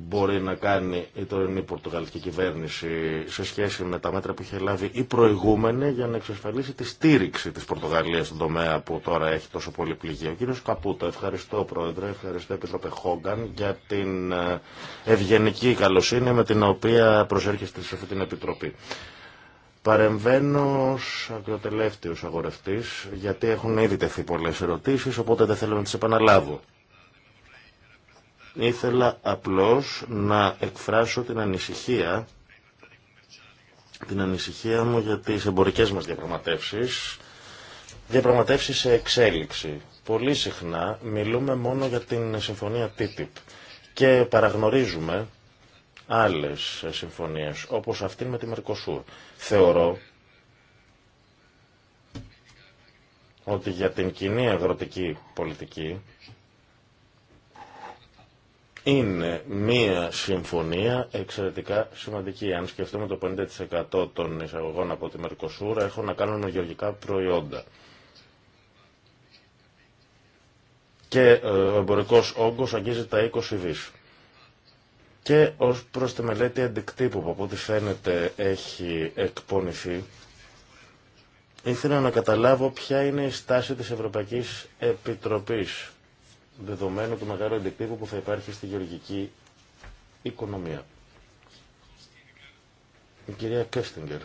μπορεί να κάνει η τωρινή πορτογαλική κυβέρνηση σε σχέση με τα μέτρα που είχε λάβει η προηγούμενη για να εξασφαλίσει τη στήριξη της Πορτογαλίας στον τομέα που τώρα έχει τόσο πολύ πληγή. Ο κύριος Καπούτα, ευχαριστώ πρόεδρε, ευχαριστώ επίτροπε Χόγκαν για την ε, ευγενική καλοσύνη με την οποία προσέρχεστε σε αυτή την επιτροπή. Παρεμβαίνω ως ακροτελεύτιος αγορευτής, γιατί έχουν ήδη τεθεί πολλές ερωτήσεις, οπότε δεν θέλω να τις επαναλάβω. Ήθελα απλώς να εκφράσω την ανησυχία, την ανησυχία μου για τις εμπορικές μας διαπραγματεύσεις, διαπραγματεύσεις σε εξέλιξη. Πολύ συχνά μιλούμε μόνο για την συμφωνία TTIP και παραγνωρίζουμε άλλες συμφωνίες, όπως αυτή με τη Μερκοσούρ. Θεωρώ ότι για την κοινή αγροτική πολιτική είναι μία συμφωνία εξαιρετικά σημαντική. Αν σκεφτούμε το 50% των εισαγωγών από τη Μερκοσούρα έχουν να κάνουν με γεωργικά προϊόντα. Και ε, ο εμπορικό όγκο αγγίζει τα 20 δις. Και ω προ τη μελέτη αντικτύπου που από ό,τι φαίνεται έχει εκπονηθεί, ήθελα να καταλάβω ποια είναι η στάση της Ευρωπαϊκής Επιτροπής δεδομένου του μεγάλου αντικτύπου που θα υπάρχει στη γεωργική οικονομία. Η κυρία Κέστιγκερ.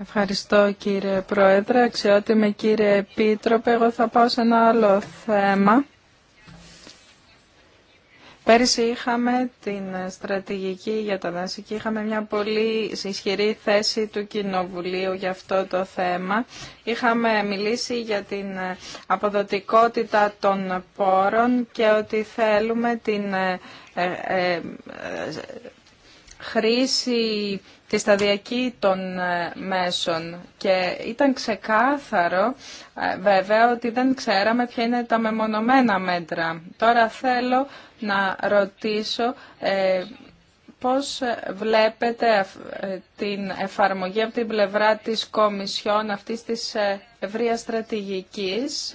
Ευχαριστώ κύριε Πρόεδρε, αξιότιμη κύριε Επίτροπε. Εγώ θα πάω σε ένα άλλο θέμα Πέρυσι είχαμε την στρατηγική για τα δάση είχαμε μια πολύ ισχυρή θέση του Κοινοβουλίου για αυτό το θέμα. Είχαμε μιλήσει για την αποδοτικότητα των πόρων και ότι θέλουμε την ε, ε, ε, χρήση τη σταδιακή των ε, μέσων και ήταν ξεκάθαρο ε, βέβαια ότι δεν ξέραμε ποια είναι τα μεμονωμένα μέτρα. Τώρα θέλω να ρωτήσω ε, πώς βλέπετε την εφαρμογή από την πλευρά της Κομισιόν αυτής της ευρείας στρατηγικής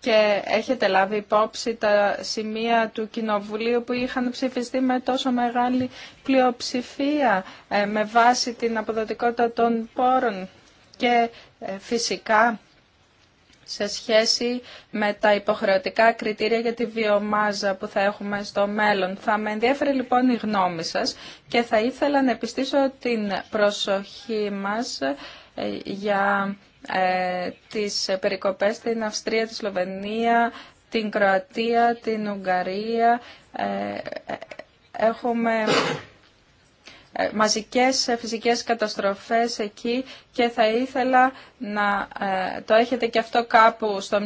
και έχετε λάβει υπόψη τα σημεία του Κοινοβουλίου που είχαν ψηφιστεί με τόσο μεγάλη πλειοψηφία ε, με βάση την αποδοτικότητα των πόρων και ε, φυσικά σε σχέση με τα υποχρεωτικά κριτήρια για τη βιομάζα που θα έχουμε στο μέλλον. Θα με ενδιαφέρει λοιπόν η γνώμη σας και θα ήθελα να επιστήσω την προσοχή μας ε, για ε, τις περικοπές στην Αυστρία, τη Σλοβενία, την Κροατία, την Ουγγαρία. Ε, έχουμε ε, μαζικές φυσικές καταστροφές εκεί και θα ήθελα να το έχετε και αυτό κάπου στο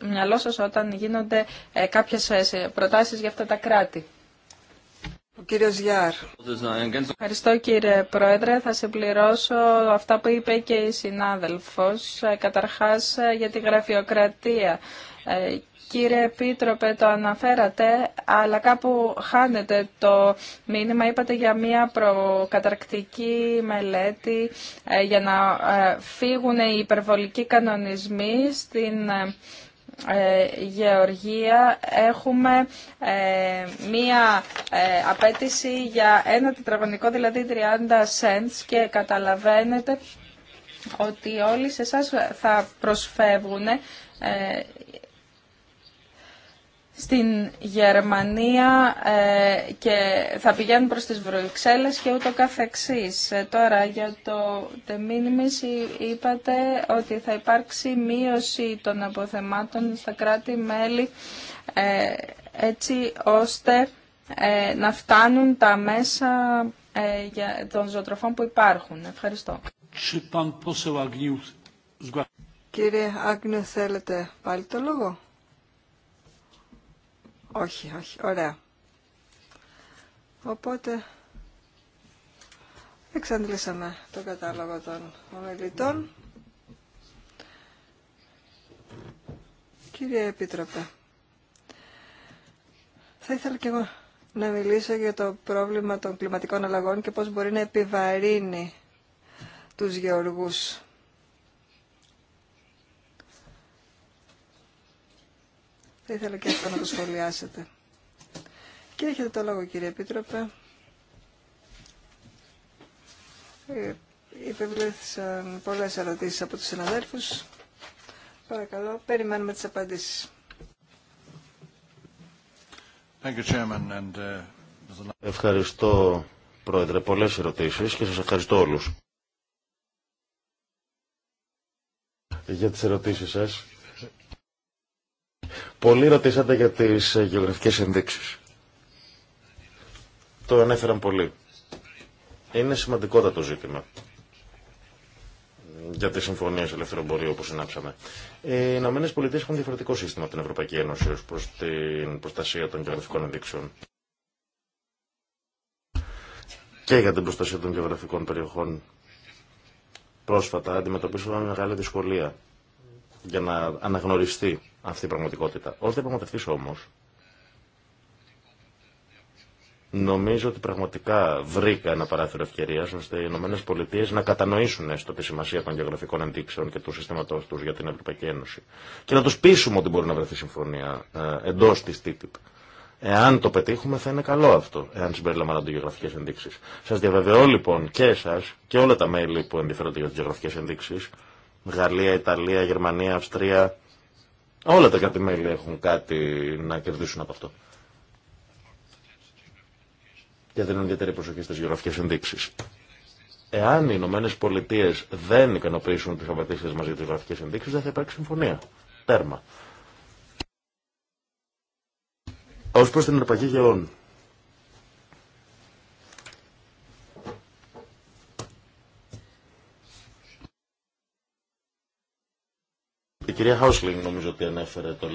μυαλό σας όταν γίνονται κάποιες προτάσεις για αυτά τα κράτη. Ευχαριστώ κύριε Πρόεδρε. Θα συμπληρώσω αυτά που είπε και η συνάδελφος. Ε, καταρχάς ε, για τη γραφειοκρατία. Ε, κύριε Επίτροπε, το αναφέρατε, αλλά κάπου χάνετε το μήνυμα. Είπατε για μια προκαταρκτική μελέτη για να φύγουν οι υπερβολικοί κανονισμοί στην ε, γεωργία έχουμε ε, μία ε, απέτηση για ένα τετραγωνικό, δηλαδή 30 cents και καταλαβαίνετε ότι όλοι σε εσά θα προσφεύγουν στην Γερμανία ε, και θα πηγαίνουν προς τις Βρυξέλλες και ούτω καθεξής. Ε, τώρα για το τεμήνιμις είπατε ότι θα υπάρξει μείωση των αποθεμάτων στα κράτη-μέλη ε, έτσι ώστε να φτάνουν τα μέσα για, των ζωοτροφών που υπάρχουν. Ευχαριστώ. Κύριε Άγνιο, θέλετε πάλι το λόγο. Όχι, όχι. Ωραία. Οπότε εξαντλήσαμε το κατάλογο των ομιλητών. Κύριε Επίτροπε, θα ήθελα και εγώ να μιλήσω για το πρόβλημα των κλιματικών αλλαγών και πώς μπορεί να επιβαρύνει τους γεωργούς Θα ήθελα και αυτό να το σχολιάσετε. Και έχετε το λόγο κύριε Επίτροπε. Ε, υπευλήθησαν πολλές ερωτήσεις από τους συναδέλφους. Παρακαλώ, περιμένουμε τις απαντήσεις. Uh, ευχαριστώ, Πρόεδρε. Πολλές ερωτήσεις και σας ευχαριστώ όλους. Για τις ερωτήσεις σας Πολλοί ρωτήσατε για τις γεωγραφικές ενδείξεις. Το ανέφεραν πολλοί. Είναι σημαντικότατο ζήτημα για τι συμφωνίε ελευθερών εμπορίου όπως συνάψαμε. Οι Ηνωμένε Πολιτείε έχουν διαφορετικό σύστημα από την Ευρωπαϊκή Ένωση ω προ την προστασία των γεωγραφικών ενδείξεων. Και για την προστασία των γεωγραφικών περιοχών. Πρόσφατα αντιμετωπίσαμε μεγάλη δυσκολία για να αναγνωριστεί αυτή η πραγματικότητα. Ω διαπραγματευτή όμως, νομίζω ότι πραγματικά βρήκα ένα παράθυρο ευκαιρία ώστε οι ΗΠΑ να κατανοήσουν έστω τη σημασία των γεωγραφικών ενδείξεων και του συστήματό του για την Ευρωπαϊκή Ένωση. Και να του πείσουμε ότι μπορεί να βρεθεί συμφωνία ε, εντό τη TTIP. Εάν το πετύχουμε θα είναι καλό αυτό, εάν συμπεριλαμβάνονται γεωγραφικέ ενδείξει. Σα διαβεβαιώ λοιπόν και εσά και όλα τα μέλη που ενδιαφέρονται για τι γεωγραφικέ ενδείξει, Γαλλία, Ιταλία, Γερμανία, Αυστρία, Όλα τα κρατη έχουν κάτι να κερδίσουν από αυτό. Και δίνουν ιδιαίτερη προσοχή στι γεωγραφικέ ενδείξει. Εάν οι Ηνωμένε Πολιτείε δεν ικανοποιήσουν τι απαιτήσει μα για τι γεωγραφικέ ενδείξει, δεν θα υπάρξει συμφωνία. Τέρμα. Ω προ την αρπαγή γεών. Η κυρία Χάουσλινγκ νομίζω ότι ανέφερε το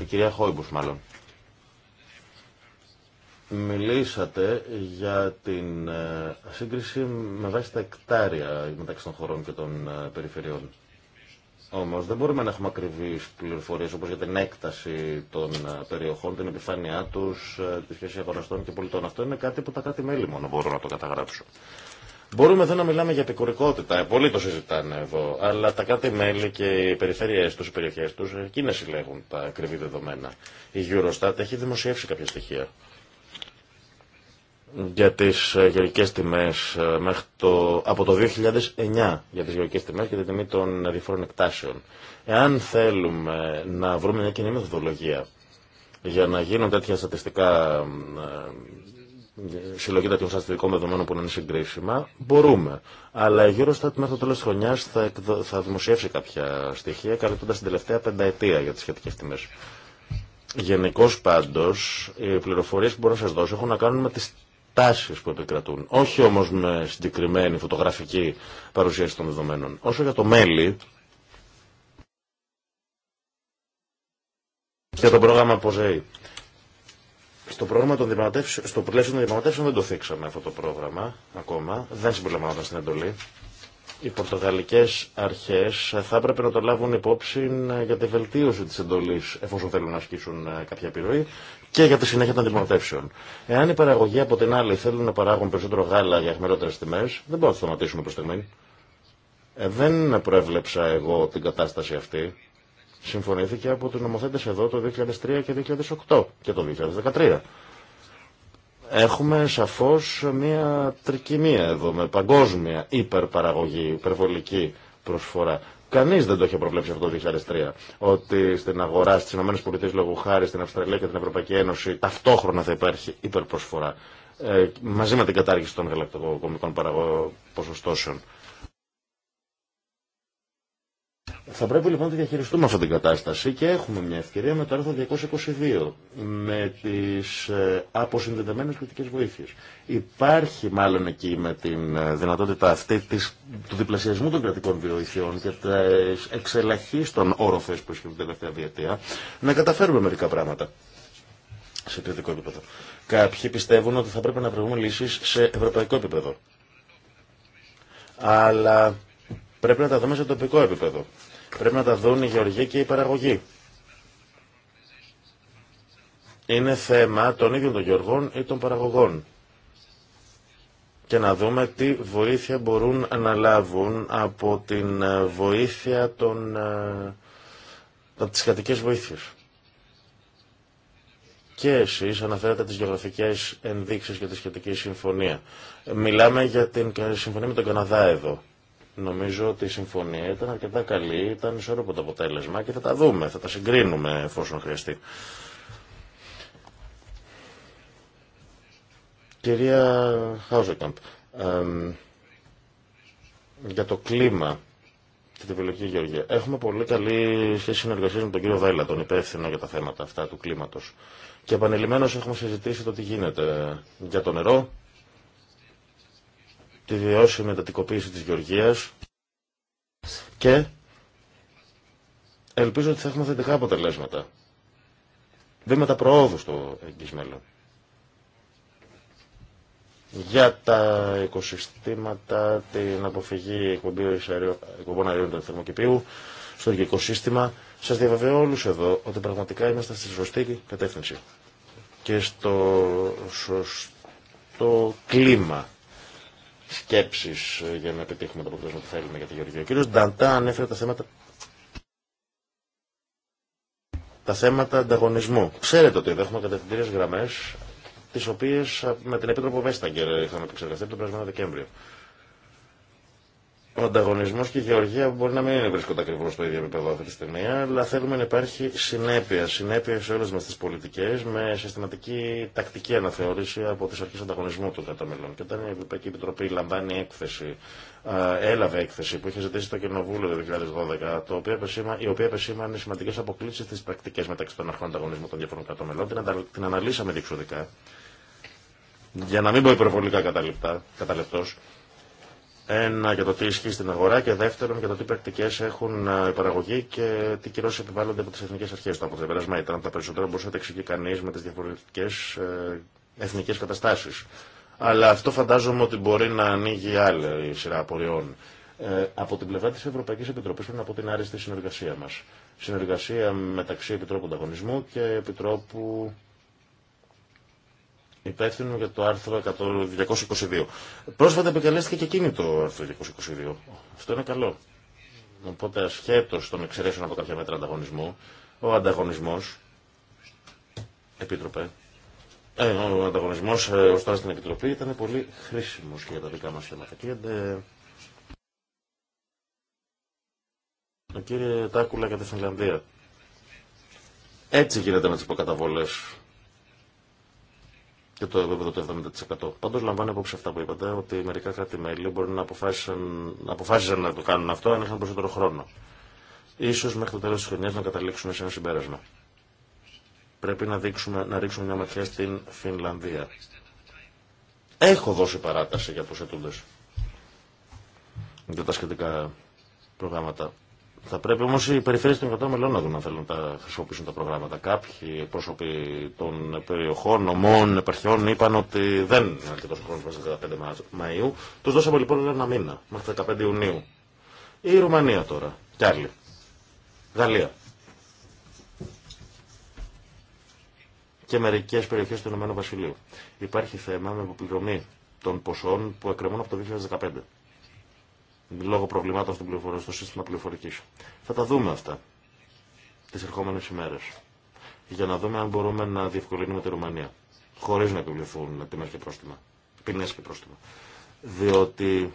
Η κυρία Χόιμπους μάλλον. Μιλήσατε για την ε, σύγκριση με βάση τα εκτάρια μεταξύ των χωρών και των ε, περιφερειών. Όμω δεν μπορούμε να έχουμε ακριβεί πληροφορίε όπω για την έκταση των ε, περιοχών, την επιφάνειά του, τη σχέση αγοραστών και πολιτών. Αυτό είναι κάτι που τα κρατη μέλη μόνο μπορούν να το καταγράψουν. Μπορούμε εδώ να μιλάμε για επικουρικότητα, πολλοί το συζητάνε εδώ, αλλά τα κάτι μέλη και οι περιφέρειέ του, οι περιοχέ του, εκείνε συλλέγουν τα ακριβή δεδομένα. Η Eurostat έχει δημοσιεύσει κάποια στοιχεία για τις ε, γεωργικές τιμές ε, το, από το 2009 για τις γεωργικές τιμές και την τιμή των διαφόρων εκτάσεων. Εάν θέλουμε να βρούμε μια κοινή μεθοδολογία για να γίνουν τέτοια στατιστικά ε, συλλογή τέτοιων με δεδομένων που να είναι συγκρίσιμα, μπορούμε. Αλλά η Eurostat μέχρι το τέλο τη χρονιά θα, θα δημοσιεύσει κάποια στοιχεία, καλύπτοντα την τελευταία πενταετία για τι σχετικέ τιμέ. Γενικώ πάντω, οι πληροφορίε που μπορώ να σα δώσω έχουν να κάνουν με τι τάσει που επικρατούν. Όχι όμω με συγκεκριμένη φωτογραφική παρουσίαση των δεδομένων. Όσο για το μέλι. Και το πρόγραμμα ΠΟΖΕΙ. Στο πρόγραμμα των στο πλαίσιο των διαπραγματεύσεων δεν το θίξαμε αυτό το πρόγραμμα ακόμα. Δεν συμπεριλαμβανόταν στην εντολή. Οι πορτογαλικές αρχές θα έπρεπε να το λάβουν υπόψη ε, για τη βελτίωση της εντολής εφόσον θέλουν να ασκήσουν ε, κάποια επιρροή και για τη συνέχεια των διαπραγματεύσεων. Εάν η παραγωγή από την άλλη θέλουν να παράγουν περισσότερο γάλα για χαμηλότερε τιμέ, δεν μπορούμε να το σταματήσουμε προ στιγμή. Ε, δεν προέβλεψα εγώ την κατάσταση αυτή συμφωνήθηκε από τους νομοθέτες εδώ το 2003 και 2008 και το 2013. Έχουμε σαφώς μια τρικυμία εδώ με παγκόσμια υπερπαραγωγή, υπερβολική προσφορά. Κανεί δεν το είχε προβλέψει αυτό το 2003. Ότι στην αγορά στι ΗΠΑ λόγω χάρη στην Αυστραλία και την Ευρωπαϊκή Ένωση ταυτόχρονα θα υπάρχει υπερπροσφορά. Ε, μαζί με την κατάργηση των γαλακτοκομικών ποσοστώσεων. Θα πρέπει λοιπόν να διαχειριστούμε αυτή την κατάσταση και έχουμε μια ευκαιρία με το άρθρο 222, με τις ε, αποσυνδεδεμένες κριτικές βοήθειες. Υπάρχει μάλλον εκεί με την ε, δυνατότητα αυτή της, του διπλασιασμού των κρατικών βοηθειών και της εξελαχής των όροφες που ισχύουν την τελευταία διετία, να καταφέρουμε μερικά πράγματα σε κριτικό επίπεδο. Κάποιοι πιστεύουν ότι θα πρέπει να βρούμε λύσεις σε ευρωπαϊκό επίπεδο. Αλλά πρέπει να τα δούμε σε τοπικό επίπεδο. Πρέπει να τα δουν οι γεωργοί και οι παραγωγοί. Είναι θέμα των ίδιων των γεωργών ή των παραγωγών. Και να δούμε τι βοήθεια μπορούν να λάβουν από την ε, βοήθεια των, ε, από τις κρατικές βοήθειες. Και εσείς αναφέρατε τις γεωγραφικές ενδείξεις για τη σχετική συμφωνία. Μιλάμε για την συμφωνία με τον Καναδά εδώ. Νομίζω ότι η συμφωνία ήταν αρκετά καλή, ήταν ισορροπό το αποτέλεσμα και θα τα δούμε, θα τα συγκρίνουμε εφόσον χρειαστεί. Κυρία Χάουζεκαμπ, για το κλίμα και την βιολογική Γεωργία. Έχουμε πολύ καλή σχέση συνεργασία με τον κύριο Βέλα, τον υπεύθυνο για τα θέματα αυτά του κλίματος Και επανειλημμένω έχουμε συζητήσει το τι γίνεται για το νερό, τη βιώσιμη εντατικοποίηση της Γεωργίας και ελπίζω ότι θα έχουμε θετικά αποτελέσματα. Βήματα προόδου στο εγγύς Για τα οικοσυστήματα, την αποφυγή εκπομπών αερίων του θερμοκηπίου, στο γεωργικό σύστημα, σας διαβεβαιώ όλους εδώ ότι πραγματικά είμαστε στη σωστή κατεύθυνση και στο σωστό κλίμα σκέψεις ε, για να επιτύχουμε το αποτέλεσμα που θέλουμε για τη Γεωργία. Ο κ. Νταντά ανέφερε τα θέματα τα θέματα ανταγωνισμού. Ξέρετε ότι εδώ έχουμε κατευθυντήριε γραμμέ τι οποίε με την Επίτροπο Βέσταγκερ είχαμε επεξεργαστεί τον περασμένο Δεκέμβριο. Ο ανταγωνισμό και η γεωργία μπορεί να μην είναι βρίσκονται ακριβώ στο ίδιο επίπεδο αυτή τη στιγμή, αλλά θέλουμε να υπάρχει συνέπεια. Συνέπεια σε όλε μα τι πολιτικέ, με συστηματική τακτική αναθεώρηση από τι αρχέ ανταγωνισμού των καταμελών. Και όταν η Ευρωπαϊκή Επιτροπή λαμβάνει έκθεση, έλαβε έκθεση που είχε ζητήσει το Κοινοβούλιο το 2012, το οποίο η οποία επεσήμανε σημαντικέ αποκλήσει στι πρακτικέ μεταξύ των αρχών ανταγωνισμού των διαφορών καταμελών, την, την αναλύσαμε διεξοδικά. Για να μην πω υπερβολικά καταληπτό, ένα για το τι ισχύει στην αγορά και δεύτερον για το τι πρακτικέ έχουν ε, η παραγωγή και τι κυρώσει επιβάλλονται από τι εθνικέ αρχέ. Το αποτελέσμα ήταν τα περισσότερα μπορούσε να τα εξηγεί κανεί με τι διαφορετικέ ε, εθνικέ καταστάσει. Αλλά αυτό φαντάζομαι ότι μπορεί να ανοίγει άλλη σειρά απορριών. Ε, από την πλευρά τη Ευρωπαϊκή Επιτροπή πρέπει να πω την άριστη συνεργασία μα. Συνεργασία μεταξύ Επιτρόπου Ανταγωνισμού και Επιτρόπου υπεύθυνο για το άρθρο 222. Πρόσφατα επικαλέστηκε και εκείνη το άρθρο 222. Αυτό είναι καλό. Οπότε ασχέτω των εξαιρέσεων από κάποια μέτρα ανταγωνισμού, ο ανταγωνισμό. Επίτροπε. Ε, ο ανταγωνισμός ε, ω τώρα στην Επιτροπή ήταν πολύ χρήσιμο και για τα δικά μα θέματα. Κύριε, κύριε Τάκουλα για τη Φινλανδία. Έτσι γίνεται με τι υποκαταβολέ και το επίπεδο του 70%. Πάντω λαμβάνω υπόψη αυτά που είπατε, ότι μερικά κράτη-μέλη μπορεί να αποφάσισαν, να το κάνουν αυτό αν είχαν περισσότερο χρόνο. Ίσως μέχρι το τέλο τη χρονιά να καταλήξουμε σε ένα συμπέρασμα. Πρέπει να, δείξουμε, να ρίξουμε μια ματιά στην Φινλανδία. Έχω δώσει παράταση για του ετούντε. Για τα σχετικά προγράμματα. Θα πρέπει όμω οι περιφέρειε των κρατών μελών να δουν αν θέλουν να χρησιμοποιήσουν τα προγράμματα. Κάποιοι πρόσωποι των περιοχών, ομών, επαρχιών είπαν ότι δεν είναι αρκετό χρόνο μέχρι 15 Μαου. Του δώσαμε λοιπόν ένα μήνα μέχρι 15 Ιουνίου. Η Ρουμανία τώρα. Κι άλλοι. Γαλλία. Και μερικέ περιοχέ του Ηνωμένου Βασιλείου. Υπάρχει θέμα με αποπληρωμή των ποσών που εκκρεμούν από το 2015 λόγω προβλημάτων στο σύστημα πληροφορική. Θα τα δούμε αυτά Τι ερχόμενε ημέρε. για να δούμε αν μπορούμε να διευκολύνουμε τη Ρουμανία χωρίς να επιβληθούν τιμέ και πρόστιμα. Ποινές και πρόστιμα. Διότι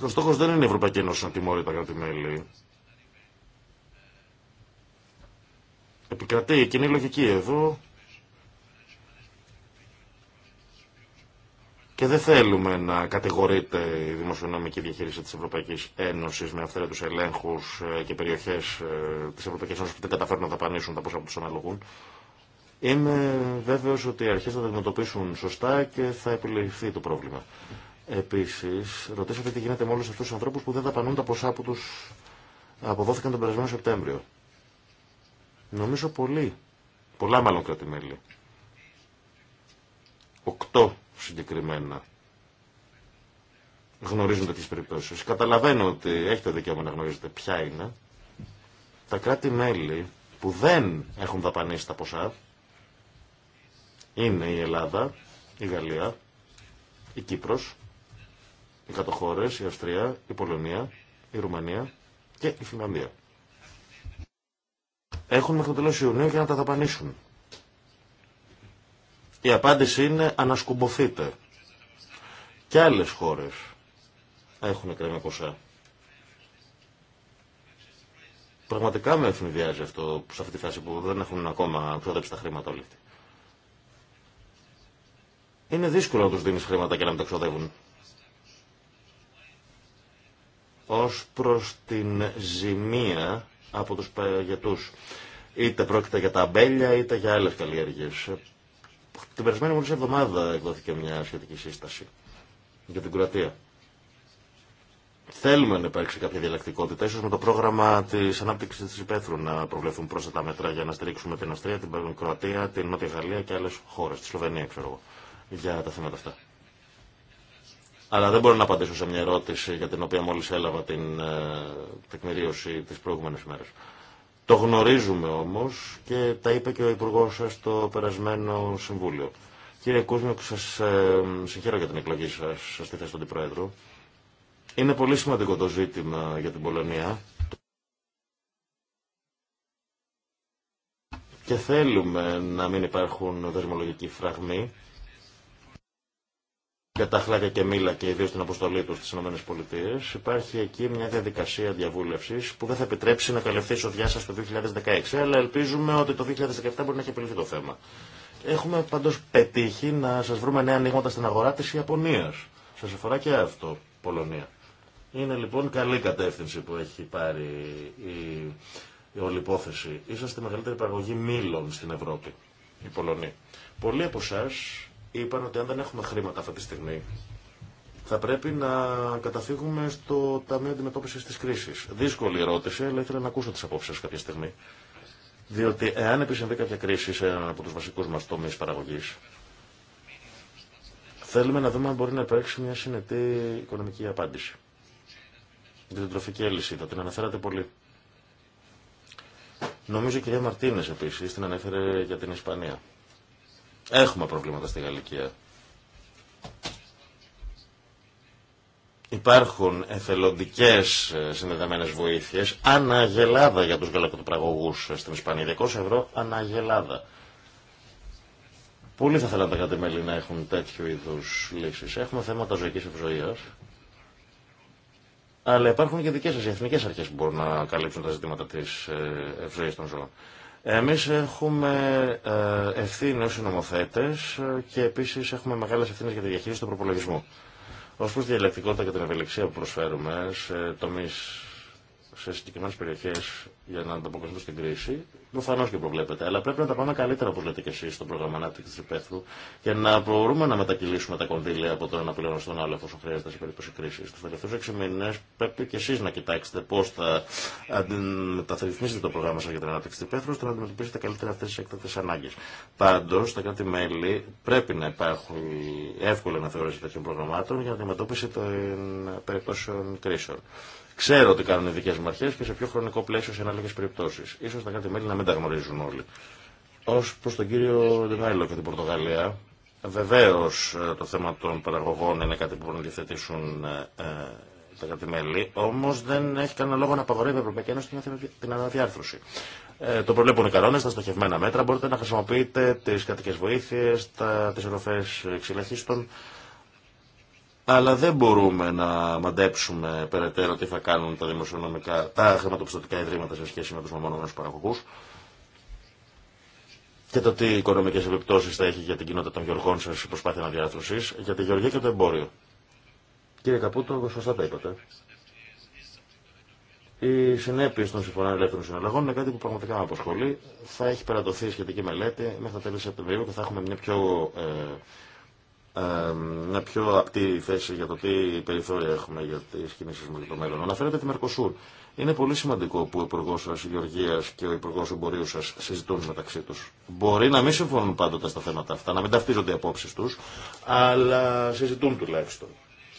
ο στόχο δεν είναι η Ευρωπαϊκή Ένωση να τιμώρει τα κράτη-μέλη. Επικρατεί η κοινή λογική εδώ Και δεν θέλουμε να κατηγορείται η δημοσιονομική διαχείριση τη Ευρωπαϊκή Ένωση με αυθαίρετους ελέγχου ε, και περιοχέ ε, τη Ευρωπαϊκή Ένωση που δεν καταφέρουν να δαπανίσουν τα ποσά που του αναλογούν. Είμαι βέβαιο ότι οι αρχέ θα τα αντιμετωπίσουν σωστά και θα επιληφθεί το πρόβλημα. Επίση, ρωτήσατε τι γίνεται με όλου αυτούς τους ανθρώπους που δεν δαπανούν τα ποσά που του αποδόθηκαν τον περασμένο Σεπτέμβριο. Νομίζω πολύ. πολλά μάλλον μέλη Οκτώ συγκεκριμένα γνωρίζουν τέτοιε περιπτώσει. Καταλαβαίνω ότι έχετε δικαίωμα να γνωρίζετε ποια είναι. Τα κράτη-μέλη που δεν έχουν δαπανίσει τα ποσά είναι η Ελλάδα, η Γαλλία, η Κύπρος, οι κατοχώρες, η Αυστρία, η Πολωνία, η Ρουμανία και η Φιλανδία. Έχουν μέχρι το τέλος Ιουνίου για να τα δαπανίσουν. Η απάντηση είναι ανασκουμποθείτε. Και άλλες χώρες έχουν κρέμια ποσά. Πραγματικά με ευνηδιάζει αυτό σε αυτή τη φάση που δεν έχουν ακόμα ξοδέψει τα χρήματα όλοι αυτοί. Είναι δύσκολο να τους δίνεις χρήματα και να μην τα ξοδεύουν. Ως προς την ζημία από τους παγετούς. Είτε πρόκειται για τα αμπέλια είτε για άλλες καλλιέργειες. Την περασμένη μόλις εβδομάδα εκδόθηκε μια σχετική σύσταση για την Κροατία. Θέλουμε να υπάρξει κάποια διαλεκτικότητα, ίσω με το πρόγραμμα τη ανάπτυξη τη υπαίθρου να προβλεφθούν πρόσθετα μέτρα για να στηρίξουμε την Αυστρία, την Κροατία, την Νότια Γαλλία και άλλε χώρε, τη Σλοβενία, ξέρω εγώ, για τα θέματα αυτά. Αλλά δεν μπορώ να απαντήσω σε μια ερώτηση για την οποία μόλι έλαβα την ε, τεκμηρίωση τι προηγούμενε ημέρε. Το γνωρίζουμε όμως και τα είπε και ο υπουργό σας στο περασμένο Συμβούλιο. Κύριε Κούσμιο, σας ε, συγχαίρω για την εκλογή σας στη θέση του Αντιπρόεδρου. Είναι πολύ σημαντικό το ζήτημα για την Πολωνία. Και θέλουμε να μην υπάρχουν δεσμολογικοί φραγμοί για τα και μήλα και ιδίω την αποστολή του στι ΗΠΑ, υπάρχει εκεί μια διαδικασία διαβούλευση που δεν θα επιτρέψει να καλυφθεί η σοδειά σα το 2016, αλλά ελπίζουμε ότι το 2017 μπορεί να έχει επιληθεί το θέμα. Έχουμε πάντω πετύχει να σα βρούμε νέα ανοίγματα στην αγορά τη Ιαπωνία. Σα αφορά και αυτό, Πολωνία. Είναι λοιπόν καλή κατεύθυνση που έχει πάρει η, η όλη υπόθεση. Είσαστε μεγαλύτερη παραγωγή μήλων στην Ευρώπη, η Πολωνία. Πολλοί από εσά είπαν ότι αν δεν έχουμε χρήματα αυτή τη στιγμή, θα πρέπει να καταφύγουμε στο Ταμείο Αντιμετώπιση τη Κρίση. Δύσκολη ερώτηση, αλλά ήθελα να ακούσω τι απόψει κάποια στιγμή. Διότι εάν επισυμβεί κάποια κρίση σε έναν από του βασικού μα τομεί παραγωγή, θέλουμε να δούμε αν μπορεί να υπάρξει μια συνετή οικονομική απάντηση. Για την τροφική αλυσίδα, την αναφέρατε πολύ. Νομίζω η κυρία Μαρτίνε επίση την ανέφερε για την Ισπανία. Έχουμε προβλήματα στη Γαλλικία. Υπάρχουν εθελοντικές ε, συνδεδεμένες βοήθειες αναγελάδα για τους γαλακτοπραγωγούς ε, στην Ισπανία. 200 ευρώ αναγελάδα. Πολλοί θα θέλαν τα να έχουν τέτοιου είδους λύσεις. Έχουμε θέματα ζωικής ευζοίας. Αλλά υπάρχουν και δικές σας εθνικές αρχές που μπορούν να καλύψουν τα ζητήματα της ε, ευζοίας των ζώων. Εμείς έχουμε ε, ευθύνη ως νομοθέτες ε, και επίσης έχουμε μεγάλες ευθύνες για τη διαχείριση του προπολογισμού. Ως προς τη διαλεκτικότητα και την ευελιξία που προσφέρουμε σε τομεί σε συγκεκριμένε περιοχέ για να ανταποκριθούν στην κρίση, προφανώ και προβλέπεται. Αλλά πρέπει να τα πάμε καλύτερα, όπω λέτε και εσεί, στο πρόγραμμα ανάπτυξη τη υπαίθρου, για να μπορούμε να μετακυλήσουμε τα κονδύλια από το ένα πλέον στον άλλο, εφόσον χρειάζεται σε περίπτωση κρίση. Στου τελευταίου έξι μήνε πρέπει και εσεί να κοιτάξετε πώ θα μεταρρυθμίσετε το πρόγραμμα σα για την ανάπτυξη τη υπαίθρου, ώστε να αντιμετωπίσετε καλύτερα αυτέ τι έκτακτε ανάγκε. Πάντω, στα κράτη-μέλη πρέπει να υπάρχουν εύκολη αναθεώρηση τέτοιων προγραμμάτων για να αντιμετώπιση των περιπτώσεων κρίσεων. Ξέρω τι κάνουν οι δικέ μου αρχέ και σε ποιο χρονικό πλαίσιο σε ανάλογε περιπτώσει. σω τα κάτι μέλη να μην τα γνωρίζουν όλοι. Ω προ τον κύριο Ντεβάιλο και την Πορτογαλία, βεβαίω ε, το θέμα των παραγωγών είναι κάτι που μπορούν να διαθετήσουν ε, ε, τα κάτι μέλη, όμω δεν έχει κανένα λόγο να απαγορεύει η Ευρωπαϊκή Ένωση την αναδιάρθρωση. Ε, το προβλέπουν οι κανόνε, τα στοχευμένα μέτρα. Μπορείτε να χρησιμοποιείτε τι κατοικέ βοήθειε, τι οροφέ εξυλαχή αλλά δεν μπορούμε να μαντέψουμε περαιτέρω τι θα κάνουν τα δημοσιονομικά, τα χρηματοπιστωτικά ιδρύματα σε σχέση με τους μεμονωμένους παραγωγούς και το τι οικονομικέ επιπτώσει θα έχει για την κοινότητα των γεωργών σα η προσπάθεια αναδιάρθρωση, για τη γεωργία και το εμπόριο. Κύριε Καπούτο, σωστά τα είπατε. Οι συνέπειε των συμφωνών ελεύθερων συναλλαγών είναι κάτι που πραγματικά με αποσχολεί. Θα έχει περατωθεί σχετική μελέτη μέχρι τα τέλη Σεπτεμβρίου και θα έχουμε μια πιο ε, μια πιο απτή θέση για το τι περιθώρια έχουμε για τι κινήσει μα για το μέλλον. Αναφέρετε τη Μερκοσούρ. Είναι πολύ σημαντικό που ο Υπουργό σα Γεωργία και ο Υπουργό Εμπορίου σα συζητούν μεταξύ του. Μπορεί να μην συμφωνούν πάντοτε στα θέματα αυτά, να μην ταυτίζονται οι απόψει του, αλλά συζητούν τουλάχιστον.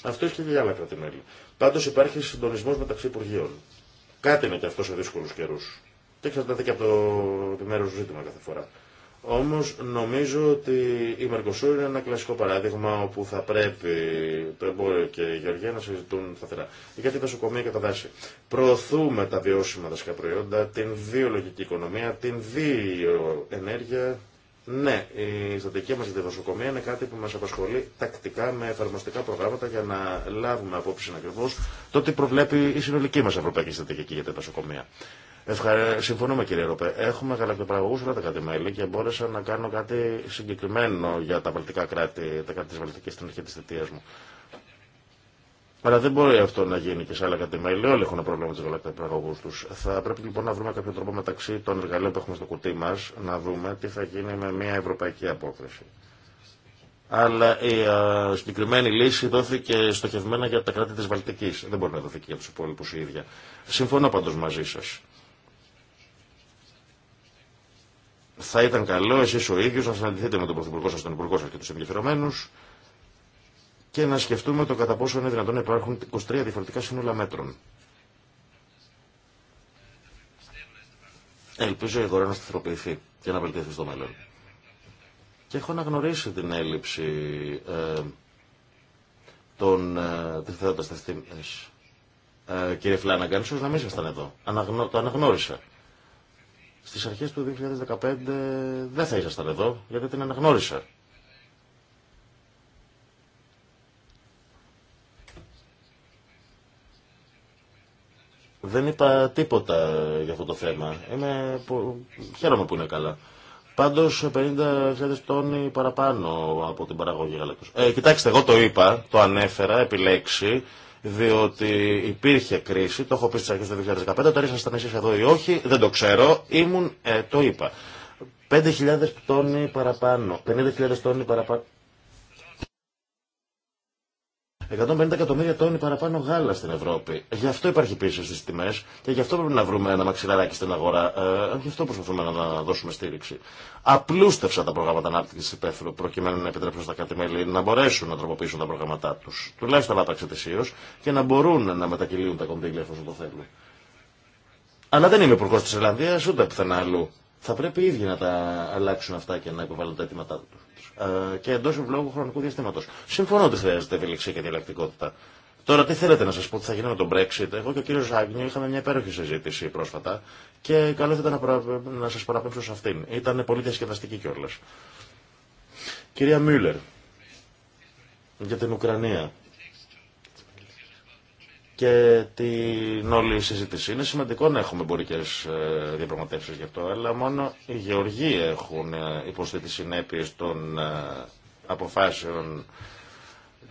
Αυτό ισχύει και για άλλα κρατημέλη. Πάντω υπάρχει συντονισμό μεταξύ Υπουργείων. Κάτι είναι και αυτό σε δύσκολου καιρού. Και εξαρτάται και από το επιμέρου ζήτημα κάθε φορά. Όμως νομίζω ότι η Μερκοσούρ είναι ένα κλασικό παράδειγμα όπου θα πρέπει το εμπόριο και η Γεωργία να συζητούν σταθερά. Για κάθε δασοκομεία και τα δάση. Προωθούμε τα βιώσιμα δασικά προϊόντα, την βιολογική οικονομία, την βιοενέργεια ναι, η στρατηγική μα για τη είναι κάτι που μα απασχολεί τακτικά με εφαρμοστικά προγράμματα για να λάβουμε απόψη ακριβώ το τι προβλέπει η συνολική μα ευρωπαϊκή στρατηγική για τη δοσοκομεία. Ευχαρι... Συμφωνούμε κύριε Ροπέ. Έχουμε γαλακτοπαραγωγού όλα τα κάτι και μπόρεσα να κάνω κάτι συγκεκριμένο για τα βαλτικά κράτη, τα κράτη τη Βαλτική στην αρχή τη θητεία μου. Αλλά δεν μπορεί αυτό να γίνει και σε άλλα κατημέρια, Όλοι έχουν πρόβλημα με του γαλακτοπαραγωγού του. Θα πρέπει λοιπόν να βρούμε κάποιο τρόπο μεταξύ των εργαλείων που έχουμε στο κουτί μα να δούμε τι θα γίνει με μια ευρωπαϊκή απόκριση. Αλλά η α, συγκεκριμένη λύση δόθηκε στοχευμένα για τα κράτη τη Βαλτική. Δεν μπορεί να δοθεί και για του υπόλοιπου η ίδια. Συμφωνώ πάντω μαζί σα. Θα ήταν καλό εσεί ο ίδιο να συναντηθείτε με τον Πρωθυπουργό σα, τον Υπουργό σα και του ενδιαφερομένου και να σκεφτούμε το κατά πόσο είναι δυνατόν να υπάρχουν 23 διαφορετικά σύνολα μέτρων. Ελπίζω η αγορά να σταθεροποιηθεί και να βελτιωθεί στο μέλλον. Και έχω αναγνωρίσει την έλλειψη ε, των, ε, ε, κύριε Φλάναγκαν, ίσως να μην ήσασταν εδώ. Αναγνω, το αναγνώρισα. Στις αρχές του 2015 δεν θα ήσασταν εδώ, γιατί την αναγνώρισα Δεν είπα τίποτα για αυτό το θέμα. Είμαι... Χαίρομαι που είναι καλά. Πάντω 50.000 τόνοι παραπάνω από την παραγωγή γαλακτό. Ε, κοιτάξτε, εγώ το είπα, το ανέφερα, επιλέξει, διότι υπήρχε κρίση. Το έχω πει στι αρχέ του 2015. Τώρα ήσασταν εσεί εδώ ή όχι, δεν το ξέρω. Ήμουν, ε, το είπα. 5.000 τόνοι παραπάνω. 50.000 τόνοι παραπάνω. 150 εκατομμύρια τόνοι παραπάνω γάλα στην Ευρώπη. Γι' αυτό υπάρχει πίσω στι τιμέ και γι' αυτό πρέπει να βρούμε ένα μαξιλαράκι στην αγορά. Ε, γι' αυτό προσπαθούμε να δώσουμε στήριξη. Απλούστευσα τα προγράμματα ανάπτυξη υπαίθρου προκειμένου να επιτρέψουν στα κατημέλη να μπορέσουν να τροποποιήσουν τα προγράμματά του. Τουλάχιστον τα ετησίω και να μπορούν να μετακυλίουν τα κονδύλια εφόσον το θέλουν. Αλλά δεν είμαι υπουργό τη Ιρλανδία ούτε πουθενά αλλού. Θα πρέπει οι ίδιοι να τα αλλάξουν αυτά και να υποβάλουν τα αιτήματά ε, του. Και εντό ευλόγου χρονικού διαστήματο. Συμφωνώ ότι χρειάζεται ευελιξία και διαλλακτικότητα. Τώρα τι θέλετε να σα πω, τι θα γίνει με τον Brexit. Εγώ και ο κύριο Άγνιο είχαμε μια υπέροχη συζήτηση πρόσφατα και καλό ήταν να, σας να σα παραπέμψω σε αυτήν. Ήταν πολύ διασκεδαστική κιόλα. Κυρία Μίλλερ, για την Ουκρανία και την όλη συζήτηση. Είναι σημαντικό να έχουμε εμπορικέ ε, διαπραγματεύσει γι' αυτό, αλλά μόνο οι γεωργοί έχουν ε, υποστεί τι συνέπειε των ε, αποφάσεων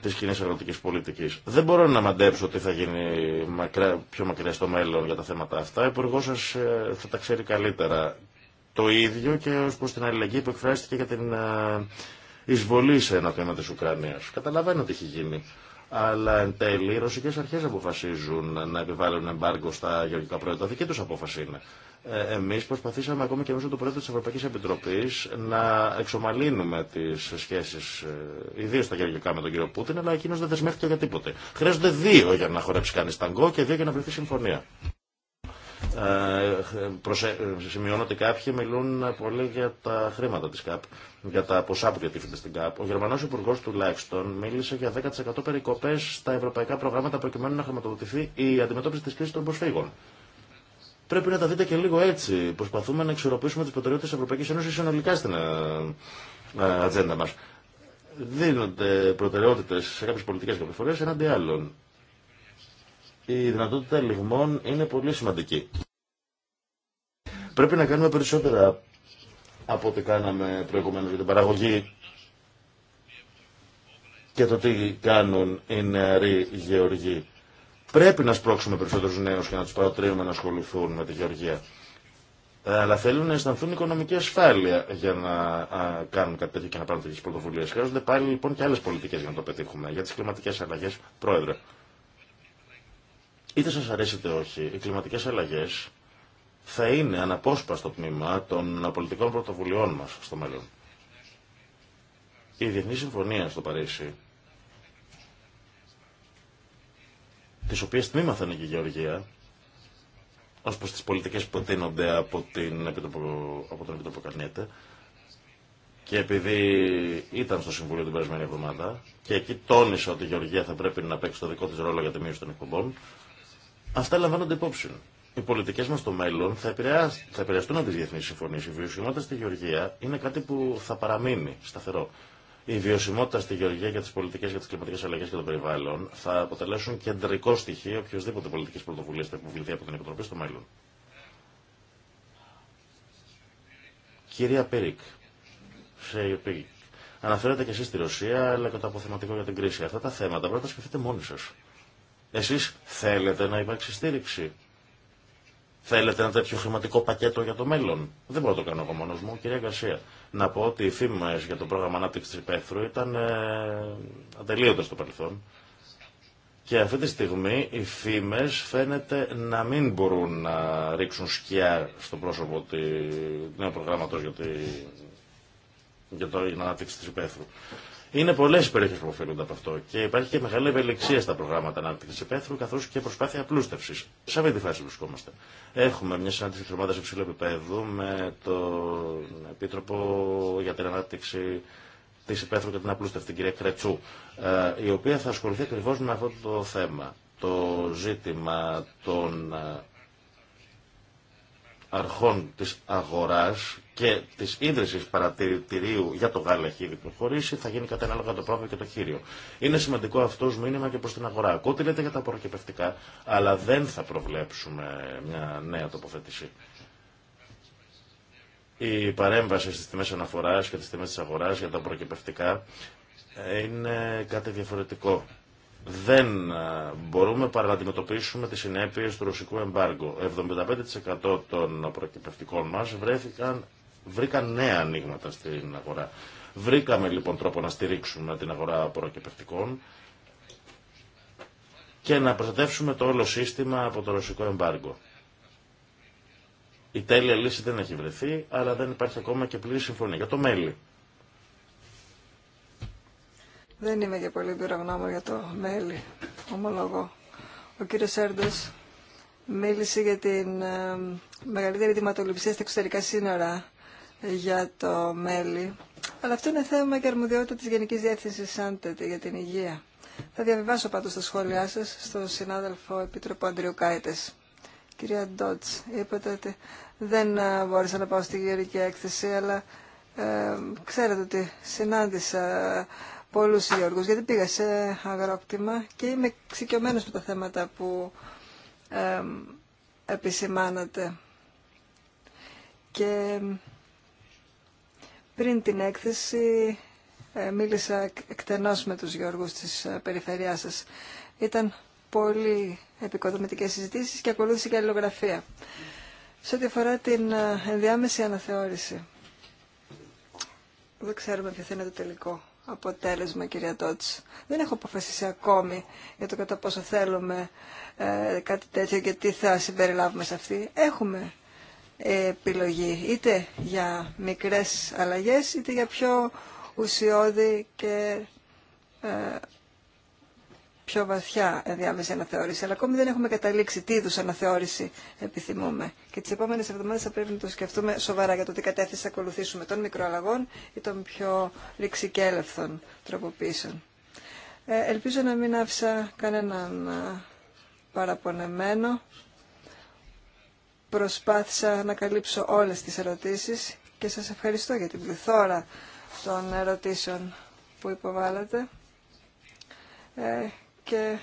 τη κοινή αγροτική πολιτική. Δεν μπορώ να μαντέψω τι θα γίνει μακρά, πιο μακριά στο μέλλον για τα θέματα αυτά. Ο υπουργό σα θα τα ξέρει καλύτερα. Το ίδιο και ω προ την αλληλεγγύη που εκφράστηκε για την εισβολή σε ένα τμήμα τη Ουκρανία. Καταλαβαίνω τι έχει γίνει αλλά εν τέλει οι ρωσικέ αρχέ αποφασίζουν να επιβάλλουν εμπάργκο στα γεωργικά προϊόντα. Δική του απόφαση είναι. Ε, Εμεί προσπαθήσαμε ακόμη και μέσω του Πρόεδρου τη Ευρωπαϊκή Επιτροπή να εξομαλύνουμε τι σχέσει, ε, ιδίω τα γεωργικά με τον κύριο Πούτιν, αλλά εκείνο δεν δεσμεύτηκε για τίποτε. Χρειάζονται δύο για να χορέψει κανεί ταγκό και δύο για να βρεθεί συμφωνία. Ε, προσε... σημειώνω ότι κάποιοι μιλούν πολύ για τα χρήματα της ΚΑΠ, για τα ποσά που διατίθεται στην ΚΑΠ. Ο Γερμανός Υπουργός τουλάχιστον μίλησε για 10% περικοπές στα ευρωπαϊκά προγράμματα προκειμένου να χρηματοδοτηθεί η αντιμετώπιση της κρίσης των προσφύγων. Πρέπει να τα δείτε και λίγο έτσι. Προσπαθούμε να εξορροπήσουμε τις προτεραιότητες της Ευρωπαϊκής Ένωσης συνολικά στην ε, ε, ατζέντα μας. Δίνονται προτεραιότητες σε κάποιες πολιτικές καταφορές εναντί άλλων η δυνατότητα λιγμών είναι πολύ σημαντική. Πρέπει να κάνουμε περισσότερα από ό,τι κάναμε προηγουμένως για την παραγωγή και το τι κάνουν οι νεαροί γεωργοί. Πρέπει να σπρώξουμε περισσότερους νέους και να τους παροτρύνουμε να ασχοληθούν με τη γεωργία. Ε, αλλά θέλουν να αισθανθούν οικονομική ασφάλεια για να κάνουν κάτι τέτοιο και να πάρουν τέτοιες πρωτοβουλίε. Χρειάζονται πάλι λοιπόν και άλλες πολιτικές για να το πετύχουμε. Για τις κλιματικές αλλαγέ, Πρόεδρε είτε σας αρέσει είτε όχι, οι κλιματικές αλλαγές θα είναι αναπόσπαστο τμήμα των πολιτικών πρωτοβουλειών μας στο μέλλον. Η Διεθνή Συμφωνία στο Παρίσι, τις οποίες τμήμα θα και η Γεωργία, ως προς τις πολιτικές που προτείνονται από, την, από τον Επιτροπο Καρνιέτε, και επειδή ήταν στο Συμβούλιο την περασμένη εβδομάδα και εκεί τόνισε ότι η Γεωργία θα πρέπει να παίξει το δικό της ρόλο για τη μείωση των εκπομπών, Αυτά λαμβάνονται υπόψη. Οι πολιτικέ μα στο μέλλον θα, θα επηρεαστούν από τι διεθνεί συμφωνίε. Η βιωσιμότητα στη Γεωργία είναι κάτι που θα παραμείνει σταθερό. Η βιωσιμότητα στη Γεωργία για τι πολιτικέ για τι κλιματικέ αλλαγέ και το περιβάλλον θα αποτελέσουν κεντρικό στοιχείο οποιοδήποτε πολιτική πρωτοβουλία θα υποβληθεί από την Επιτροπή στο μέλλον. Κυρία Πέρικ, αναφέρετε και εσεί τη Ρωσία, αλλά και το αποθεματικό για την κρίση. Αυτά τα θέματα πρέπει να τα σκεφτείτε μόνοι σα. Εσείς θέλετε να υπάρξει στήριξη. Θέλετε ένα τέτοιο χρηματικό πακέτο για το μέλλον. Δεν μπορώ να το κάνω εγώ μόνος μου. Κυρία Γκαρσία, να πω ότι οι φήμες για το πρόγραμμα ανάπτυξη της υπαίθρου ήταν ε, ατελείωτες στο παρελθόν. Και αυτή τη στιγμή οι φήμες φαίνεται να μην μπορούν να ρίξουν σκιά στο πρόσωπο του νέου προγράμματος για, για το, για την ανάπτυξη της υπαίθρου. Είναι πολλέ οι περιοχέ που ωφελούνται από αυτό και υπάρχει και μεγάλη ευελιξία στα προγράμματα ανάπτυξη υπαίθρου καθώ και προσπάθεια απλούστευση. Σε αυτή τη φάση βρισκόμαστε. Έχουμε μια συνάντηση τη ομάδα υψηλού επίπεδου με τον Επίτροπο για την Ανάπτυξη τη Υπαίθρου και την Απλούστευση, την κυρία Κρετσού, ε, η οποία θα ασχοληθεί ακριβώ με αυτό το θέμα. Το ζήτημα των ε, αρχών της αγοράς και της ίδρυσης παρατηρητηρίου για το γάλα χείρι προχωρήσει, θα γίνει κατά ανάλογα το πρόγραμμα και το χείριο. Είναι σημαντικό αυτό μήνυμα και προ την αγορά. Ακούω λέτε για τα προκυπευτικά, αλλά δεν θα προβλέψουμε μια νέα τοποθέτηση. Η παρέμβαση στις τιμέ αναφοράς και τις τιμέ τη αγορά για τα προκυπευτικά ε, είναι κάτι διαφορετικό δεν ε, μπορούμε παρά να αντιμετωπίσουμε τις συνέπειες του ρωσικού εμπάργου. 75% των προκυπευτικών μας βρέθηκαν, βρήκαν νέα ανοίγματα στην αγορά. Βρήκαμε λοιπόν τρόπο να στηρίξουμε την αγορά προκυπευτικών και να προστατεύσουμε το όλο σύστημα από το ρωσικό εμπάργο. Η τέλεια λύση δεν έχει βρεθεί, αλλά δεν υπάρχει ακόμα και πλήρη συμφωνία για το μέλι. Δεν είμαι και πολύ πυρογνώμων για το μέλι, ομολογώ. Ο κύριος Σέρντος μίλησε για την ε, μεγαλύτερη δηματοληψία στα εξωτερικά σύνορα για το μέλι. Αλλά αυτό είναι θέμα και αρμοδιότητα της Γενικής Διεύθυνσης Σάντετε για την υγεία. Θα διαβιβάσω πάντως τα σχόλιά σας στον συνάδελφο Επίτροπο Αντρίου Κυρία Ντότς, είπατε ότι δεν ε, μπόρεσα να πάω στη γεωρική έκθεση, αλλά ε, ξέρετε ότι συνάντησα πολλούς Γιώργους, γιατί πήγα σε αγρόκτημα και είμαι εξοικειωμένος με τα θέματα που ε, επισημάνατε. Και πριν την έκθεση ε, μίλησα εκτενώς με τους Γιώργους της ε, περιφερειάς σας. Ήταν πολύ επικοδομητικές συζητήσεις και ακολούθησε και αλληλογραφία. Σε ό,τι αφορά την ε, ενδιάμεση αναθεώρηση, δεν ξέρουμε ποιο θα είναι το τελικό αποτέλεσμα, κυρία Τότς. Δεν έχω αποφασίσει ακόμη για το κατά πόσο θέλουμε ε, κάτι τέτοιο και τι θα συμπεριλάβουμε σε αυτή. Έχουμε ε, επιλογή είτε για μικρές αλλαγές είτε για πιο ουσιώδη και ε, πιο βαθιά ενδιάμεση αναθεώρηση. Αλλά ακόμη δεν έχουμε καταλήξει τι είδου αναθεώρηση επιθυμούμε. Και τι επόμενε εβδομάδε θα πρέπει να το σκεφτούμε σοβαρά για το τι κατεύθυνση θα ακολουθήσουμε των μικροαλλαγών ή των πιο ρηξικέλευθων τροποποίησεων. Ε, ελπίζω να μην άφησα κανέναν παραπονεμένο. Προσπάθησα να καλύψω όλες τις ερωτήσεις και σας ευχαριστώ για την πληθώρα των ερωτήσεων που υποβάλλατε. Ε, και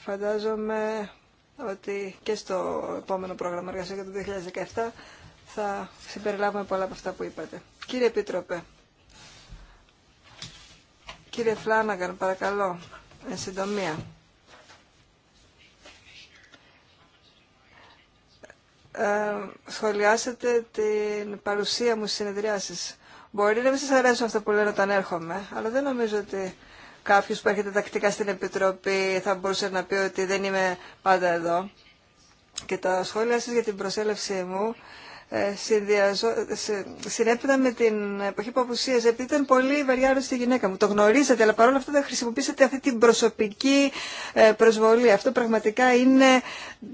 φαντάζομαι ότι και στο επόμενο πρόγραμμα εργασία για το 2017 θα συμπεριλάβουμε πολλά από αυτά που είπατε. Κύριε Επίτροπε, κύριε Φλάναγκαν, παρακαλώ, εν συντομία. Ε, σχολιάσετε την παρουσία μου στις συνεδριάσεις. Μπορεί να μην σας αρέσουν αυτά που λένε όταν έρχομαι, αλλά δεν νομίζω ότι κάποιος που έρχεται τακτικά στην Επιτροπή θα μπορούσε να πει ότι δεν είμαι πάντα εδώ. Και τα σχόλια σας για την προσέλευση μου ε, συνέπειτα με την εποχή που απουσίαζε, επειδή ήταν πολύ βαριά στη η γυναίκα μου. Το γνωρίζετε, αλλά παρόλα αυτά δεν χρησιμοποίησατε αυτή την προσωπική ε, προσβολή. Αυτό πραγματικά είναι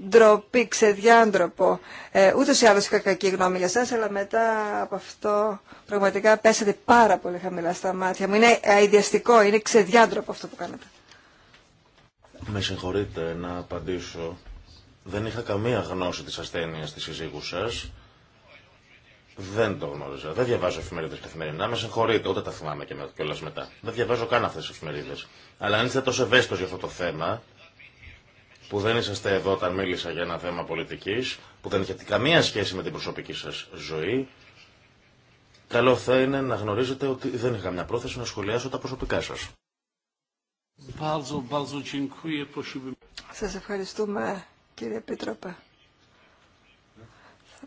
ντροπή, ξεδιάντροπο. Ε, Ούτω ή άλλω είχα κακή γνώμη για εσά, αλλά μετά από αυτό πραγματικά πέσατε πάρα πολύ χαμηλά στα μάτια μου. Είναι αειδιαστικό, είναι ξεδιάντροπο αυτό που κάνετε. Με συγχωρείτε να απαντήσω. Δεν είχα καμία γνώση της ασθένειας της σύζυγου σας. Δεν το γνώριζα. Δεν διαβάζω εφημερίδε καθημερινά. Με συγχωρείτε, ούτε τα θυμάμαι και κιόλα μετά. Δεν διαβάζω καν αυτέ τι εφημερίδε. Αλλά αν είστε τόσο ευαίσθητο για αυτό το θέμα, που δεν είσαστε εδώ όταν μίλησα για ένα θέμα πολιτική, που δεν είχε καμία σχέση με την προσωπική σα ζωή, καλό θα είναι να γνωρίζετε ότι δεν είχα μια πρόθεση να σχολιάσω τα προσωπικά σα. Σα ευχαριστούμε κύριε Επίτροπε.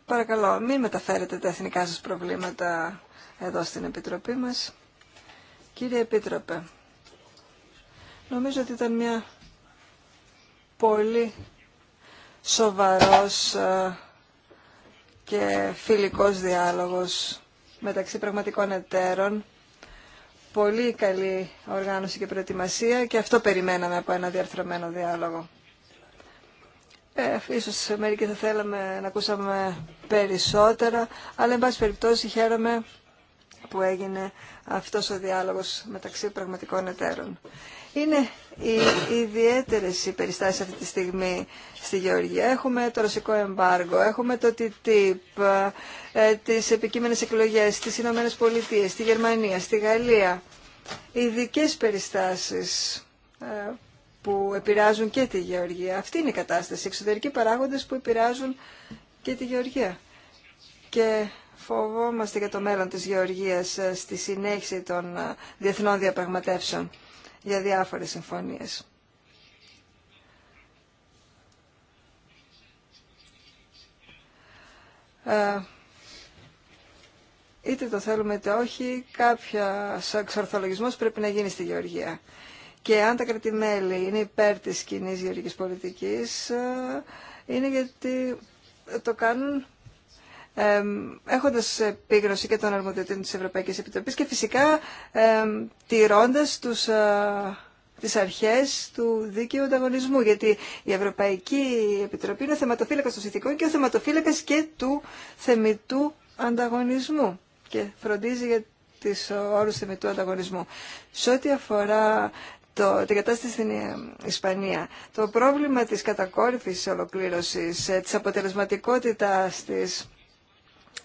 Παρακαλώ, μην μεταφέρετε τα εθνικά σας προβλήματα εδώ στην Επιτροπή μας. Κύριε Επίτροπε, νομίζω ότι ήταν μια πολύ σοβαρός ε, και φιλικός διάλογος μεταξύ πραγματικών εταίρων. Πολύ καλή οργάνωση και προετοιμασία και αυτό περιμέναμε από ένα διαρθρωμένο διάλογο. Ε, ίσως μερικοί θα θέλαμε να ακούσαμε περισσότερα, αλλά εν πάση περιπτώσει χαίρομαι που έγινε αυτός ο διάλογος μεταξύ πραγματικών εταίρων. Είναι οι ιδιαίτερες οι περιστάσεις αυτή τη στιγμή στη Γεωργία. Έχουμε το ρωσικό εμπάργο, έχουμε το TTIP, ε, τις επικείμενες εκλογές στις Ηνωμένες Πολιτείες, στη Γερμανία, στη Γαλλία. Ειδικέ περιστάσεις ε, που επηρεάζουν και τη γεωργία. Αυτή είναι η κατάσταση. Εξωτερικοί παράγοντες που επηρεάζουν και τη γεωργία. Και φοβόμαστε για το μέλλον της γεωργίας ε, στη συνέχιση των ε, διεθνών διαπραγματεύσεων για διάφορες συμφωνίες. Ε, είτε το θέλουμε είτε όχι, κάποιο εξορθολογισμός πρέπει να γίνει στη γεωργία. Και αν τα κρατημέλη είναι υπέρ τη κοινή γεωργική πολιτική ε, είναι γιατί το κάνουν ε, έχοντας επίγνωση και των αρμοδιοτήτων της Ευρωπαϊκής Επιτροπής και φυσικά ε, τηρώντας τους, ε, τις αρχές του δίκαιου ανταγωνισμού, γιατί η Ευρωπαϊκή Επιτροπή είναι ο θεματοφύλακας των συνθηκών και ο θεματοφύλακας και του θεμητού ανταγωνισμού και φροντίζει για τις ε, όρους θεμητού ανταγωνισμού. Σε ό,τι αφορά το, την κατάσταση στην ε, Ισπανία. Το πρόβλημα της κατακόρυφης ολοκλήρωσης, ε, της αποτελεσματικότητάς της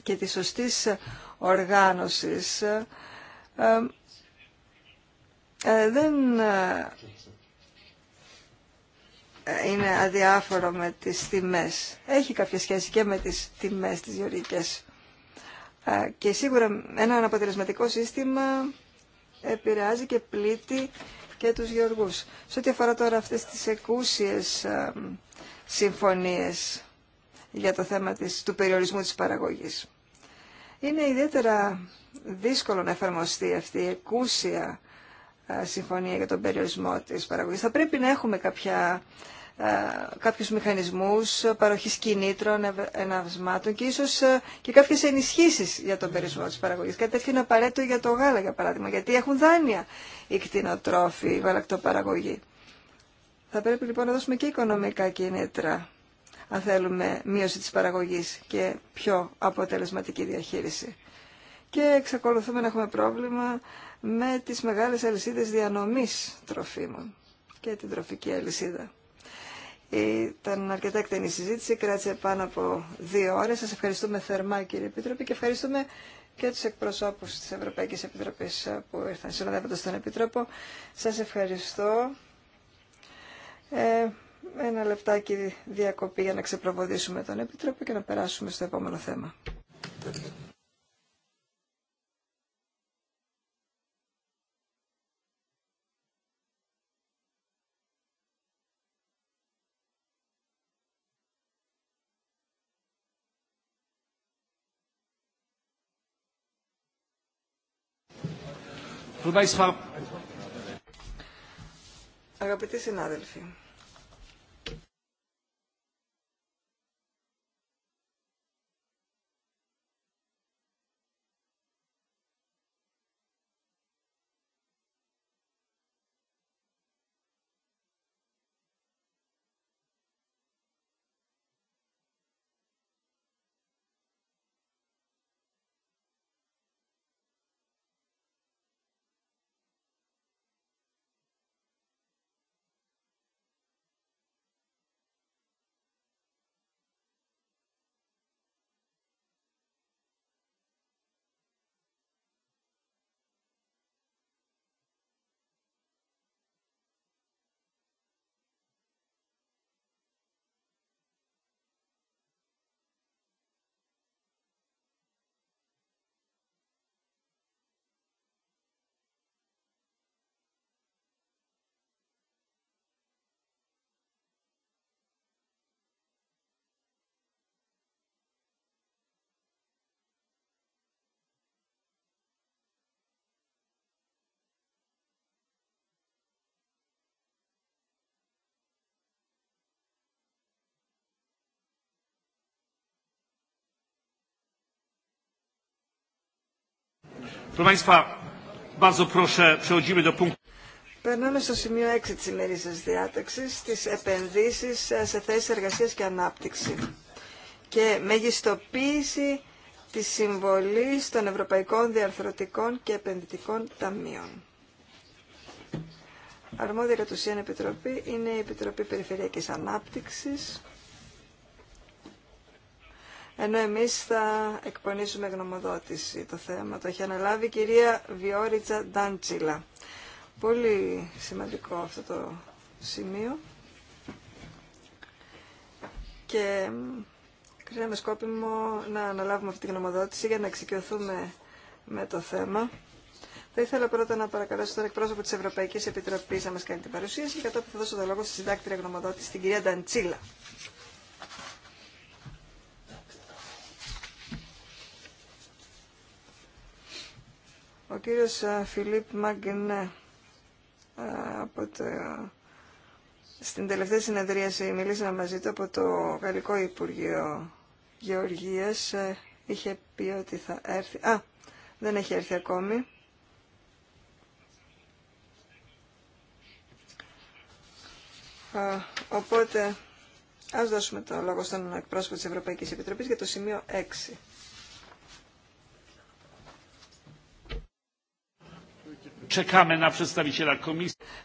και της σωστής οργάνωσης ε, δεν είναι αδιάφορο με τις τιμές. Έχει κάποια σχέση και με τις τιμές τις γεωργικές. Και σίγουρα ένα αποτελεσματικό σύστημα επηρεάζει και πλήττει και τους Σε ό,τι αφορά τώρα αυτές τις εκούσιες συμφωνίες για το θέμα της, του περιορισμού της παραγωγής. Είναι ιδιαίτερα δύσκολο να εφαρμοστεί αυτή η εκούσια ε, συμφωνία για τον περιορισμό της παραγωγής. Θα πρέπει να έχουμε κάποια ε, κάποιους μηχανισμούς παροχής κινήτρων, εναυσμάτων και ίσως ε, και κάποιες ενισχύσεις για τον περιορισμό της παραγωγής. Κάτι τέτοιο είναι απαραίτητο για το γάλα, για παράδειγμα, γιατί έχουν δάνεια οι κτηνοτρόφοι, η γαλακτοπαραγωγή. Θα πρέπει λοιπόν να δώσουμε και οικονομικά κίνητρα, αν θέλουμε μείωση της παραγωγής και πιο αποτελεσματική διαχείριση. Και εξακολουθούμε να έχουμε πρόβλημα με τις μεγάλες αλυσίδες διανομής τροφίμων και την τροφική αλυσίδα. Ήταν αρκετά εκτενή συζήτηση, κράτησε πάνω από δύο ώρες. Σας ευχαριστούμε θερμά κύριε Επίτροπη και ευχαριστούμε και τους εκπροσώπους της Ευρωπαϊκής Επιτροπής που ήρθαν συνοδεύοντας τον Επίτροπο. Σας ευχαριστώ. Ε, ένα λεπτάκι διακοπή για να ξεπροβοδίσουμε τον Επίτροπο και να περάσουμε στο επόμενο θέμα. Αγαπητοί συνάδελφοι, Περνάμε στο σημείο 6 της ημερήσιας διάταξης, τις επενδύσεις σε θέσεις εργασίας και ανάπτυξη και μεγιστοποίηση της συμβολής των Ευρωπαϊκών Διαρθρωτικών και Επενδυτικών Ταμείων. Αρμόδια ουσίαν επιτροπή είναι η Επιτροπή Περιφερειακής Ανάπτυξης ενώ εμείς θα εκπονήσουμε γνωμοδότηση το θέμα. Το έχει αναλάβει η κυρία Βιόριτσα Ντάντσιλα. Πολύ σημαντικό αυτό το σημείο. Και κρίναμε σκόπιμο να αναλάβουμε αυτή τη γνωμοδότηση για να εξοικειωθούμε με το θέμα. Θα ήθελα πρώτα να παρακαλέσω τον εκπρόσωπο τη Ευρωπαϊκή Επιτροπή να μα κάνει την παρουσίαση και κατόπιν θα δώσω το λόγο στη συντάκτρια γνωμοδότηση, την κυρία Νταντσίλα. Ο κύριος ε, Φιλίπ Μαγκνέ ε, από Στην τελευταία συνεδρίαση μιλήσαμε μαζί του από το Γαλλικό Υπουργείο Γεωργίας. Ε, είχε πει ότι θα έρθει. Α, δεν έχει έρθει ακόμη. Οπότε, ας δώσουμε το λόγο στον εκπρόσωπο της Ευρωπαϊκής Επιτροπής για το σημείο 6.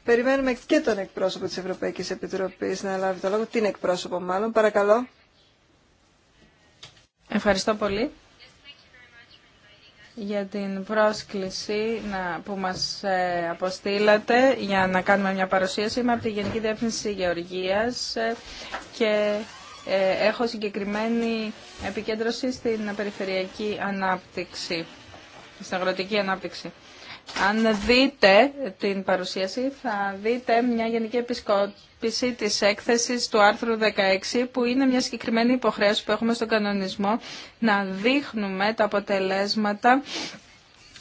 Περιμένουμε και τον εκπρόσωπο της Ευρωπαϊκής Επιτροπής να λάβει το λόγο, την εκπρόσωπο μάλλον. Παρακαλώ. Ευχαριστώ πολύ για την πρόσκληση που μας ε, αποστήλατε για να κάνουμε μια παρουσίαση. Είμαι από τη Γενική Διεύθυνση Γεωργίας ε, και ε, έχω συγκεκριμένη επικέντρωση στην περιφερειακή ανάπτυξη, στην αγροτική ανάπτυξη. Αν δείτε την παρουσίαση θα δείτε μια γενική επισκόπηση της έκθεσης του άρθρου 16 που είναι μια συγκεκριμένη υποχρέωση που έχουμε στον κανονισμό να δείχνουμε τα αποτελέσματα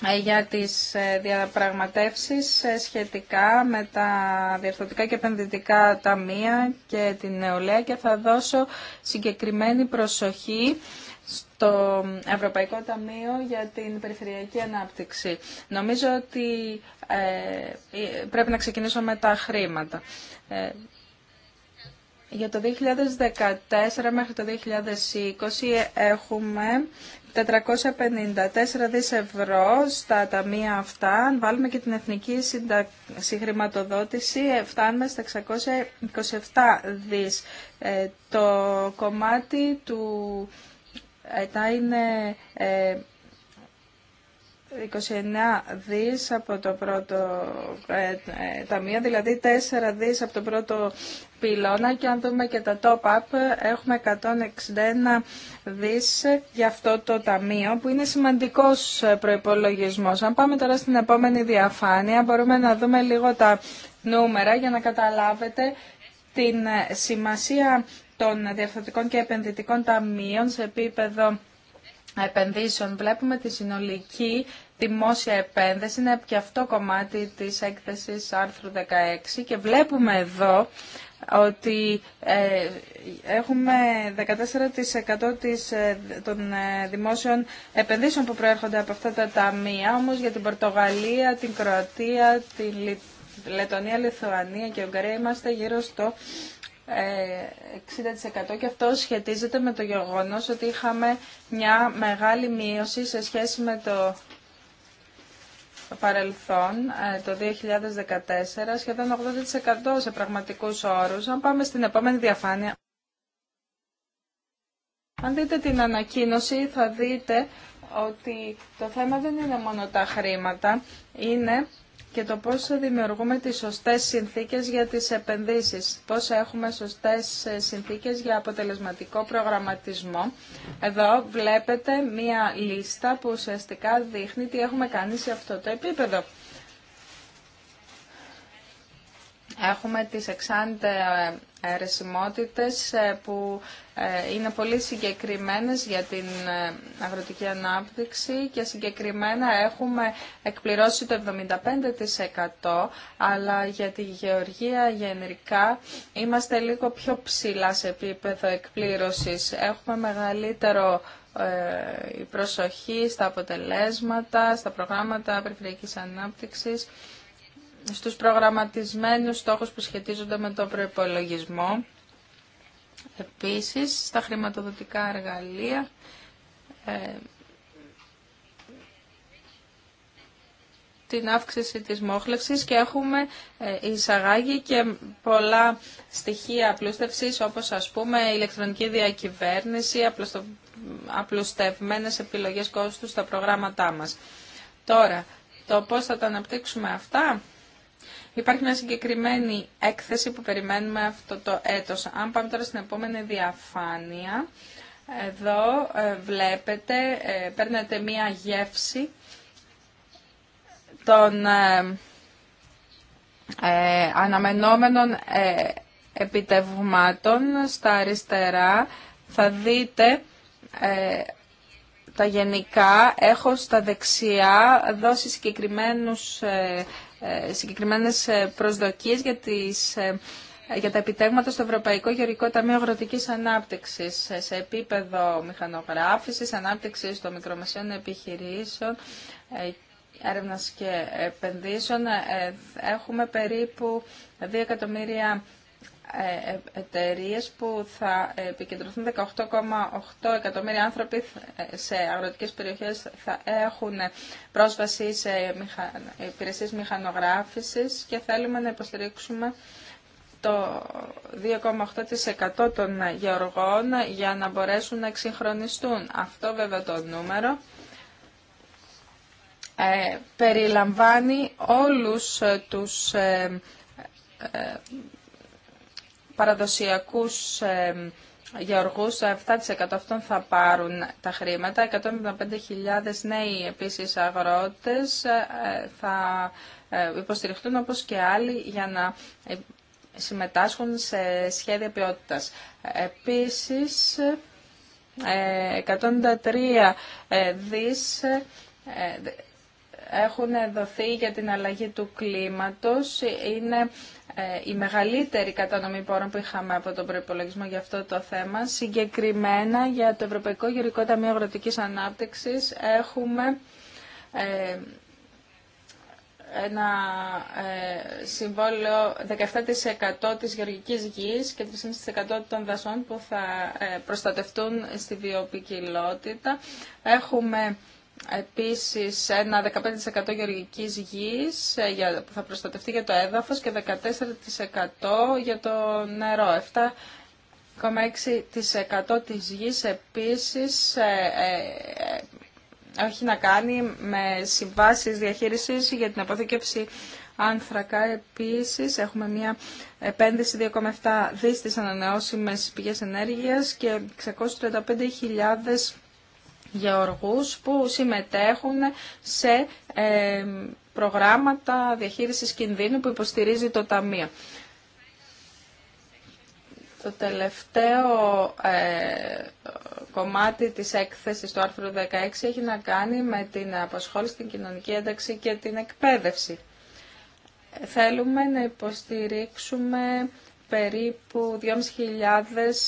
ε, για τις ε, διαπραγματεύσεις ε, σχετικά με τα διαρθρωτικά και επενδυτικά ταμεία και την νεολαία και θα δώσω συγκεκριμένη προσοχή στο Ευρωπαϊκό Ταμείο για την Περιφερειακή Ανάπτυξη. Νομίζω ότι ε, πρέπει να ξεκινήσω με τα χρήματα. Ε, για το 2014 μέχρι το 2020 έχουμε 454 δις ευρώ στα ταμεία αυτά. Αν βάλουμε και την εθνική συγχρηματοδότηση, ε, φτάνουμε στα 627 δις. Το κομμάτι του ε, τα είναι 29 ε, δις από το πρώτο ε, ταμείο, δηλαδή 4 δις από το πρώτο πυλώνα και αν δούμε και τα top-up έχουμε 161 δις για αυτό το ταμείο που είναι σημαντικός προϋπολογισμός. Αν πάμε τώρα στην επόμενη διαφάνεια μπορούμε να δούμε λίγο τα νούμερα για να καταλάβετε την σημασία των διαφορετικών και επενδυτικών ταμείων σε επίπεδο επενδύσεων. Βλέπουμε τη συνολική δημόσια επένδυση, είναι και αυτό κομμάτι της έκθεσης άρθρου 16 και βλέπουμε εδώ ότι ε, έχουμε 14% της, ε, των ε, δημόσιων επενδύσεων που προέρχονται από αυτά τα ταμεία, όμως για την Πορτογαλία, την Κροατία, την Λιτ Λετωνία, Λιθουανία και Ουγγαρία είμαστε γύρω στο 60% ε, και αυτό σχετίζεται με το γεγονός ότι είχαμε μια μεγάλη μείωση σε σχέση με το παρελθόν, ε, το 2014, σχεδόν 80% σε πραγματικούς όρους. Αν πάμε στην επόμενη διαφάνεια. Αν δείτε την ανακοίνωση θα δείτε ότι το θέμα δεν είναι μόνο τα χρήματα, είναι και το πώς δημιουργούμε τις σωστές συνθήκες για τις επενδύσεις. Πώς έχουμε σωστές ε, συνθήκες για αποτελεσματικό προγραμματισμό. Εδώ βλέπετε μία λίστα που ουσιαστικά δείχνει τι έχουμε κάνει σε αυτό το επίπεδο. Έχουμε τις εξάντε ε, αιρεσιμότητες ε, που ε, είναι πολύ συγκεκριμένες για την αγροτική ανάπτυξη και συγκεκριμένα έχουμε εκπληρώσει το 75% αλλά για τη γεωργία γενικά είμαστε λίγο πιο ψηλά σε επίπεδο εκπλήρωσης. Έχουμε μεγαλύτερο η προσοχή στα αποτελέσματα, στα προγράμματα περιφερειακής ανάπτυξης στους προγραμματισμένους στόχους που σχετίζονται με τον προϋπολογισμό. Επίσης, στα χρηματοδοτικά εργαλεία ε, την αύξηση της μόχλευσης και έχουμε ε, εισαγάγει και πολλά στοιχεία απλούστευσης όπως ας πούμε ηλεκτρονική διακυβέρνηση, απλουστευμένες επιλογές κόστους στα προγράμματά μας. Τώρα, το πώς θα τα αναπτύξουμε αυτά Υπάρχει μια συγκεκριμένη έκθεση που περιμένουμε αυτό το έτος. Αν πάμε τώρα στην επόμενη διαφάνεια, εδώ ε, βλέπετε, ε, παίρνετε μια γεύση των ε, αναμενόμενων επιτευγμάτων στα αριστερά. Θα δείτε τα γενικά, έχω στα δεξιά δώσει συγκεκριμένους ε, συγκεκριμένες ε, προσδοκίες για τις ε, για τα επιτέγματα στο Ευρωπαϊκό Γεωργικό Ταμείο Αγροτικής Ανάπτυξης σε επίπεδο μηχανογράφησης, ανάπτυξης των μικρομεσαίων επιχειρήσεων, έρευνας και επενδύσεων. Έχουμε περίπου 2 εκατομμύρια ε, ε, εταιρείε που θα επικεντρωθούν 18,8 εκατομμύρια άνθρωποι ε, σε αγροτικές περιοχές θα έχουν πρόσβαση σε υπηρεσίες μηχανογράφησης και θέλουμε να υποστηρίξουμε το 2,8% των γεωργών για να μπορέσουν να εξυγχρονιστούν. Αυτό βέβαια το νούμερο περιλαμβάνει όλους τους παραδοσιακούς ε, γεωργούς, 7% ε, αυτών θα πάρουν τα χρήματα. 175.000 νέοι επίσης αγρότες ε, θα υποστηριχτούν όπως και άλλοι για να συμμετάσχουν σε σχέδια ποιότητας. Επίσης, 103 δις έχουν δοθεί για την αλλαγή του κλίματος είναι ε, η μεγαλύτερη κατανομή πόρων που είχαμε από τον προπολογισμό για αυτό το θέμα. Συγκεκριμένα για το Ευρωπαϊκό Γεωργικό Ταμείο Αγροτικής Ανάπτυξης έχουμε ε, ένα ε, συμβόλαιο 17% της γεωργικής γης και 3,5% των δασών που θα προστατευτούν στη βιοποικιλότητα. Έχουμε Επίσης ένα 15% γεωργικής γης ε, που θα προστατευτεί για το έδαφος και 14% για το νερό. 7,6% της γης επίσης ε, ε, έχει να κάνει με συμβάσεις διαχείρισης για την αποθήκευση άνθρακα. Επίσης έχουμε μια επένδυση 2,7 δις στις ανανεώσιμες πηγές ενέργειας και 635.000 γεωργούς που συμμετέχουν σε ε, προγράμματα διαχείρισης κινδύνου που υποστηρίζει το Ταμείο. Το τελευταίο ε, κομμάτι της έκθεσης του άρθρου 16 έχει να κάνει με την απασχόληση, την κοινωνική ένταξη και την εκπαίδευση. Θέλουμε να υποστηρίξουμε περίπου 2.500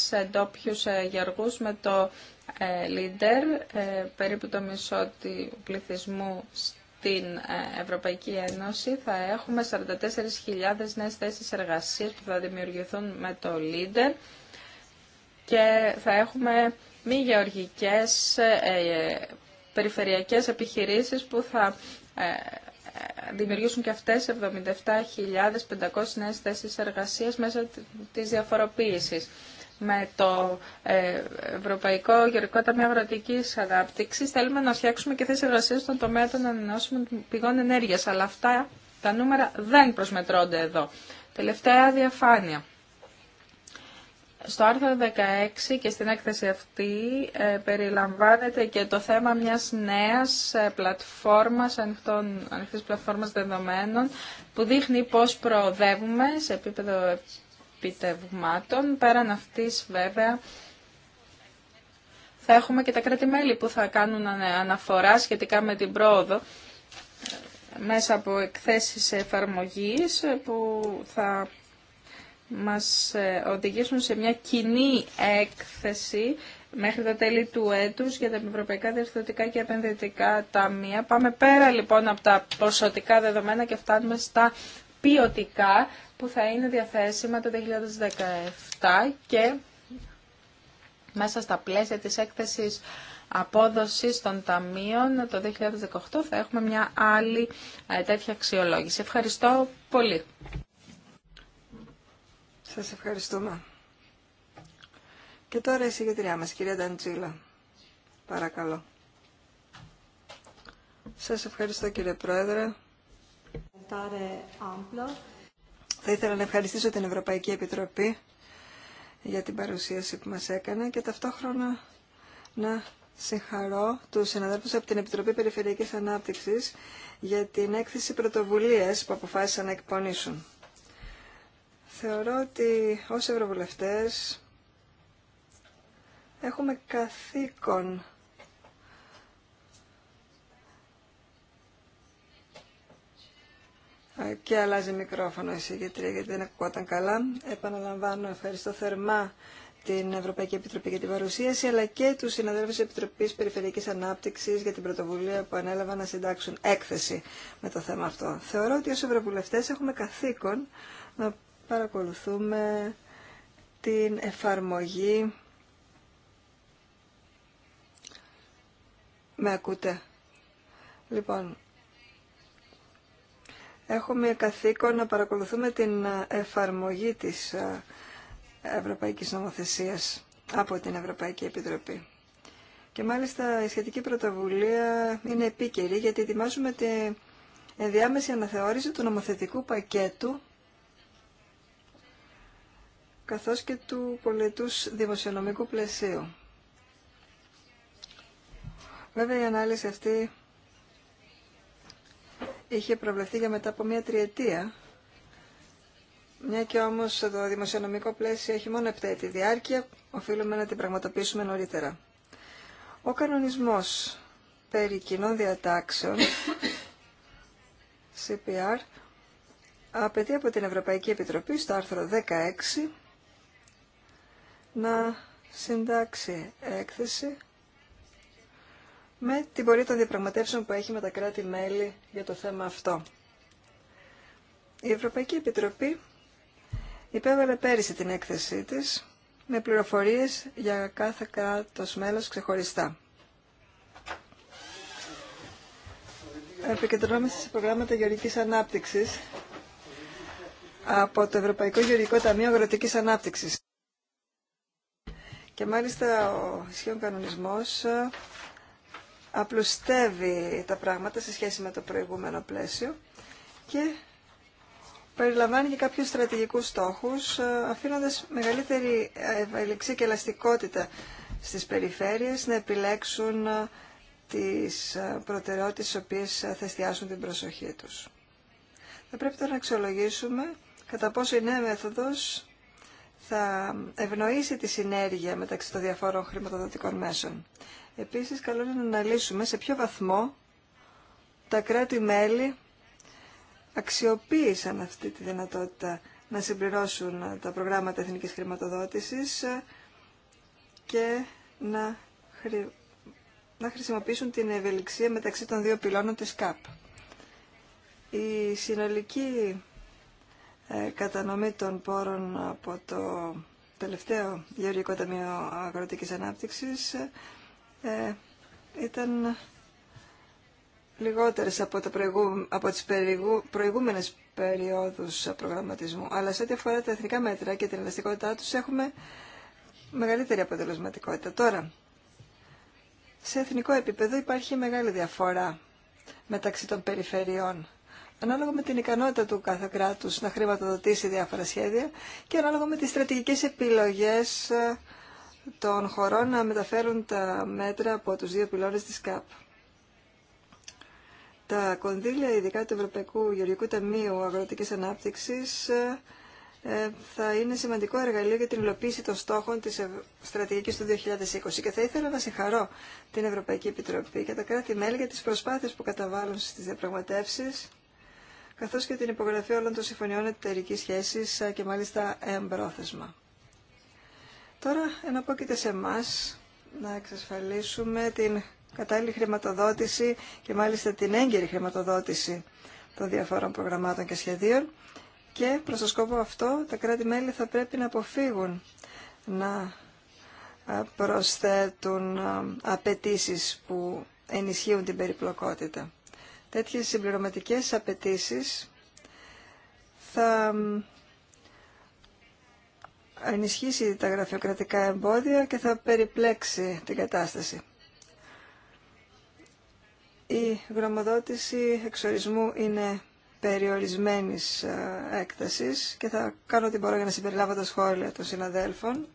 εντόπιους ε, γεωργούς με το ε, leader, ε, περίπου το μισό του πληθυσμού στην ε, Ευρωπαϊκή Ένωση θα έχουμε 44.000 νέες θέσεις εργασίας που θα δημιουργηθούν με το leader και θα έχουμε μη γεωργικές περιφερειακές επιχειρήσεις που θα δημιουργήσουν και αυτές 77.500 νέες θέσεις εργασίας μέσα της διαφοροποίησης με το ε, Ευρωπαϊκό Γεωργικό Ταμείο Αγροτική Ανάπτυξη θέλουμε να φτιάξουμε και θέσει εργασία στον τομέα των ανανεώσιμων πηγών ενέργεια. Αλλά αυτά τα νούμερα δεν προσμετρώνται εδώ. Τελευταία διαφάνεια. Στο άρθρο 16 και στην έκθεση αυτή ε, περιλαμβάνεται και το θέμα μιας νέας ε, πλατφόρμας, ανοιχτών, ανοιχτής πλατφόρμας δεδομένων που δείχνει πώς προοδεύουμε σε επίπεδο επιτευγμάτων. Πέραν αυτής βέβαια θα έχουμε και τα κράτη-μέλη που θα κάνουν αναφορά σχετικά με την πρόοδο ε, μέσα από εκθέσεις εφαρμογής ε, που θα μας ε, οδηγήσουν σε μια κοινή έκθεση μέχρι το τέλη του έτους για τα Ευρωπαϊκά Διευθυντικά και Επενδυτικά Ταμεία. Πάμε πέρα λοιπόν από τα ποσοτικά δεδομένα και φτάνουμε στα ποιοτικά που θα είναι διαθέσιμα το 2017 και μέσα στα πλαίσια της έκθεσης απόδοσης των ταμείων το 2018 θα έχουμε μια άλλη ε, τέτοια αξιολόγηση. Ευχαριστώ πολύ. Σας ευχαριστούμε. Και τώρα η συγκεκριά μας, κυρία Νταντζίλα. Παρακαλώ. Σας ευχαριστώ κύριε Πρόεδρε. Θα ήθελα να ευχαριστήσω την Ευρωπαϊκή Επιτροπή για την παρουσίαση που μας έκανε και ταυτόχρονα να συγχαρώ τους συναδέλφους από την Επιτροπή Περιφερειακής Ανάπτυξης για την έκθεση πρωτοβουλίες που αποφάσισαν να εκπονήσουν. Θεωρώ ότι ως Ευρωβουλευτές έχουμε καθήκον Και αλλάζει μικρόφωνο η γιατί δεν ακούγονταν καλά. Επαναλαμβάνω, ευχαριστώ θερμά την Ευρωπαϊκή Επιτροπή για την παρουσίαση, αλλά και του συναδέλφου τη Επιτροπή Περιφερειακή Ανάπτυξη για την πρωτοβουλία που ανέλαβαν να συντάξουν έκθεση με το θέμα αυτό. Θεωρώ ότι ω Ευρωβουλευτέ έχουμε καθήκον να παρακολουθούμε την εφαρμογή. Με ακούτε. Λοιπόν, έχουμε καθήκον να παρακολουθούμε την εφαρμογή της ε, Ευρωπαϊκής Νομοθεσίας από την Ευρωπαϊκή Επιτροπή. Και μάλιστα η σχετική πρωτοβουλία είναι επίκαιρη γιατί ετοιμάζουμε τη ενδιάμεση αναθεώρηση του νομοθετικού πακέτου καθώς και του πολιτούς δημοσιονομικού πλαισίου. Βέβαια η ανάλυση αυτή είχε προβλεφθεί για μετά από μία τριετία. Μια και όμως το δημοσιονομικό πλαίσιο έχει μόνο έτη διάρκεια, οφείλουμε να την πραγματοποιήσουμε νωρίτερα. Ο κανονισμός περί κοινών διατάξεων, CPR, απαιτεί από την Ευρωπαϊκή Επιτροπή στο άρθρο 16 να συντάξει έκθεση με την πορεία των διαπραγματεύσεων που έχει με τα κράτη-μέλη για το θέμα αυτό. Η Ευρωπαϊκή Επιτροπή υπέβαλε πέρυσι την έκθεσή της με πληροφορίες για κάθε κράτος μέλος ξεχωριστά. Επικεντρώμαστε σε προγράμματα γεωργικής ανάπτυξης από το Ευρωπαϊκό Γεωργικό Ταμείο Αγροτικής Ανάπτυξης. Και μάλιστα ο ισχύων κανονισμός απλουστεύει τα πράγματα σε σχέση με το προηγούμενο πλαίσιο και περιλαμβάνει και κάποιους στρατηγικούς στόχους, ε, αφήνοντας μεγαλύτερη ευελιξία και ελαστικότητα στις περιφέρειες να επιλέξουν ε, τις ε, προτεραιότητες στις οποίες θα εστιάσουν την προσοχή τους. Θα πρέπει τώρα να αξιολογήσουμε κατά πόσο η νέα μέθοδος θα ευνοήσει τη συνέργεια μεταξύ των διαφόρων χρηματοδοτικών μέσων. Επίσης, καλό είναι να αναλύσουμε σε ποιο βαθμό τα κράτη-μέλη αξιοποίησαν αυτή τη δυνατότητα να συμπληρώσουν τα προγράμματα εθνικής χρηματοδότησης και να, να χρησιμοποιήσουν την ευελιξία μεταξύ των δύο πυλώνων της ΚΑΠ. Η συνολική ε, κατανομή των πόρων από το τελευταίο Γεωργικό Ταμείο Αγροτικής Ανάπτυξης ε, ήταν λιγότερες από, τα προηγού, από τις προηγούμενες περιόδους προγραμματισμού. Αλλά σε ό,τι αφορά τα εθνικά μέτρα και την ελαστικότητά τους έχουμε μεγαλύτερη αποτελεσματικότητα. Τώρα, σε εθνικό επίπεδο υπάρχει μεγάλη διαφορά μεταξύ των περιφερειών. Ανάλογα με την ικανότητα του κάθε κράτους να χρηματοδοτήσει διάφορα σχέδια και ανάλογα με τις στρατηγικές επιλογές ε, των χωρών να μεταφέρουν τα μέτρα από τους δύο πυλώνες της ΚΑΠ. Τα κονδύλια, ειδικά του Ευρωπαϊκού Γεωργικού Ταμείου Αγροτικής Ανάπτυξης, ε, θα είναι σημαντικό εργαλείο για την υλοποίηση των στόχων της στρατηγικής του 2020 και θα ήθελα να συγχαρώ την Ευρωπαϊκή Επιτροπή και τα κράτη-μέλη για τις προσπάθειες που καταβάλουν στις διαπραγματεύσεις καθώς και την υπογραφή όλων των συμφωνιών εταιρικής σχέσης ε, και μάλιστα εμπρόθεσμα. Τώρα εναπόκειται σε εμά να εξασφαλίσουμε την κατάλληλη χρηματοδότηση και μάλιστα την έγκαιρη χρηματοδότηση των διαφόρων προγραμμάτων και σχεδίων και προς το σκόπο αυτό τα κράτη-μέλη θα πρέπει να αποφύγουν να προσθέτουν απαιτήσει που ενισχύουν την περιπλοκότητα. Τέτοιες συμπληρωματικές απαιτήσει θα ενισχύσει τα γραφειοκρατικά εμπόδια και θα περιπλέξει την κατάσταση. Η γνωμοδότηση εξορισμού είναι περιορισμένης ε, έκτασης και θα κάνω ό,τι μπορώ για να συμπεριλάβω τα σχόλια των συναδέλφων.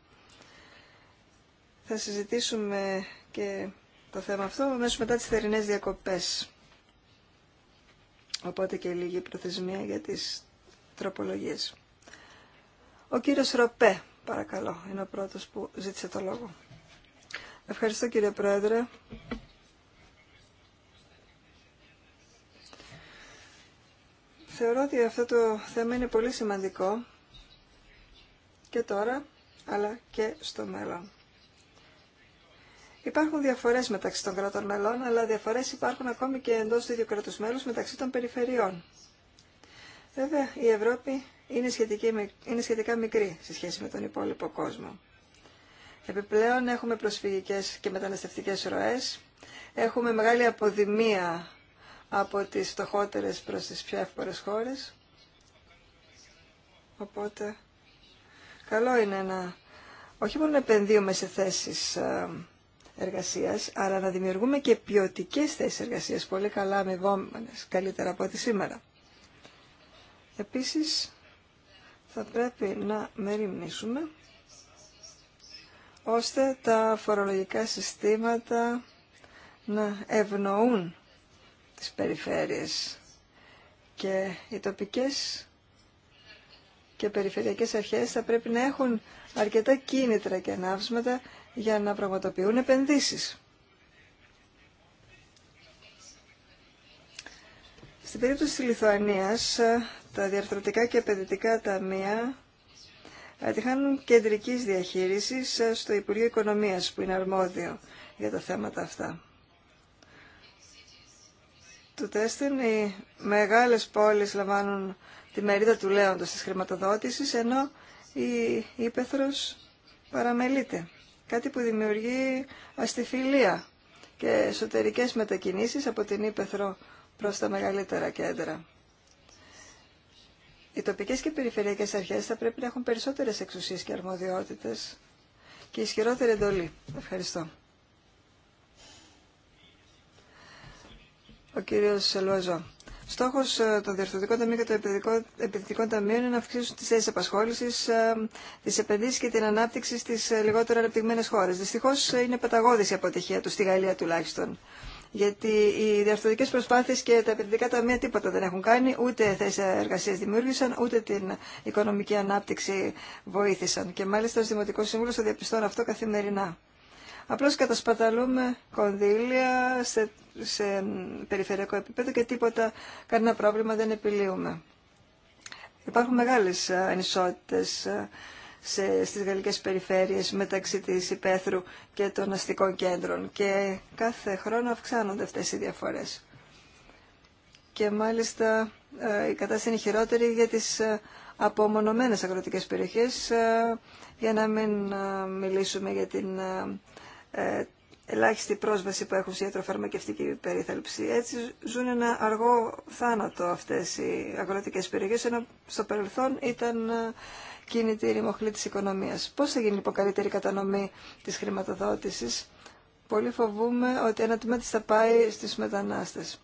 Θα συζητήσουμε και το θέμα αυτό μέσω μετά τις θερινές διακοπές. Οπότε και λίγη προθεσμία για τις τροπολογίες. Ο κύριος Ροπέ, παρακαλώ, είναι ο πρώτος που ζήτησε το λόγο. Ευχαριστώ κύριε Πρόεδρε. Θεωρώ ότι αυτό το θέμα είναι πολύ σημαντικό και τώρα, αλλά και στο μέλλον. Υπάρχουν διαφορέ μεταξύ των κρατών μελών, αλλά διαφορέ υπάρχουν ακόμη και εντό του ίδιου κράτου μέλου μεταξύ των περιφερειών. Βέβαια, η Ευρώπη είναι, είναι σχετικά μικρή σε σχέση με τον υπόλοιπο κόσμο. Επιπλέον έχουμε προσφυγικές και μεταναστευτικές ροές. Έχουμε μεγάλη αποδημία από τις φτωχότερε προς τις πιο εύπορες χώρες. Οπότε, καλό είναι να όχι μόνο να επενδύουμε σε θέσεις ε, εργασίας, αλλά να δημιουργούμε και ποιοτικέ θέσεις εργασίας, πολύ καλά αμοιβόμενες, καλύτερα από ό,τι σήμερα. Επίσης, θα πρέπει να μεριμνήσουμε ώστε τα φορολογικά συστήματα να ευνοούν τις περιφέρειες και οι τοπικές και περιφερειακές αρχές θα πρέπει να έχουν αρκετά κίνητρα και ανάψματα για να πραγματοποιούν επενδύσεις. Στην περίπτωση της Λιθουανίας, τα διαρθρωτικά και επενδυτικά ταμεία ατυχάνουν ε, κεντρικής διαχείρισης ε, στο Υπουργείο Οικονομίας που είναι αρμόδιο για τα θέματα αυτά. Του τέστην οι μεγάλες πόλεις λαμβάνουν τη μερίδα του λέοντος της χρηματοδότησης ενώ η ύπεθρος παραμελείται. Κάτι που δημιουργεί αστιφιλία και εσωτερικές μετακινήσεις από την ύπεθρο προς τα μεγαλύτερα κέντρα. Οι τοπικές και περιφερειακές αρχές θα πρέπει να έχουν περισσότερες εξουσίες και αρμοδιότητες και ισχυρότερη εντολή. Ευχαριστώ. Ο κύριος Λουαζό. Στόχο ε, των διορθωτικών ταμείων και των επενδυτικών ταμείων είναι να αυξήσουν τις θέσεις απασχόληση, ε, τις επενδύσει και την ανάπτυξη στις ε, λιγότερο αναπτυγμένες χώρε. Δυστυχώ είναι παταγώδη η αποτυχία του, στη Γαλλία τουλάχιστον γιατί οι διαρθρωτικές προσπάθειες και τα επενδυτικά ταμεία τίποτα δεν έχουν κάνει, ούτε θέσει εργασίας δημιούργησαν, ούτε την οικονομική ανάπτυξη βοήθησαν. Και μάλιστα ο Δημοτικό Σύμβουλο το διαπιστώνω αυτό καθημερινά. Απλώς κατασπαταλούμε κονδύλια σε, σε περιφερειακό επίπεδο και τίποτα, κανένα πρόβλημα δεν επιλύουμε. Υπάρχουν μεγάλες ε, ανισότητες ε, σε, στις γαλλικές περιφέρειες μεταξύ της υπαίθρου και των αστικών κέντρων και κάθε χρόνο αυξάνονται αυτές οι διαφορές. Και μάλιστα ε, η κατάσταση είναι χειρότερη για τις ε, απομονωμένες αγροτικές περιοχές ε, για να μην μιλήσουμε για την ελάχιστη πρόσβαση που έχουν σε ιατροφαρμακευτική περίθαλψη. Έτσι ζουν ένα αργό θάνατο αυτές οι αγροτικές περιοχές, ενώ στο παρελθόν ήταν κινητήρη μοχλή της οικονομίας. Πώς θα γίνει λοιπόν καλύτερη κατανομή της χρηματοδότησης. Πολύ φοβούμε ότι ένα τμήμα της θα πάει στους μετανάστες.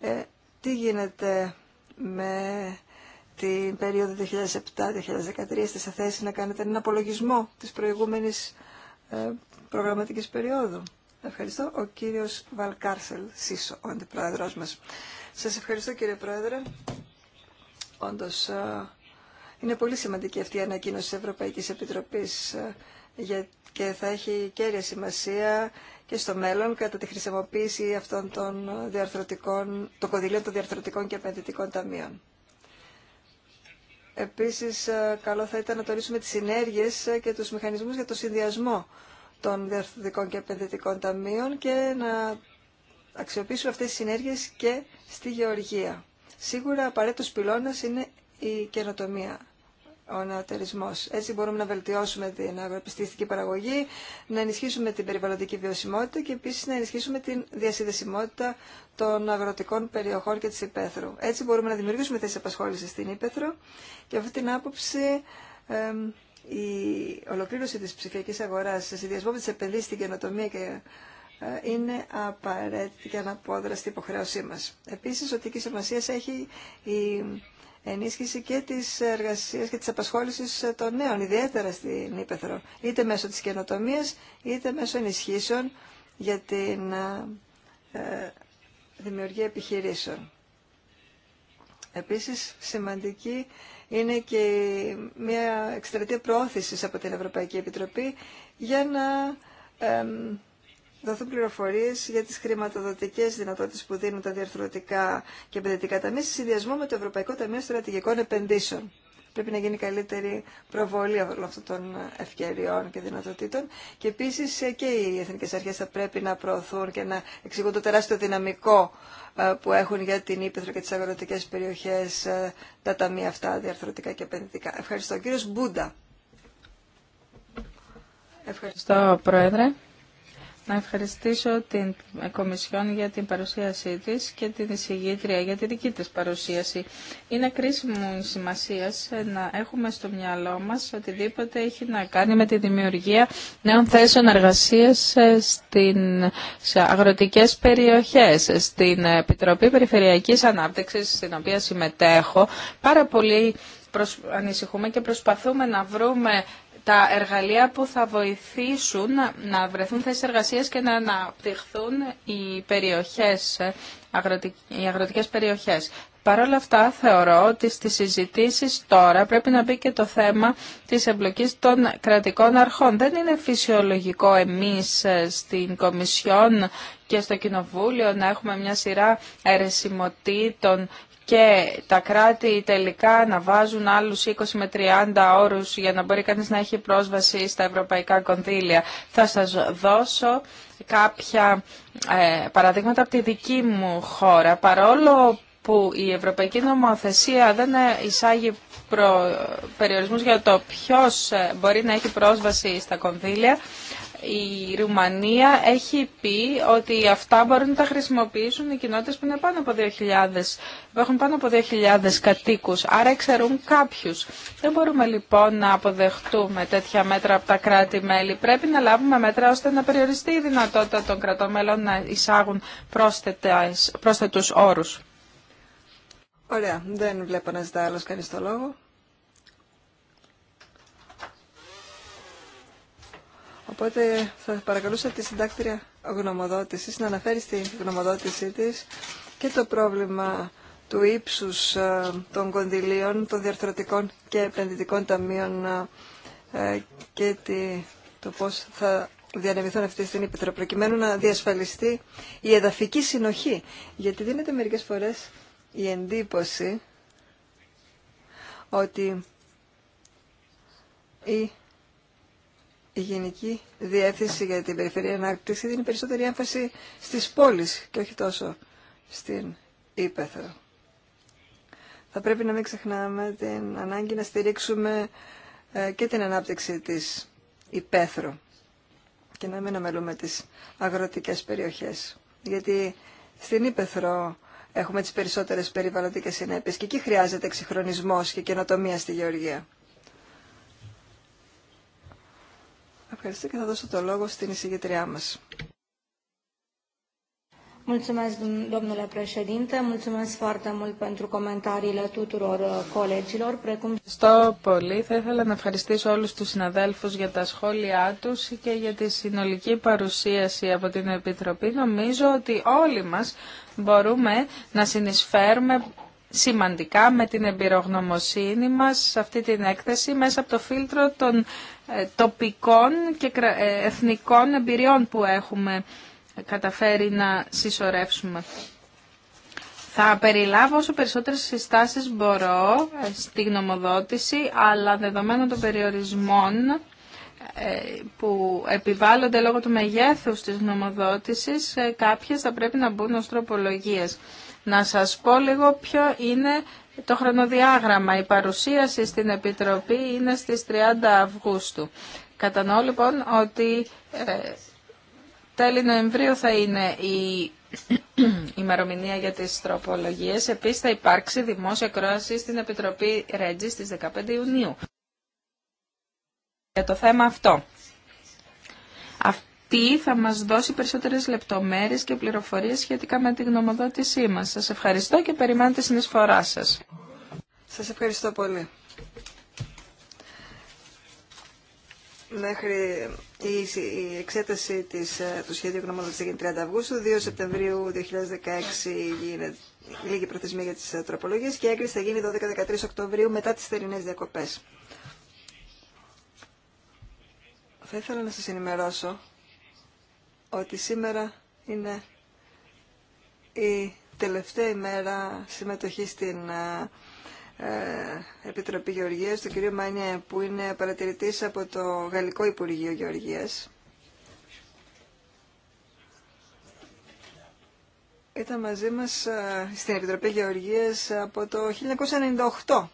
Ε, τι γίνεται με την περίοδο 2007-2013 είστε σε θέση να κάνετε έναν απολογισμό της προηγούμενης ε, προγραμματικής περίοδου. Ευχαριστώ. Ο κύριος Βαλκάρσελ Σίσο, ο αντιπρόεδρος μας. Σας ευχαριστώ κύριε Πρόεδρε. Όντως ε, είναι πολύ σημαντική αυτή η ανακοίνωση της Ευρωπαϊκής Επιτροπής ε, και θα έχει κέρια σημασία και στο μέλλον κατά τη χρησιμοποίηση αυτών των, διαρθρωτικών, των κονδυλίων των διαρθρωτικών και επενδυτικών ταμείων. Επίσης, ε, καλό θα ήταν να τονίσουμε τις συνέργειες ε, και τους μηχανισμούς για το συνδυασμό των διαρθρωτικών και επενδυτικών ταμείων και να αξιοποιήσουμε αυτές τις συνέργειες και στη γεωργία. Σίγουρα απαραίτητος πυλώνας είναι η καινοτομία, ο νεοτερισμός. Έτσι μπορούμε να βελτιώσουμε την αγροεπιστήστικη παραγωγή, να ενισχύσουμε την περιβαλλοντική βιωσιμότητα και επίση να ενισχύσουμε την διασυνδεσιμότητα των αγροτικών περιοχών και τη υπαίθρου. Έτσι μπορούμε να δημιουργήσουμε θέσεις απασχόλησης στην υπαίθρο και αυτή την άποψη η ολοκλήρωση της ψηφιακής αγοράς σε συνδυασμό με τις επενδύσεις στην καινοτομία και ε, είναι απαραίτητη και αναπόδραστη υποχρέωσή μας. Επίσης, ζωτική σημασία έχει η ενίσχυση και τη εργασία και τη απασχόλησης των νέων, ιδιαίτερα στην Ήπεθρο, είτε μέσω τη καινοτομία, είτε μέσω ενισχύσεων για την ε, ε, δημιουργία επιχειρήσεων. Επίσης, σημαντική είναι και μια εκστρατεία προώθησης από την Ευρωπαϊκή Επιτροπή για να δοθούν πληροφορίε για τι χρηματοδότικέ δυνατότητε που δίνουν τα διαρθρωτικά και επενδυτικά ταμεία σε συνδυασμό με το Ευρωπαϊκό Ταμείο Στρατηγικών Επενδύσεων. Πρέπει να γίνει καλύτερη προβολή όλων αυτών των ευκαιριών και δυνατοτήτων. Και επίση ε, και οι εθνικέ αρχέ θα πρέπει να προωθούν και να εξηγούν το τεράστιο δυναμικό ε, που έχουν για την Ήπεθρο και τι αγροτικέ περιοχέ ε, τα ταμεία αυτά διαρθρωτικά και επενδυτικά. Ευχαριστώ. Κύριο Μπούντα. Ευχαριστώ, Πρόεδρε. Να ευχαριστήσω την Κομισιόν για την παρουσίασή της και την εισηγήτρια για τη δική της παρουσίαση. Είναι κρίσιμο σημασία ε, να έχουμε στο μυαλό μας οτιδήποτε έχει να κάνει με τη δημιουργία νέων θέσεων εργασίας ε, στην, σε αγροτικές περιοχές. Ε, στην Επιτροπή Περιφερειακής Ανάπτυξης, στην οποία συμμετέχω, πάρα πολύ Ανησυχούμε και προσπαθούμε να βρούμε τα εργαλεία που θα βοηθήσουν να βρεθούν θέσεις εργασίας και να αναπτυχθούν οι, περιοχές, οι αγροτικές περιοχές. Παρ' όλα αυτά θεωρώ ότι στις συζητήσεις τώρα πρέπει να μπει και το θέμα της εμπλοκής των κρατικών αρχών. Δεν είναι φυσιολογικό εμείς ε, στην Κομισιόν και στο Κοινοβούλιο να έχουμε μια σειρά αιρεσιμοτήτων και τα κράτη τελικά να βάζουν άλλους 20 με 30 όρους για να μπορεί κανείς να έχει πρόσβαση στα ευρωπαϊκά κονδύλια. Θα σας δώσω κάποια ε, παραδείγματα από τη δική μου χώρα. Παρόλο που η Ευρωπαϊκή Νομοθεσία δεν ε, εισάγει προ... περιορισμούς για το ποιος ε, μπορεί να έχει πρόσβαση στα κονδύλια, η Ρουμανία έχει πει ότι αυτά μπορούν να τα χρησιμοποιήσουν οι κοινότητε που, που έχουν πάνω από 2.000 κατοίκους, άρα εξαιρούν κάποιους. Δεν μπορούμε λοιπόν να αποδεχτούμε τέτοια μέτρα από τα κράτη-μέλη. Πρέπει να λάβουμε μέτρα ώστε να περιοριστεί η δυνατότητα των κρατών μέλων να εισάγουν πρόσθετους όρους. Ωραία, δεν βλέπω να ζητάει άλλος κανείς το λόγο. Οπότε θα παρακαλούσα τη συντάκτρια γνωμοδότησης να αναφέρει στη γνωμοδότησή της και το πρόβλημα του ύψου ε, των κονδυλίων, των διαρθρωτικών και επενδυτικών ταμείων ε, ε, και το πώς θα διανεμηθούν αυτή στην στιγμή προκειμένου να διασφαλιστεί η εδαφική συνοχή. Γιατί δίνεται μερικέ φορές η εντύπωση ότι η η Γενική Διεύθυνση για την Περιφερειακή Ανάπτυξη δίνει περισσότερη έμφαση στις πόλεις και όχι τόσο στην Ήπεθρο. Θα πρέπει να μην ξεχνάμε την ανάγκη να στηρίξουμε ε, και την ανάπτυξη της Ήπεθρο και να μην αμελούμε τις αγροτικές περιοχές. Γιατί στην Ήπεθρο έχουμε τις περισσότερες περιβαλλοντικές συνέπειες και εκεί χρειάζεται εξυγχρονισμός και καινοτομία στη γεωργία. Ευχαριστώ και θα δώσω το λόγο στην εισηγητριά μας. Mulțumesc, domnule președinte, mulțumesc foarte mult pentru comentariile tuturor uh, colegilor, precum... Στο πολύ θα ήθελα να ευχαριστήσω όλους τους συναδέλφους για τα σχόλιά τους και για τη συνολική παρουσίαση από την Επιτροπή. Νομίζω ότι όλοι μας μπορούμε να συνεισφέρουμε σημαντικά με την εμπειρογνωμοσύνη μας σε αυτή την έκθεση μέσα από το φίλτρο των ε, τοπικών και ε, εθνικών εμπειριών που έχουμε καταφέρει να συσσωρεύσουμε. Θα περιλάβω όσο περισσότερες συστάσεις μπορώ ε, στη γνωμοδότηση, αλλά δεδομένων των περιορισμών που επιβάλλονται λόγω του μεγέθους της γνωμοδότησης, κάποιες θα πρέπει να μπουν ως τροπολογίες. Να σας πω λίγο ποιο είναι το χρονοδιάγραμμα. Η παρουσίαση στην Επιτροπή είναι στις 30 Αυγούστου. Κατανοώ λοιπόν ότι ε, τέλη Νοεμβρίου θα είναι η (clears throat) ημερομηνία για τις τροπολογίες. Επίσης θα υπάρξει δημόσια κρόαση στην Επιτροπή Ρέτζη στις 15 Ιουνίου. Για το θέμα αυτό τι θα μας δώσει περισσότερες λεπτομέρειες και πληροφορίες σχετικά με τη γνωμοδότησή μας. Σας ευχαριστώ και περιμένω τη συνεισφορά σας. Σας ευχαριστώ πολύ. Μέχρι η εξέταση της, ε, του σχέδιου γνωμοδότησης έγινε 30 Αυγούστου, 2 Σεπτεμβρίου 2016 γίνεται λίγη προθεσμία για τις ε, τροπολογίες και η έγκριση θα γίνει 12-13 Οκτωβρίου μετά τις θερινές διακοπές. Θα ήθελα να σας ενημερώσω ότι σήμερα είναι η τελευταία ημέρα συμμετοχή στην ε, ε, Επιτροπή Γεωργίας του κ. Μάνια που είναι παρατηρητής από το Γαλλικό Υπουργείο Γεωργίας. Ήταν μαζί μας ε, στην Επιτροπή Γεωργίας από το 1998.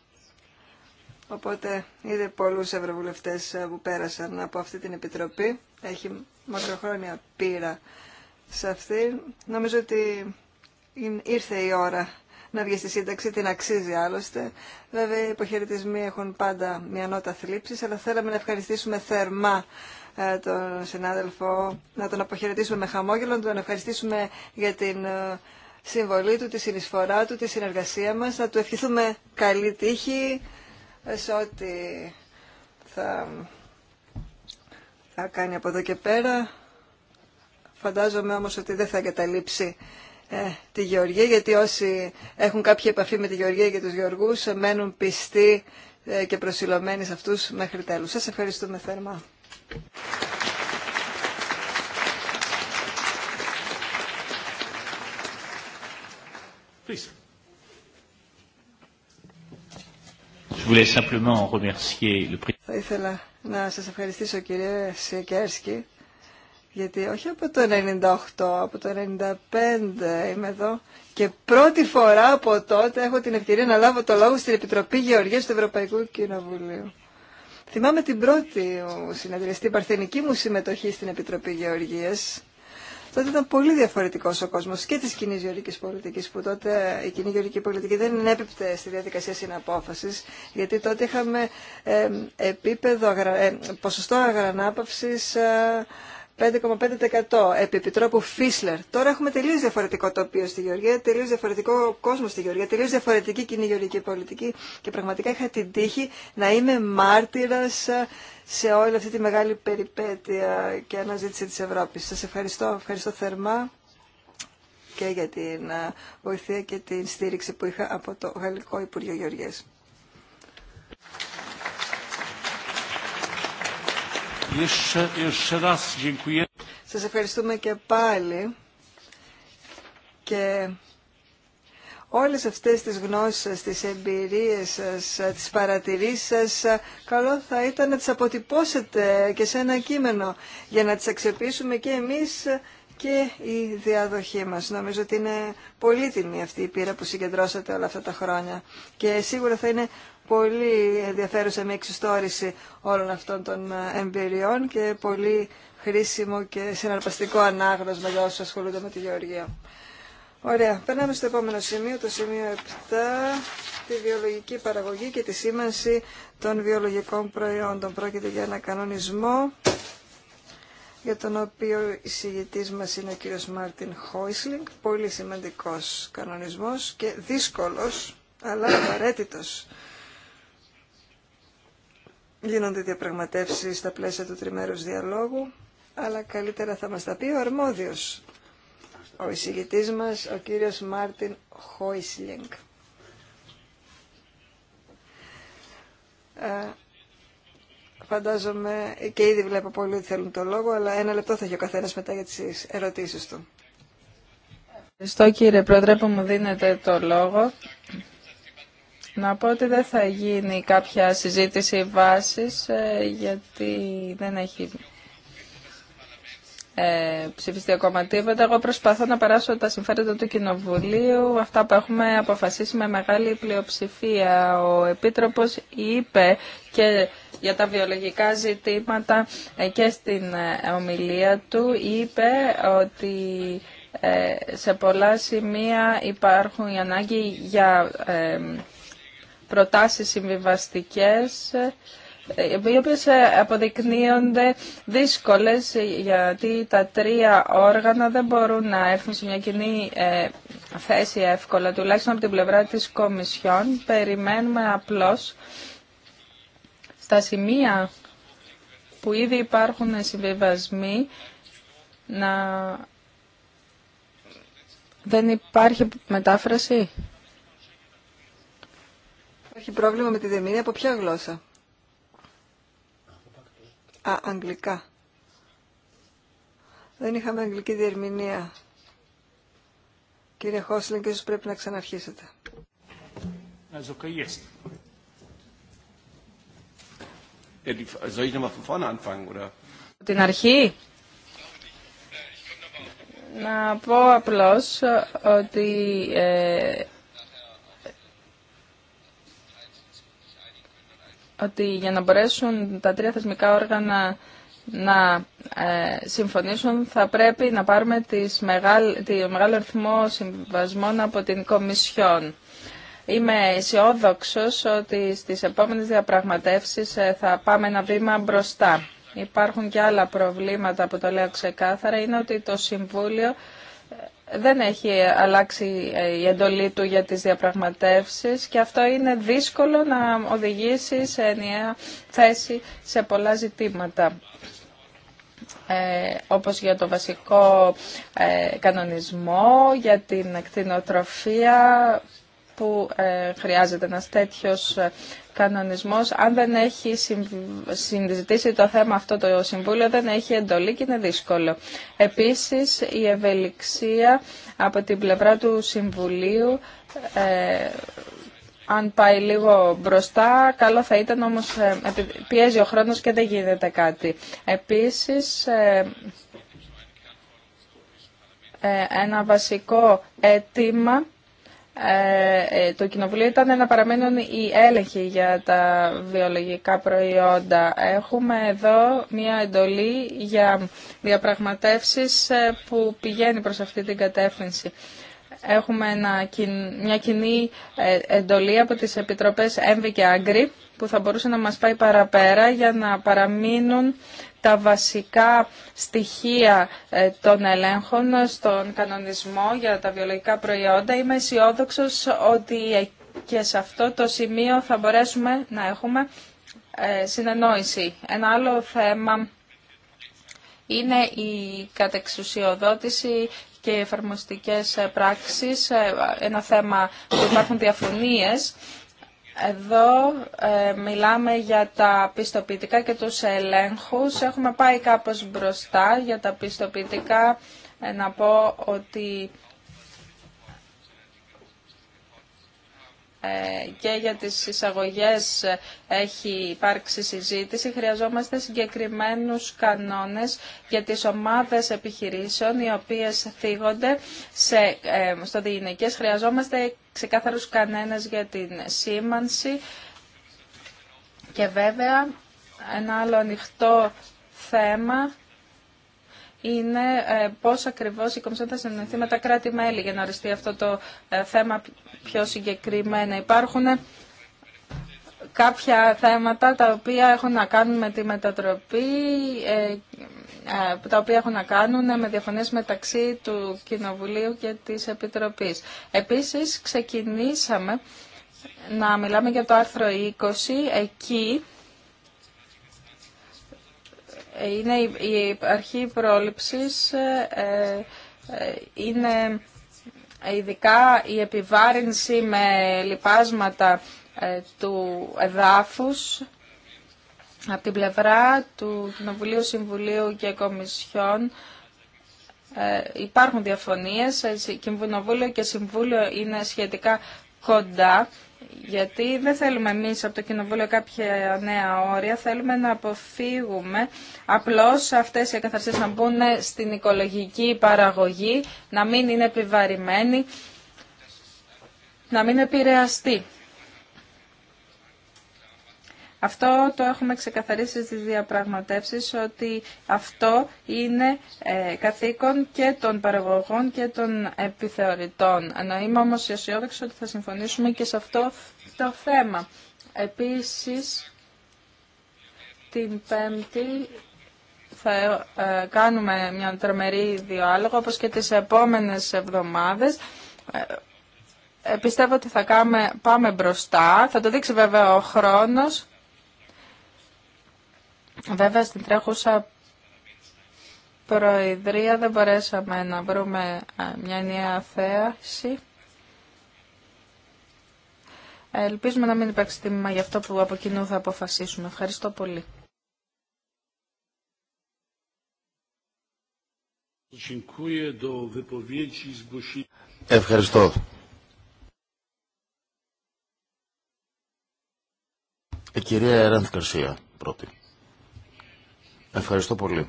Οπότε είδε πολλούς ευρωβουλευτές που πέρασαν από αυτή την Επιτροπή. Έχει μακροχρόνια πείρα σε αυτή. Νομίζω ότι ήρθε η ώρα να βγει στη σύνταξη, την αξίζει άλλωστε. Βέβαια οι υποχαιρετισμοί έχουν πάντα μια νότα θλίψης, αλλά θέλαμε να ευχαριστήσουμε θερμά ε, τον συνάδελφο, να τον αποχαιρετήσουμε με χαμόγελο, να τον ευχαριστήσουμε για την ε, συμβολή του, τη συνεισφορά του, τη συνεργασία μας, να του ευχηθούμε καλή τύχη ε, σε ό,τι θα θα κάνει από εδώ και πέρα. Φαντάζομαι όμως ότι δεν θα εγκαταλείψει ε, τη Γεωργία, γιατί όσοι έχουν κάποια επαφή με τη Γεωργία και τους Γεωργούς ε, μένουν πιστοί ε, και προσιλωμένοι σε αυτούς μέχρι τέλους. Σας ευχαριστούμε θερμά. Θα ήθελα να σας ευχαριστήσω κύριε Σιεκέρσκι, γιατί όχι από το 98, από το 95 είμαι εδώ και πρώτη φορά από τότε έχω την ευκαιρία να λάβω το λόγο στην Επιτροπή Γεωργίας του Ευρωπαϊκού Κοινοβουλίου. Θυμάμαι την πρώτη συνεδριαστή παρθενική μου συμμετοχή στην Επιτροπή Γεωργίας τότε ήταν πολύ διαφορετικό ο κόσμο και τη κοινή γεωρική πολιτική, που τότε η κοινή γεωρική πολιτική δεν ενέπιπτε στη διαδικασία συναπόφαση, γιατί τότε είχαμε ε, ε, επίπεδο, ε, ποσοστό αγρανάπαυση 5,5% επί επιτρόπου Φίσλερ. Τώρα έχουμε τελείω διαφορετικό τοπίο στη Γεωργία, τελείω διαφορετικό κόσμο στη Γεωργία, τελείω διαφορετική κοινή γεωργική πολιτική και πραγματικά είχα την τύχη να είμαι μάρτυρα ε, σε όλη αυτή τη μεγάλη περιπέτεια και αναζήτηση τη Ευρώπη. Σα ευχαριστώ, ευχαριστώ θερμά και για την ε, βοηθεία και την στήριξη που είχα από το Γαλλικό Υπουργείο Γεωργίας. Σας ευχαριστούμε και πάλι και όλες αυτές τις γνώσεις σας, τις εμπειρίες σας, τις παρατηρήσεις σας, καλό θα ήταν να τις αποτυπώσετε και σε ένα κείμενο για να τις αξιοποιήσουμε και εμείς και η διαδοχή μας. Νομίζω ότι είναι πολύτιμη αυτή η πείρα που συγκεντρώσατε όλα αυτά τα χρόνια και σίγουρα θα είναι πολύ ενδιαφέρουσα μια εξιστόρηση όλων αυτών των ε, εμπειριών και πολύ χρήσιμο και συναρπαστικό ανάγνωσμα για όσους ασχολούνται με τη γεωργία. Ωραία. Περνάμε στο επόμενο σημείο, το σημείο 7, τη βιολογική παραγωγή και τη σήμανση των βιολογικών προϊόντων. Πρόκειται για ένα κανονισμό για τον οποίο η συγητής μας είναι ο κύριος Μάρτιν Χόισλινγκ, πολύ σημαντικός κανονισμός και δύσκολος, αλλά απαραίτητο. Γίνονται διαπραγματεύσεις στα πλαίσια του τριμέρους διαλόγου, αλλά καλύτερα θα μας τα πει ο αρμόδιος, ο εισηγητής μας, ο κύριος Μάρτιν Χόισλινγκ. Ε, Φαντάζομαι και ήδη βλέπω πολλοί ότι θέλουν το λόγο, αλλά ένα λεπτό θα έχει ο καθένα μετά για τι ερωτήσει του. Ευχαριστώ κύριε Πρόεδρε που μου δίνετε το λόγο. Να πω ότι δεν θα γίνει κάποια συζήτηση βάσης ε, γιατί δεν έχει ε, ψηφιστεί ακόμα Εγώ προσπαθώ να περάσω τα συμφέροντα του Κοινοβουλίου, αυτά που έχουμε αποφασίσει με μεγάλη πλειοψηφία. Ο Επίτροπος είπε και για τα βιολογικά ζητήματα ε, και στην ε, ομιλία του, είπε ότι ε, σε πολλά σημεία υπάρχουν οι ανάγκη για προτάσεις συμβιβαστικές οι οποίες ε, αποδεικνύονται δύσκολες γιατί τα τρία όργανα δεν μπορούν να έρθουν σε μια κοινή ε, θέση εύκολα, τουλάχιστον από την πλευρά της Κομισιόν. Περιμένουμε απλώς στα σημεία που ήδη υπάρχουν συμβιβασμοί να... Δεν υπάρχει μετάφραση. Υπάρχει πρόβλημα με τη δεμήνη από ποια γλώσσα. Α, αγγλικά. Δεν είχαμε αγγλική διερμηνία. Κύριε Χόσλινγκ, ίσως πρέπει να ξαναρχίσετε. Την αρχή. Να πω απλώς ότι ε, ότι για να μπορέσουν τα τρία θεσμικά όργανα να ε, συμφωνήσουν θα πρέπει να πάρουμε τις μεγάλ, τη μεγάλο αριθμό συμβασμών από την Κομισιόν. Είμαι αισιόδοξο ότι στις επόμενες διαπραγματεύσεις ε, θα πάμε ένα βήμα μπροστά. Υπάρχουν και άλλα προβλήματα που το λέω ξεκάθαρα, είναι ότι το Συμβούλιο δεν έχει αλλάξει ε, η εντολή του για τις διαπραγματεύσεις και αυτό είναι δύσκολο να οδηγήσει σε ενιαία θέση σε πολλά ζητήματα. Ε, όπως για το βασικό ε, κανονισμό, για την ακτινοτροφία που ε, χρειάζεται ένας τέτοιος ε, κανονισμός. Αν δεν έχει συζητήσει το θέμα αυτό το Συμβούλιο, δεν έχει εντολή και είναι δύσκολο. Επίσης, η ευελιξία από την πλευρά του Συμβουλίου, ε, αν πάει λίγο μπροστά, καλό θα ήταν, όμως πιέζει ο χρόνος και δεν γίνεται κάτι. Επίσης... ένα βασικό αίτημα ε, ε, το Κοινοβουλίο ήταν να παραμένουν οι έλεγχοι για τα βιολογικά προϊόντα. Έχουμε εδώ μια εντολή για διαπραγματεύσεις ε, που πηγαίνει προς αυτή την κατεύθυνση. Έχουμε μια κοινή εντολή από τις Επιτροπές ΕΜΒΙ και ΑΓΡΙ που θα μπορούσε να μας πάει παραπέρα για να παραμείνουν τα βασικά στοιχεία ε, των ελέγχων ε, στον κανονισμό για τα βιολογικά προϊόντα. Είμαι αισιόδοξο ότι και σε αυτό το σημείο θα μπορέσουμε να έχουμε ε, συνεννόηση. Ένα άλλο θέμα είναι η κατεξουσιοδότηση και οι εφαρμοστικές πράξεις, ένα θέμα που υπάρχουν διαφωνίες εδώ ε, μιλάμε για τα πιστοποιητικά και τους ελέγχους. Έχουμε πάει κάπως μπροστά για τα πιστοποιητικά. Ε, να πω ότι ε, και για τις εισαγωγές έχει υπάρξει συζήτηση. Χρειαζόμαστε συγκεκριμένους κανόνες για τις ομάδες επιχειρήσεων οι οποίες θίγονται σε, ε, στο διηνικές. Χρειαζόμαστε ξεκάθαρος κανένας για την σήμανση και βέβαια ένα άλλο ανοιχτό θέμα είναι ε, πώς ακριβώς η Κομισόν θα συνεννοηθεί με τα κράτη-μέλη για να οριστεί αυτό το ε, θέμα πιο συγκεκριμένα. Υπάρχουν ε, κάποια θέματα τα οποία έχουν να κάνουν με τη μετατροπή τα οποία έχουν να κάνουν με διαφωνίες μεταξύ του Κοινοβουλίου και της Επιτροπής. Επίσης, ξεκινήσαμε να μιλάμε για το άρθρο 20. Εκεί είναι η αρχή πρόληψης, ε, ε, είναι ειδικά η επιβάρυνση με λιπάσματα ε, του εδάφους από την πλευρά του Κοινοβουλίου Συμβουλίου και Κομισιόν ε, υπάρχουν διαφωνίες. Ε, Κοινοβούλιο και Συμβούλιο είναι σχετικά κοντά γιατί δεν θέλουμε εμείς από το Κοινοβούλιο κάποια νέα όρια, θέλουμε να αποφύγουμε απλώς αυτές οι εγκαθαρσίες να μπουν στην οικολογική παραγωγή, να μην είναι επιβαρημένοι, να μην επηρεαστεί. Αυτό το έχουμε ξεκαθαρίσει στις διαπραγματεύσεις ότι αυτό είναι ε, καθήκον και των παραγωγών και των επιθεωρητών. Να είμαι όμως αισιόδοξη ότι θα συμφωνήσουμε και σε αυτό το θέμα. Επίσης, την Πέμπτη θα ε, κάνουμε μια τρομερή διάλογο, όπως και τις επόμενες εβδομάδες. Ε, πιστεύω ότι θα πάμε μπροστά. Θα το δείξει βέβαια ο χρόνος. Βέβαια στην τρέχουσα προεδρία δεν μπορέσαμε να βρούμε ε, μια νέα θέαση. Ελπίζουμε να μην υπάρξει τίμημα για αυτό που από κοινού θα αποφασίσουμε. Ευχαριστώ πολύ. Ευχαριστώ. Η ε, κυρία Εραντ Καρσία πρώτη. Ευχαριστώ πολύ.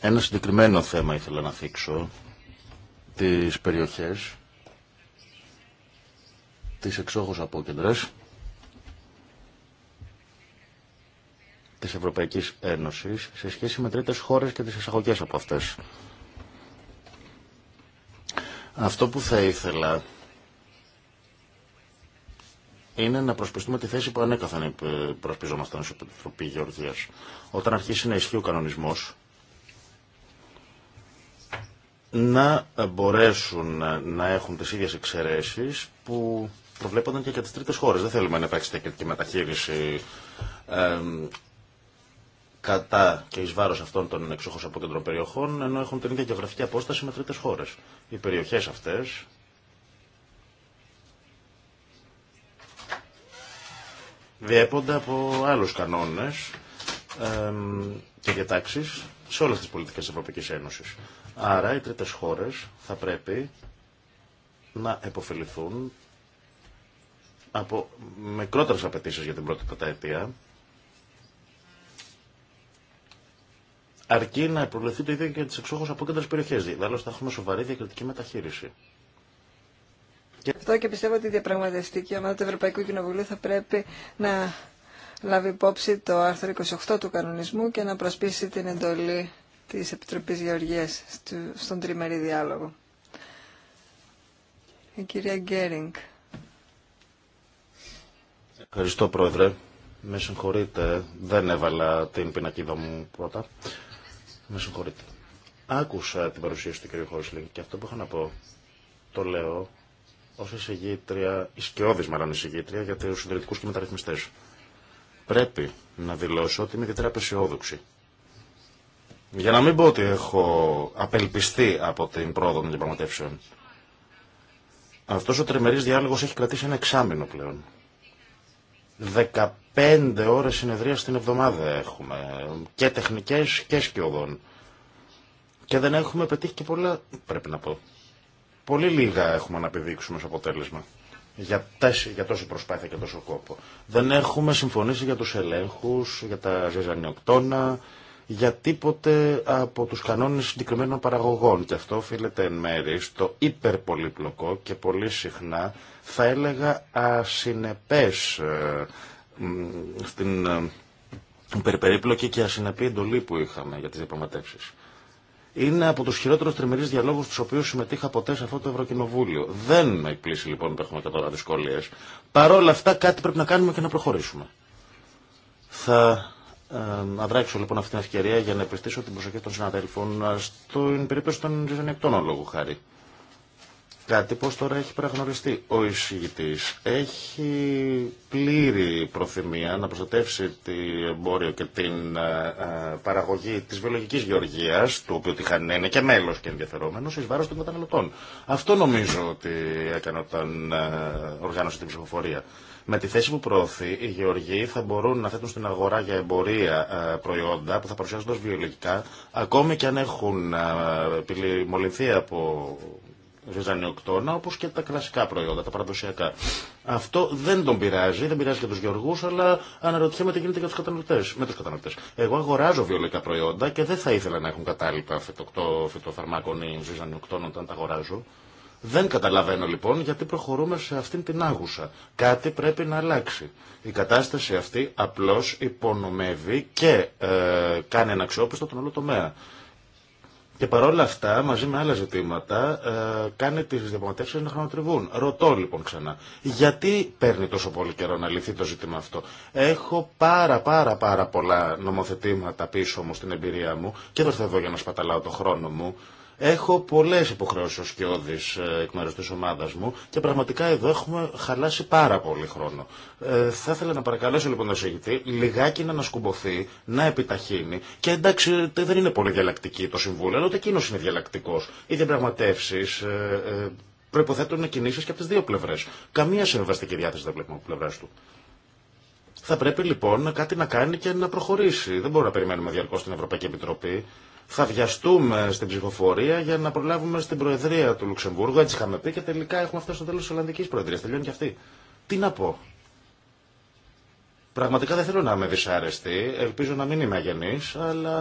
Ένα συγκεκριμένο θέμα ήθελα να θίξω. Τις περιοχές, τις εξόχους απόκεντρες, της Ευρωπαϊκής Ένωσης σε σχέση με τρίτες χώρες και τις εισαγωγές από αυτές. Αυτό που θα ήθελα είναι να προσπιστούμε τη θέση που οι ε, προσπιζόμασταν στην Επιτροπή Γεωργίας. Όταν αρχίσει να ισχύει ο κανονισμός, να μπορέσουν να έχουν τις ίδιες εξαιρέσεις που προβλέπονταν και για τις τρίτες χώρες. Δεν θέλουμε να υπάρξει τέτοια μεταχείριση κατά και ει βάρο αυτών των εξόχως από περιοχών, ενώ έχουν την ίδια γεωγραφική απόσταση με τρίτες χώρε. Οι περιοχέ αυτέ. διέπονται από άλλους κανόνες και διατάξεις σε όλες τις πολιτικές της Ευρωπαϊκής Ένωσης. Άρα οι τρίτες χώρες θα πρέπει να επωφεληθούν από μικρότερες απαιτήσει για την πρώτη πενταετία, αρκεί να προβλεφθεί το ίδιο και για τις από απόκεντρες περιοχές. Δηλαδή θα έχουμε σοβαρή διακριτική μεταχείριση. Αυτό και πιστεύω ότι η διαπραγματευτική ομάδα του Ευρωπαϊκού Κοινοβουλίου θα πρέπει να λάβει υπόψη το άρθρο 28 του κανονισμού και να προσπίσει την εντολή της Επιτροπής Γεωργίας στον τριμερή διάλογο. Η κυρία Γκέρινγκ. Ευχαριστώ Πρόεδρε. Με συγχωρείτε, δεν έβαλα την πινακίδα μου πρώτα. Με συγχωρείτε. Άκουσα την παρουσίαση του κ. Χόισλινγκ και αυτό που είχα να πω το λέω ως εισηγήτρια, ισκαιώδης μάλλον εισηγήτρια, για του συντηρητικού και μεταρρυθμιστέ. Πρέπει να δηλώσω ότι είμαι ιδιαίτερα απεσιόδοξη. Για να μην πω ότι έχω απελπιστεί από την πρόοδο των διαπραγματεύσεων. Αυτό ο τριμερή διάλογο έχει κρατήσει ένα εξάμεινο πλέον. 15 ώρε συνεδρία την εβδομάδα έχουμε. Και τεχνικέ και σκιωδών. Και δεν έχουμε πετύχει και πολλά, πρέπει να πω. Πολύ λίγα έχουμε να επιδείξουμε σε αποτέλεσμα για, τέση, για τόση προσπάθεια και τόσο κόπο. Δεν έχουμε συμφωνήσει για τους ελέγχους, για τα ζεζανιοκτώνα, για τίποτε από τους κανόνες συγκεκριμένων παραγωγών. Και αυτό οφείλεται εν μέρη στο υπερπολύπλοκο και πολύ συχνά θα έλεγα ασυνεπές ε, στην υπερπερίπλοκη και ασυνεπή εντολή που είχαμε για τις διαπραγματεύσεις. Είναι από του χειρότερου τριμερεί διαλόγου του οποίου συμμετείχα ποτέ σε αυτό το Ευρωκοινοβούλιο. Δεν με εκπλήσει λοιπόν που έχουμε και τώρα δυσκολίε. Παρ' όλα αυτά κάτι πρέπει να κάνουμε και να προχωρήσουμε. Θα ε, αδράξω λοιπόν αυτή την ευκαιρία για να επιστήσω την προσοχή των συναδέλφων ε, στην περίπτωση των ζωνιακτών λόγου χάρη. Κάτι πως τώρα έχει παραγνωριστεί. Ο εισηγητής έχει πλήρη προθυμία να προστατεύσει το εμπόριο και την ε, ε, παραγωγή της βιολογικής γεωργίας, του οποίου τυχαν είναι και μέλος και ενδιαφερόμενος, εις βάρος των καταναλωτών. Αυτό νομίζω ότι έκανε όταν ε, οργάνωσε την ψηφοφορία. Με τη θέση που προωθεί, οι γεωργοί θα μπορούν να θέτουν στην αγορά για εμπορία προϊόντα που θα παρουσιάζονται ως βιολογικά, ακόμη και αν έχουν μολυνθεί από ζυζανιοκτώνα, όπω και τα κλασικά προϊόντα, τα παραδοσιακά. Αυτό δεν τον πειράζει, δεν πειράζει για του γεωργού, αλλά αναρωτιέμαι τι γίνεται για του Με του καταναλωτέ. Εγώ αγοράζω βιολογικά προϊόντα και δεν θα ήθελα να έχουν κατάλοιπα φυτοφαρμάκων ή ζυζανιοκτώνων όταν τα κατάλληλα λοιπόν, αυτήν την άγουσα. Κάτι πρέπει να αλλάξει. Η ζυζανιοκτωνα οταν τα αγοραζω δεν καταλαβαινω αυτή απλώς υπονομεύει και ε, κάνει αξιόπιστο τον όλο τομέα. Και παρόλα αυτά, μαζί με άλλα ζητήματα, ε, κάνει τι διαπραγματεύσει να χρονοτριβούν. Ρωτώ λοιπόν ξανά, γιατί παίρνει τόσο πολύ καιρό να λυθεί το ζήτημα αυτό. Έχω πάρα πάρα πάρα πολλά νομοθετήματα πίσω μου στην εμπειρία μου και δεν θα εδώ για να σπαταλάω το χρόνο μου. Έχω πολλέ υποχρεώσει ω κοιόδη ε, εκ μέρου τη ομάδα μου και πραγματικά εδώ έχουμε χαλάσει πάρα πολύ χρόνο. Ε, θα ήθελα να παρακαλέσω λοιπόν τον συγητή λιγάκι να ανασκουμποθεί, να επιταχύνει και εντάξει δεν είναι πολύ διαλλακτική το Συμβούλιο, αλλά ούτε εκείνο είναι διαλλακτικό. Οι διαπραγματεύσει ε, ε, προποθέτουν κινήσει και από τι δύο πλευρέ. Καμία συμβαστική διάθεση δεν βλέπουμε από πλευρά του. Θα πρέπει λοιπόν κάτι να κάνει και να προχωρήσει. Δεν μπορούμε να περιμένουμε διαρκώ την Ευρωπαϊκή Επιτροπή θα βιαστούμε στην ψηφοφορία για να προλάβουμε στην Προεδρία του Λουξεμβούργου. Έτσι είχαμε πει και τελικά έχουμε φτάσει στο τέλο τη Ολλανδική Προεδρία. Τελειώνει και αυτή. Τι να πω. Πραγματικά δεν θέλω να είμαι δυσάρεστη. Ελπίζω να μην είμαι αγενή, αλλά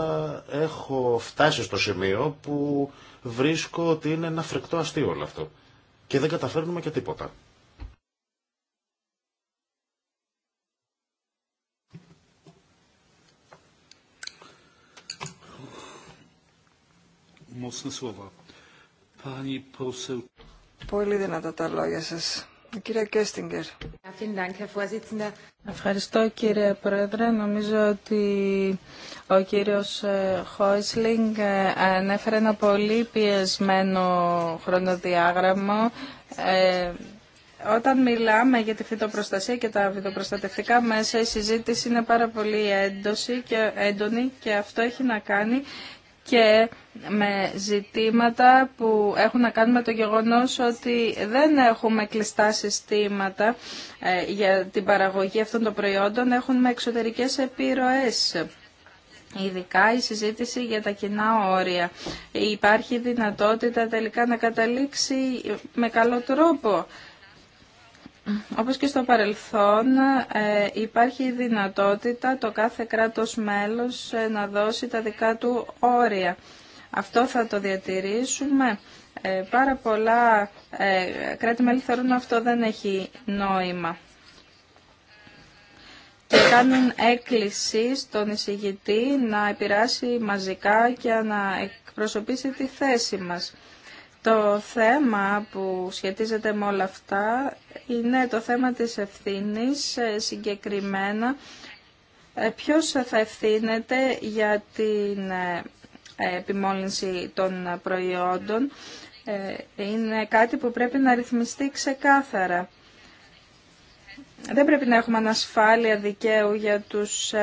έχω φτάσει στο σημείο που βρίσκω ότι είναι ένα φρικτό αστείο όλο αυτό. Και δεν καταφέρνουμε και τίποτα. Πολύ δυνατά τα λόγια σα. Κύριε Κέστιγκερ. Ευχαριστώ κύριε Πρόεδρε. Νομίζω ότι ο κύριος ε, Χόισλινγκ ε, ανέφερε ένα πολύ πιεσμένο χρονοδιάγραμμα. Ε, όταν μιλάμε για τη φυτοπροστασία και τα φυτοπροστατευτικά μέσα, η συζήτηση είναι πάρα πολύ και έντονη και αυτό έχει να κάνει και με ζητήματα που έχουν να κάνουν με το γεγονός ότι δεν έχουμε κλειστά συστήματα ε, για την παραγωγή αυτών των προϊόντων, έχουν με εξωτερικές επιρροές. Ειδικά η συζήτηση για τα κοινά όρια. Υπάρχει δυνατότητα τελικά να καταλήξει με καλό τρόπο όπως και στο παρελθόν ε, υπάρχει η δυνατότητα το κάθε κράτος μέλος ε, να δώσει τα δικά του όρια. Αυτό θα το διατηρήσουμε. Ε, πάρα πολλά κράτη-μέλη θεωρούν αυτό δεν έχει νόημα. Και κάνουν έκκληση στον εισηγητή να επηράσει μαζικά και να εκπροσωπήσει τη θέση μας. Το θέμα που σχετίζεται με όλα αυτά είναι το θέμα της ευθύνης ε, συγκεκριμένα. Ε, ποιος θα ευθύνεται για την ε, επιμόλυνση των προϊόντων είναι κάτι που πρέπει να ρυθμιστεί ξεκάθαρα. Δεν πρέπει να έχουμε ανασφάλεια δικαίου για τους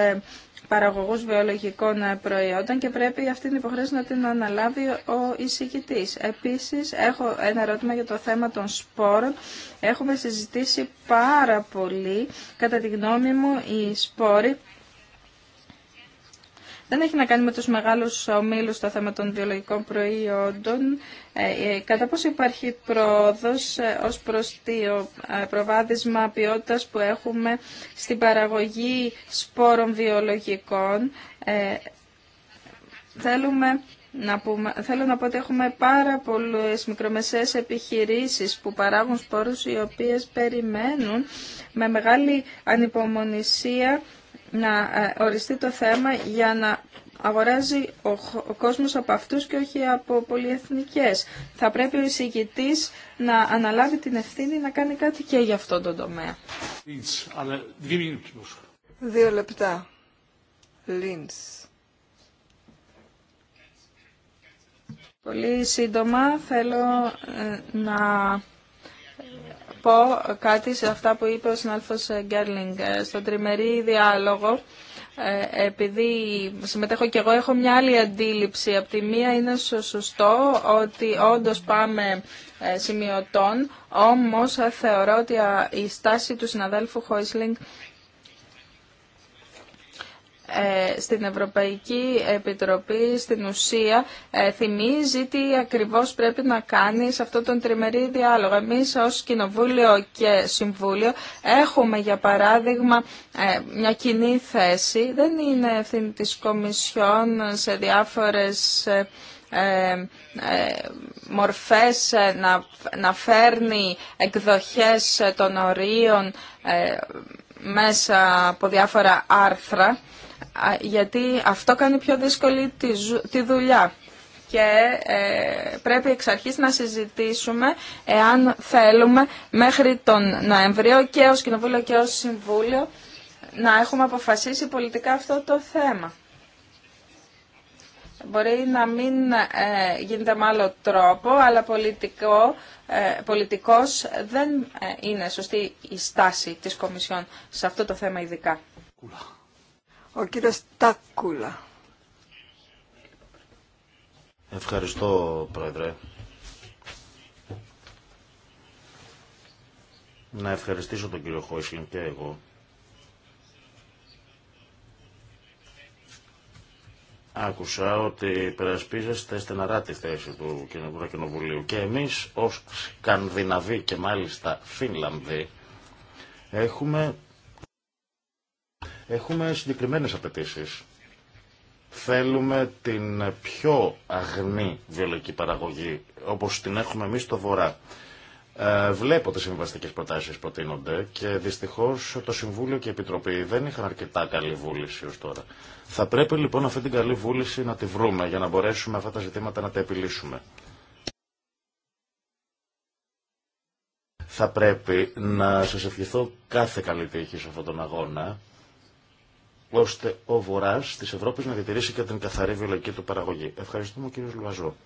παραγωγού βιολογικών ε, προϊόντων και πρέπει αυτή την υποχρέωση να την αναλάβει ο εισηγητή. Επίσης, έχω ένα ερώτημα για το θέμα των σπόρων. Έχουμε συζητήσει πάρα πολύ, κατά τη γνώμη μου, οι σπόροι δεν έχει να κάνει με τους μεγάλους ομίλους στο θέμα των βιολογικών προϊόντων. Ε, ε, κατά πόσο υπάρχει πρόοδος ε, ως προς το προβάδισμα ποιότητας που έχουμε στην παραγωγή σπόρων βιολογικών. Θέλουμε να πούμε, θέλω να πω ότι έχουμε πάρα πολλές μικρομεσαίες επιχειρήσεις που παράγουν σπόρους οι οποίες περιμένουν με μεγάλη ανυπομονησία να ε, οριστεί το θέμα για να αγοράζει ο, κόσμος από αυτούς και όχι από πολυεθνικές. Θα πρέπει ο εισηγητής να αναλάβει την ευθύνη να κάνει κάτι και για αυτόν τον τομέα. Δύο λεπτά. Λίντς. Πολύ σύντομα θέλω ε, να πω κάτι σε αυτά που είπε ο συνάδελφος Γκέρλινγκ ε, στο τριμερή διάλογο. Ε, επειδή συμμετέχω και εγώ, έχω μια άλλη αντίληψη. Από τη μία είναι σωστό ότι όντως πάμε ε, σημειωτών, όμως θεωρώ ότι η στάση του συναδέλφου Χόισλινγκ ε, στην Ευρωπαϊκή Επιτροπή στην ουσία ε, θυμίζει τι ακριβώς πρέπει να κάνει σε αυτό τον τριμερή διάλογο. Εμείς ως Κοινοβούλιο και Συμβούλιο έχουμε για παράδειγμα ε, μια κοινή θέση. Δεν είναι ευθύνη της Κομισιόν σε διάφορες μορφές να φέρνει εκδοχές των ορίων μέσα από διάφορα άρθρα γιατί αυτό κάνει πιο δύσκολη τη δουλειά και ε, πρέπει εξ αρχής να συζητήσουμε εάν θέλουμε μέχρι τον Νοέμβριο και ως Κοινοβούλιο και ως Συμβούλιο να έχουμε αποφασίσει πολιτικά αυτό το θέμα. Μπορεί να μην ε, γίνεται με άλλο τρόπο, αλλά πολιτικό, ε, πολιτικός δεν είναι σωστή η στάση της Κομισιόν σε αυτό το θέμα ειδικά. Ο κύριος Τάκουλα. Ευχαριστώ, Πρόεδρε. Να ευχαριστήσω τον κύριο Χόισλιν και εγώ. Άκουσα ότι υπερασπίζεστε στεναρά τη θέση του Κοινοβουλίου και εμείς ως Σκανδιναβοί και μάλιστα Φινλανδοί έχουμε Έχουμε συγκεκριμένες απαιτήσει. Θέλουμε την πιο αγνή βιολογική παραγωγή, όπως την έχουμε εμείς στο βορρά. Ε, βλέπω τι συμβαστικέ προτάσει προτείνονται και δυστυχώ το Συμβούλιο και η Επιτροπή δεν είχαν αρκετά καλή βούληση ω τώρα. Θα πρέπει λοιπόν αυτή την καλή βούληση να τη βρούμε για να μπορέσουμε αυτά τα ζητήματα να τα επιλύσουμε. Θα πρέπει να σα ευχηθώ κάθε καλή τύχη σε αυτόν τον αγώνα ώστε ο Βορρά της Ευρώπης να διατηρήσει και την καθαρή βιολογική του παραγωγή. Ευχαριστούμε κύριο Λουαζό.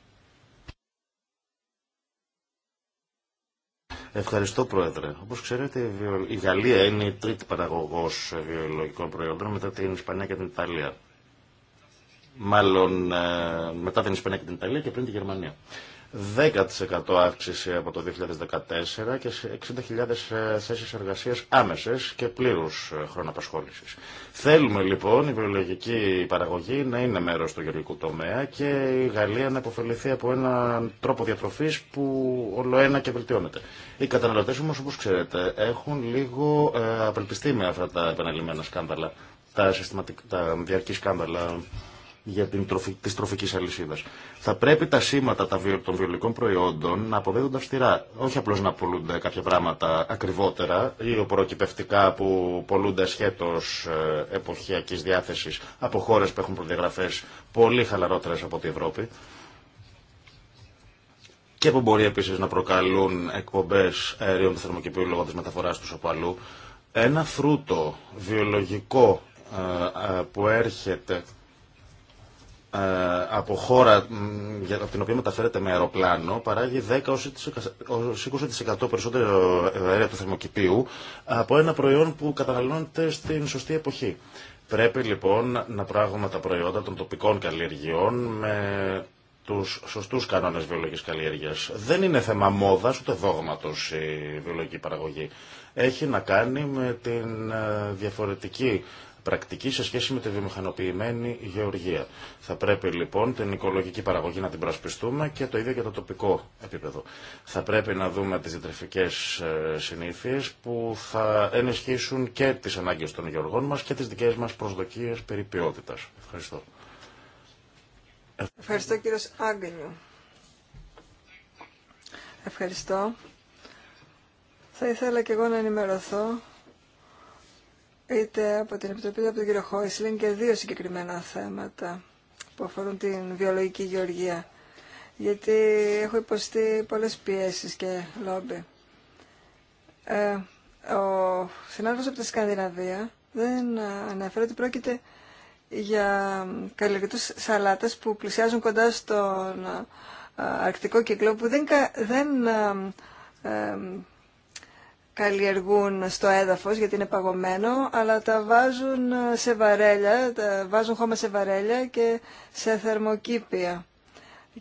Ευχαριστώ Πρόεδρε. Όπως ξέρετε η Γαλλία είναι η τρίτη παραγωγός βιολογικών προϊόντων μετά την Ισπανία και την Ιταλία. Μάλλον ε, μετά την Ισπανία και την Ιταλία και πριν τη Γερμανία. 10% αύξηση από το 2014 και 60.000 ε, θέσεις εργασίας άμεσες και πλήρους ε, χρόνο απασχόλησης. Θέλουμε λοιπόν η βιολογική παραγωγή να είναι μέρος του γεωργικού τομέα και η Γαλλία να αποφεληθεί από έναν τρόπο διατροφής που ολοένα και βελτιώνεται. Οι καταναλωτές όμως όπως ξέρετε έχουν λίγο ε, απελπιστεί με αυτά τα επαναλημμένα σκάνδαλα, τα, τα διαρκή σκάνδαλα για την τροφική της τροφικής αλυσίδας. Θα πρέπει τα σήματα των βιολογικών προϊόντων να αποδίδονται αυστηρά. Όχι απλώς να πουλούνται κάποια πράγματα ακριβότερα ή οποροκυπευτικά που πουλούνται ασχέτως ε, εποχιακής διάθεσης από χώρες που έχουν προδιαγραφές πολύ χαλαρότερες από την Ευρώπη και που μπορεί επίσης να προκαλούν εκπομπές αερίων του θερμοκηπίου λόγω της μεταφοράς του από αλλού. Ένα φρούτο βιολογικό ε, ε, που έρχεται ε, από χώρα από την οποία μεταφέρεται με αεροπλάνο παράγει 10 20% περισσότερο αέρα του θερμοκηπίου από ένα προϊόν που καταναλώνεται στην σωστή εποχή. Πρέπει λοιπόν να πράγουμε τα προϊόντα των τοπικών καλλιεργειών με τους σωστούς κανόνες βιολογικής καλλιέργειας. Δεν είναι θέμα μόδας ούτε δόγματος η βιολογική παραγωγή. Έχει να κάνει με την ε, διαφορετική πρακτική σε σχέση με τη βιομηχανοποιημένη γεωργία. Θα πρέπει λοιπόν την οικολογική παραγωγή να την προσπιστούμε και το ίδιο για το τοπικό επίπεδο. Θα πρέπει να δούμε τις διατρεφικές ε, συνήθειες που θα ενισχύσουν και τις ανάγκες των γεωργών μας και τις δικές μας προσδοκίες περί ποιότητας. Ευχαριστώ. Ευχαριστώ κύριος Άγγενιου. Ευχαριστώ. Θα ήθελα και εγώ να ενημερωθώ είτε από την Επιτροπή είτε από τον κύριο Χόισλιν και δύο συγκεκριμένα θέματα που αφορούν την βιολογική γεωργία. Γιατί έχω υποστεί πολλές πιέσεις και λόμπι. Ε, ο συνάδελφος από τη Σκανδιναβία δεν αναφέρεται. ότι πρόκειται για καλλιεργητούς σαλάτας που πλησιάζουν κοντά στον ε, αρκτικό κύκλο που δεν, δεν ε, ε, καλλιεργούν στο έδαφος γιατί είναι παγωμένο, αλλά τα βάζουν σε βαρέλια, τα βάζουν χώμα σε βαρέλια και σε θερμοκήπια.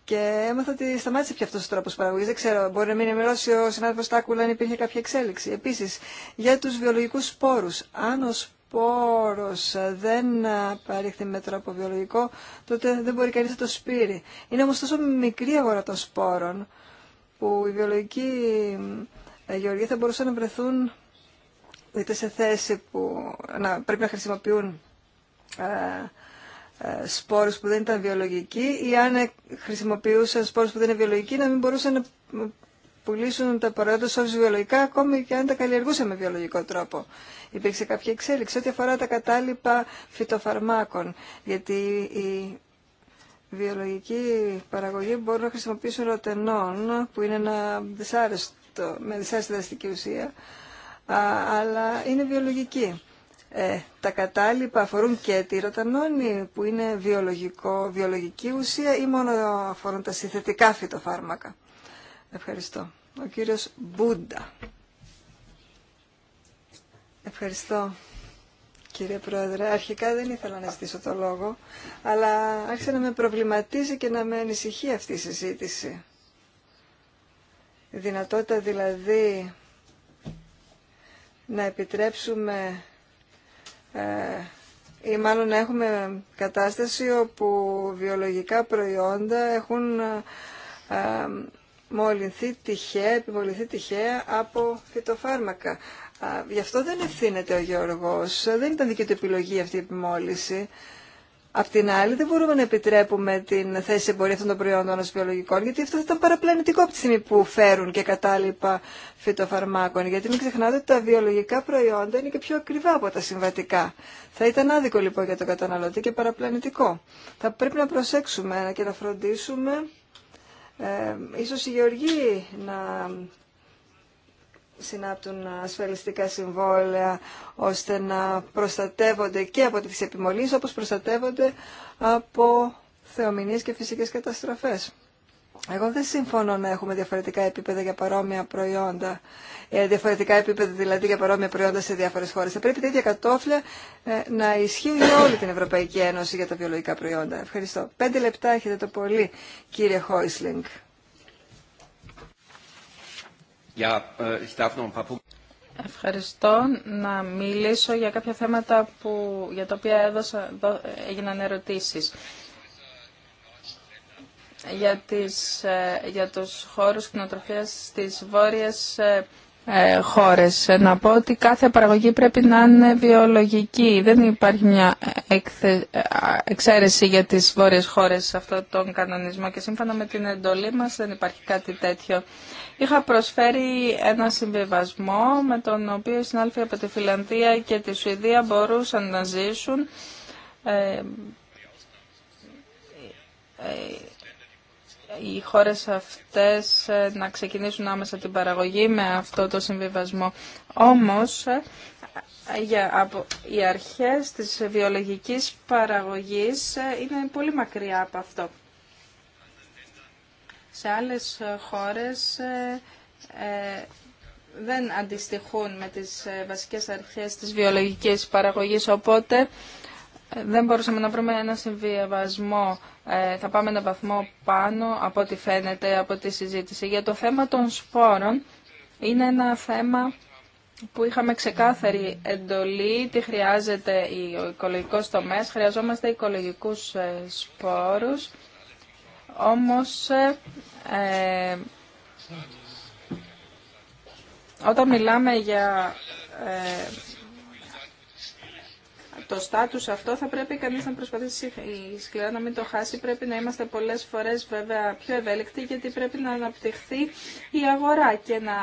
Και έμαθα ότι σταμάτησε πια αυτό ο τρόπο παραγωγή. Δεν ξέρω, μπορεί να μην ενημερώσει ο συνάδελφος Τάκουλα αν υπήρχε κάποια εξέλιξη. Επίση, για του βιολογικού σπόρους Αν ο σπόρο δεν παρήχθη με τρόπο βιολογικό, τότε δεν μπορεί κανεί να το σπείρει. Είναι όμω τόσο μικρή αγορά των σπόρων που η βιολογική ε, γεωργοί θα μπορούσαν να βρεθούν είτε σε θέση που να πρέπει να χρησιμοποιούν ε, ε, σπόρους που δεν ήταν βιολογικοί ή αν χρησιμοποιούσαν σπόρους που δεν είναι βιολογικοί να μην μπορούσαν να πουλήσουν τα προϊόντα ως βιολογικά ακόμη και αν τα καλλιεργούσαν με βιολογικό τρόπο. Υπήρξε κάποια εξέλιξη ό,τι αφορά τα κατάλοιπα φυτοφαρμάκων γιατί η βιολογική παραγωγή μπορούν να χρησιμοποιήσουν ροτενών που είναι ένα δυσάρεστο με δυσάρεστη δραστική ουσία, αλλά είναι βιολογική. Ε, τα κατάλοιπα αφορούν και τη ροτανόνη που είναι βιολογικό, βιολογική ουσία ή μόνο αφορούν τα συνθετικά φυτοφάρμακα. Ευχαριστώ. Ο κύριος Μπούντα. Ευχαριστώ. Κύριε Πρόεδρε, αρχικά δεν ήθελα να ζητήσω το λόγο, αλλά άρχισε να με προβληματίζει και να με ανησυχεί αυτή η συζήτηση δυνατότητα δηλαδή να επιτρέψουμε ε, ή μάλλον να έχουμε κατάσταση όπου βιολογικά προϊόντα έχουν ε, μολυνθεί τυχαία, επιμολυνθεί τυχαία από φυτοφάρμακα. Γι' αυτό δεν ευθύνεται ο Γεωργός. Δεν ήταν δική του επιλογή αυτή η μαλλον να εχουμε κατασταση οπου βιολογικα προιοντα εχουν μολυνθει τυχαια επιμολυνθει τυχαια απο φυτοφαρμακα γι αυτο δεν ευθυνεται ο γιωργος δεν ηταν δικη του επιλογη αυτη η επιμολυση Απ' την άλλη, δεν μπορούμε να επιτρέπουμε την θέση εμπορία αυτών των προϊόντων βιολογικών γιατί αυτό θα ήταν παραπλανητικό από τη στιγμή που φέρουν και κατάλοιπα φυτοφαρμάκων. Γιατί μην ξεχνάτε ότι τα βιολογικά προϊόντα είναι και πιο ακριβά από τα συμβατικά. Θα ήταν άδικο λοιπόν για τον καταναλωτή και παραπλανητικό. Θα πρέπει να προσέξουμε και να φροντίσουμε ε, ίσως η Γεωργή να συνάπτουν ασφαλιστικά συμβόλαια ώστε να προστατεύονται και από τις επιμολύσεις όπως προστατεύονται από θεομηνίες και φυσικές καταστροφές. Εγώ δεν συμφωνώ να έχουμε διαφορετικά επίπεδα για παρόμοια προϊόντα, ε, διαφορετικά επίπεδα δηλαδή για παρόμοια προϊόντα σε διάφορες χώρες. Θα πρέπει τα ίδια κατόφλια ε, να ισχύει για όλη την Ευρωπαϊκή Ένωση για τα βιολογικά προϊόντα. Ευχαριστώ. Πέντε λεπτά έχετε το πολύ, κύριε Χόισλινγκ. Äh, Ευχαριστώ να μιλήσω για κάποια θέματα που, για τα οποία έδωσα, έγιναν ερωτήσεις. Για, τις, ε, για τους χώρους κοινοτροφίας στις βόρειες ε, ε, χώρες. Να πω ότι κάθε παραγωγή πρέπει να είναι βιολογική. Δεν υπάρχει μια εξαίρεση για τις βόρειες χώρες σε αυτόν τον κανονισμό και σύμφωνα με την εντολή μας δεν υπάρχει κάτι τέτοιο. Είχα προσφέρει ένα συμβιβασμό με τον οποίο οι συνάλφοι από τη Φιλανδία και τη Σουηδία μπορούσαν να ζήσουν ε, ε, οι χώρες αυτές ε, να ξεκινήσουν άμεσα την παραγωγή με αυτό το συμβιβασμό. Όμως, ε, για, από, οι αρχές της βιολογικής παραγωγής ε, είναι πολύ μακριά από αυτό. Σε άλλες χώρες δεν αντιστοιχούν με τις βασικές αρχές της βιολογικής παραγωγής, οπότε ε, δεν μπορούσαμε να βρούμε ένα συμβιβασμό. Ε, θα πάμε ένα βαθμό πάνω από ό,τι φαίνεται από τη συζήτηση. Για το θέμα των σπόρων είναι ένα θέμα που είχαμε ξεκάθαρη εντολή, τι χρειάζεται ο οικολογικός τομέας, χρειαζόμαστε οικολογικούς ε, σπόρους, όμως όταν μιλάμε για το στάτους αυτό θα πρέπει κανείς να προσπαθήσει η σκληρά να μην το χάσει. Πρέπει να είμαστε πολλές φορές βέβαια πιο ευέλικτοι γιατί πρέπει να αναπτυχθεί η αγορά και να,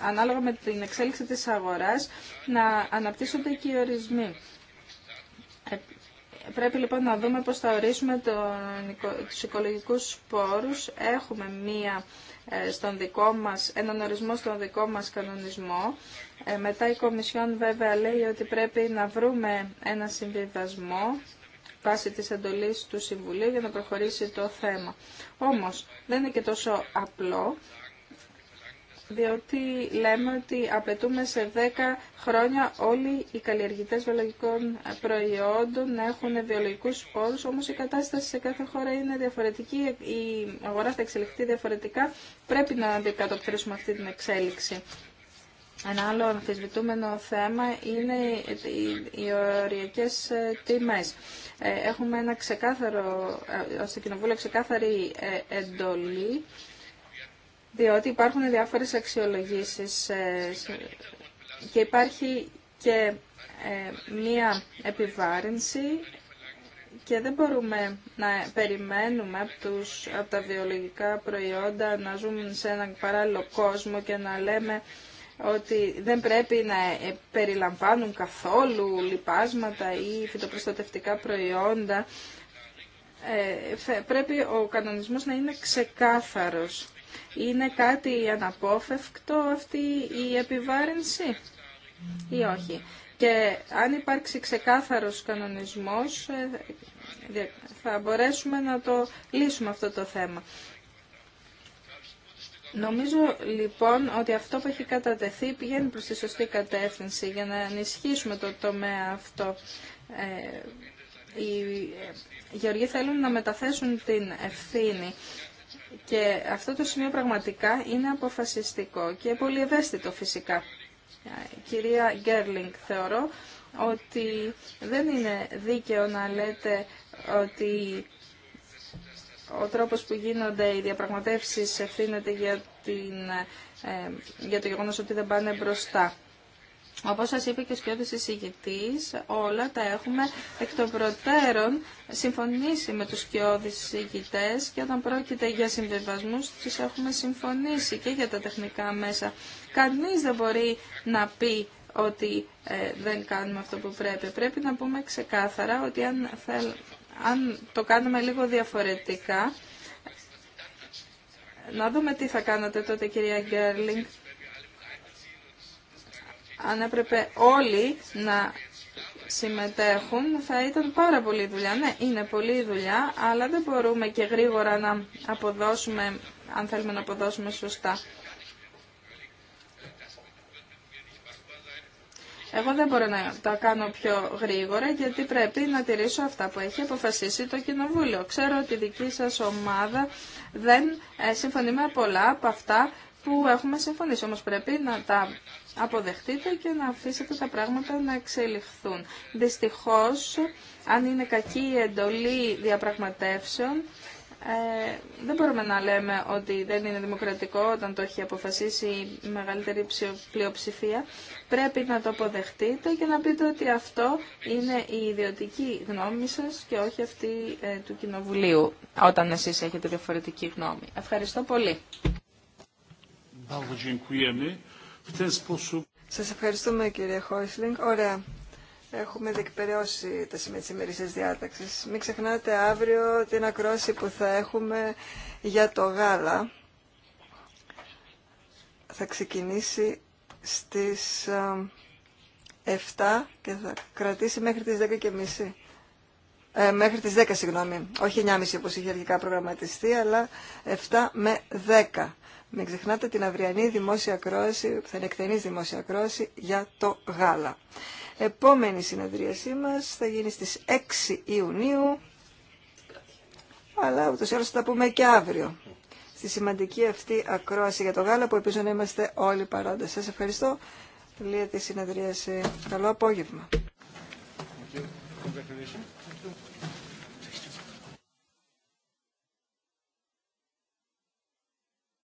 ανάλογα με την εξέλιξη της αγοράς να αναπτύσσονται και οι ορισμοί. Ε, πρέπει λοιπόν να δούμε πώς θα ορίσουμε τον, τους οικολογικούς σπόρους. Έχουμε μία ε, στον δικό μας, έναν ορισμό στον δικό μας κανονισμό ε, μετά η Κομισιόν βέβαια λέει ότι πρέπει να βρούμε ένα συμβιβασμό βάσει της εντολής του Συμβουλίου για να προχωρήσει το θέμα. Όμως δεν είναι και τόσο απλό, διότι λέμε ότι απαιτούμε σε 10 χρόνια όλοι οι καλλιεργητές βιολογικών προϊόντων να έχουν βιολογικούς πόρους. όμως η κατάσταση σε κάθε χώρα είναι διαφορετική, η αγορά θα εξελιχθεί διαφορετικά, πρέπει να αντικατοπτρίσουμε αυτή την εξέλιξη. Ένα άλλο αμφισβητούμενο θέμα είναι οι οριακές ε, τιμές. Ε, έχουμε ένα ξεκάθαρο, στο ε, Κοινοβούλιο ξεκάθαρη εντολή, διότι υπάρχουν διάφορες αξιολογήσεις και υπάρχει και μία επιβάρυνση και δεν μπορούμε να περιμένουμε από, τους, τα βιολογικά προϊόντα να ζούμε σε έναν παράλληλο κόσμο και να λέμε ότι δεν πρέπει να ε, περιλαμβάνουν καθόλου λιπάσματα ή φυτοπροστατευτικά προϊόντα. Ε, πρέπει ο κανονισμός να είναι ξεκάθαρος. Είναι κάτι αναπόφευκτο αυτή η επιβάρυνση ή όχι. Και αν υπάρξει ξεκάθαρος κανονισμός ε, θα μπορέσουμε να το λύσουμε αυτό το θέμα. Νομίζω λοιπόν ότι αυτό που έχει κατατεθεί πηγαίνει προς τη σωστή κατεύθυνση για να ενισχύσουμε το τομέα αυτό. Ε, οι γεωργοί θέλουν να μεταθέσουν την ευθύνη και αυτό το σημείο πραγματικά είναι αποφασιστικό και πολύ ευαίσθητο φυσικά. Κυρία Γκέρλινγκ, θεωρώ ότι δεν είναι δίκαιο να λέτε ότι ο τρόπος που γίνονται οι διαπραγματεύσεις ευθύνεται για, την, ε, για το γεγονός ότι δεν πάνε μπροστά. Όπως σας είπε και ο σκιώδης εισηγητής, όλα τα έχουμε εκ των προτέρων συμφωνήσει με τους Σκιώδης εισηγητές και όταν πρόκειται για συμβιβασμούς τους έχουμε συμφωνήσει και για τα τεχνικά μέσα. Κανείς δεν μπορεί να πει ότι ε, δεν κάνουμε αυτό που πρέπει. Πρέπει να πούμε ξεκάθαρα ότι αν θέλουμε αν το κάνουμε λίγο διαφορετικά, να δούμε τι θα κάνατε τότε κυρία Γκέρλινγκ, αν έπρεπε όλοι να συμμετέχουν θα ήταν πάρα πολύ δουλειά. Ναι, είναι πολλή δουλειά, αλλά δεν μπορούμε και γρήγορα να αποδώσουμε, αν θέλουμε να αποδώσουμε σωστά. Εγώ δεν μπορώ να τα κάνω πιο γρήγορα γιατί πρέπει να τηρήσω αυτά που έχει αποφασίσει το Κοινοβούλιο. Ξέρω ότι η δική σας ομάδα δεν ε, συμφωνεί με πολλά από αυτά που έχουμε συμφωνήσει. Όμως πρέπει να τα αποδεχτείτε και να αφήσετε τα πράγματα να εξελιχθούν. Δυστυχώς, αν είναι κακή η εντολή διαπραγματεύσεων, ε, δεν μπορούμε να λέμε ότι δεν είναι δημοκρατικό όταν το έχει αποφασίσει η μεγαλύτερη πλειοψηφία. Πρέπει να το αποδεχτείτε και να πείτε ότι αυτό είναι η ιδιωτική γνώμη σας και όχι αυτή ε, του Κοινοβουλίου, όταν εσείς έχετε διαφορετική γνώμη. Ευχαριστώ πολύ. Σας ευχαριστούμε κύριε Χόισλινγκ. Έχουμε διεκπαιρεώσει τα σημεία της ημερήσιας διάταξης. Μην ξεχνάτε αύριο την ακρόση που θα έχουμε για το γάλα. Θα ξεκινήσει στις 7 ε, και θα κρατήσει μέχρι τις 10.30. Ε, μέχρι τις 10, συγγνώμη. Όχι 9.30 όπως είχε αρχικά προγραμματιστεί, αλλά 7 με 10. Μην ξεχνάτε την αυριανή δημόσια κρόση, που θα είναι εκτενής δημόσια κρόση, για το γάλα επόμενη συνεδρίασή μας θα γίνει στις 6 Ιουνίου, αλλά ούτως ή άλλως θα τα πούμε και αύριο. Στη σημαντική αυτή ακρόαση για το γάλα που ελπίζω να είμαστε όλοι παρόντες. Σας ευχαριστώ. Λύεται η συνεδρίαση. Καλό απόγευμα.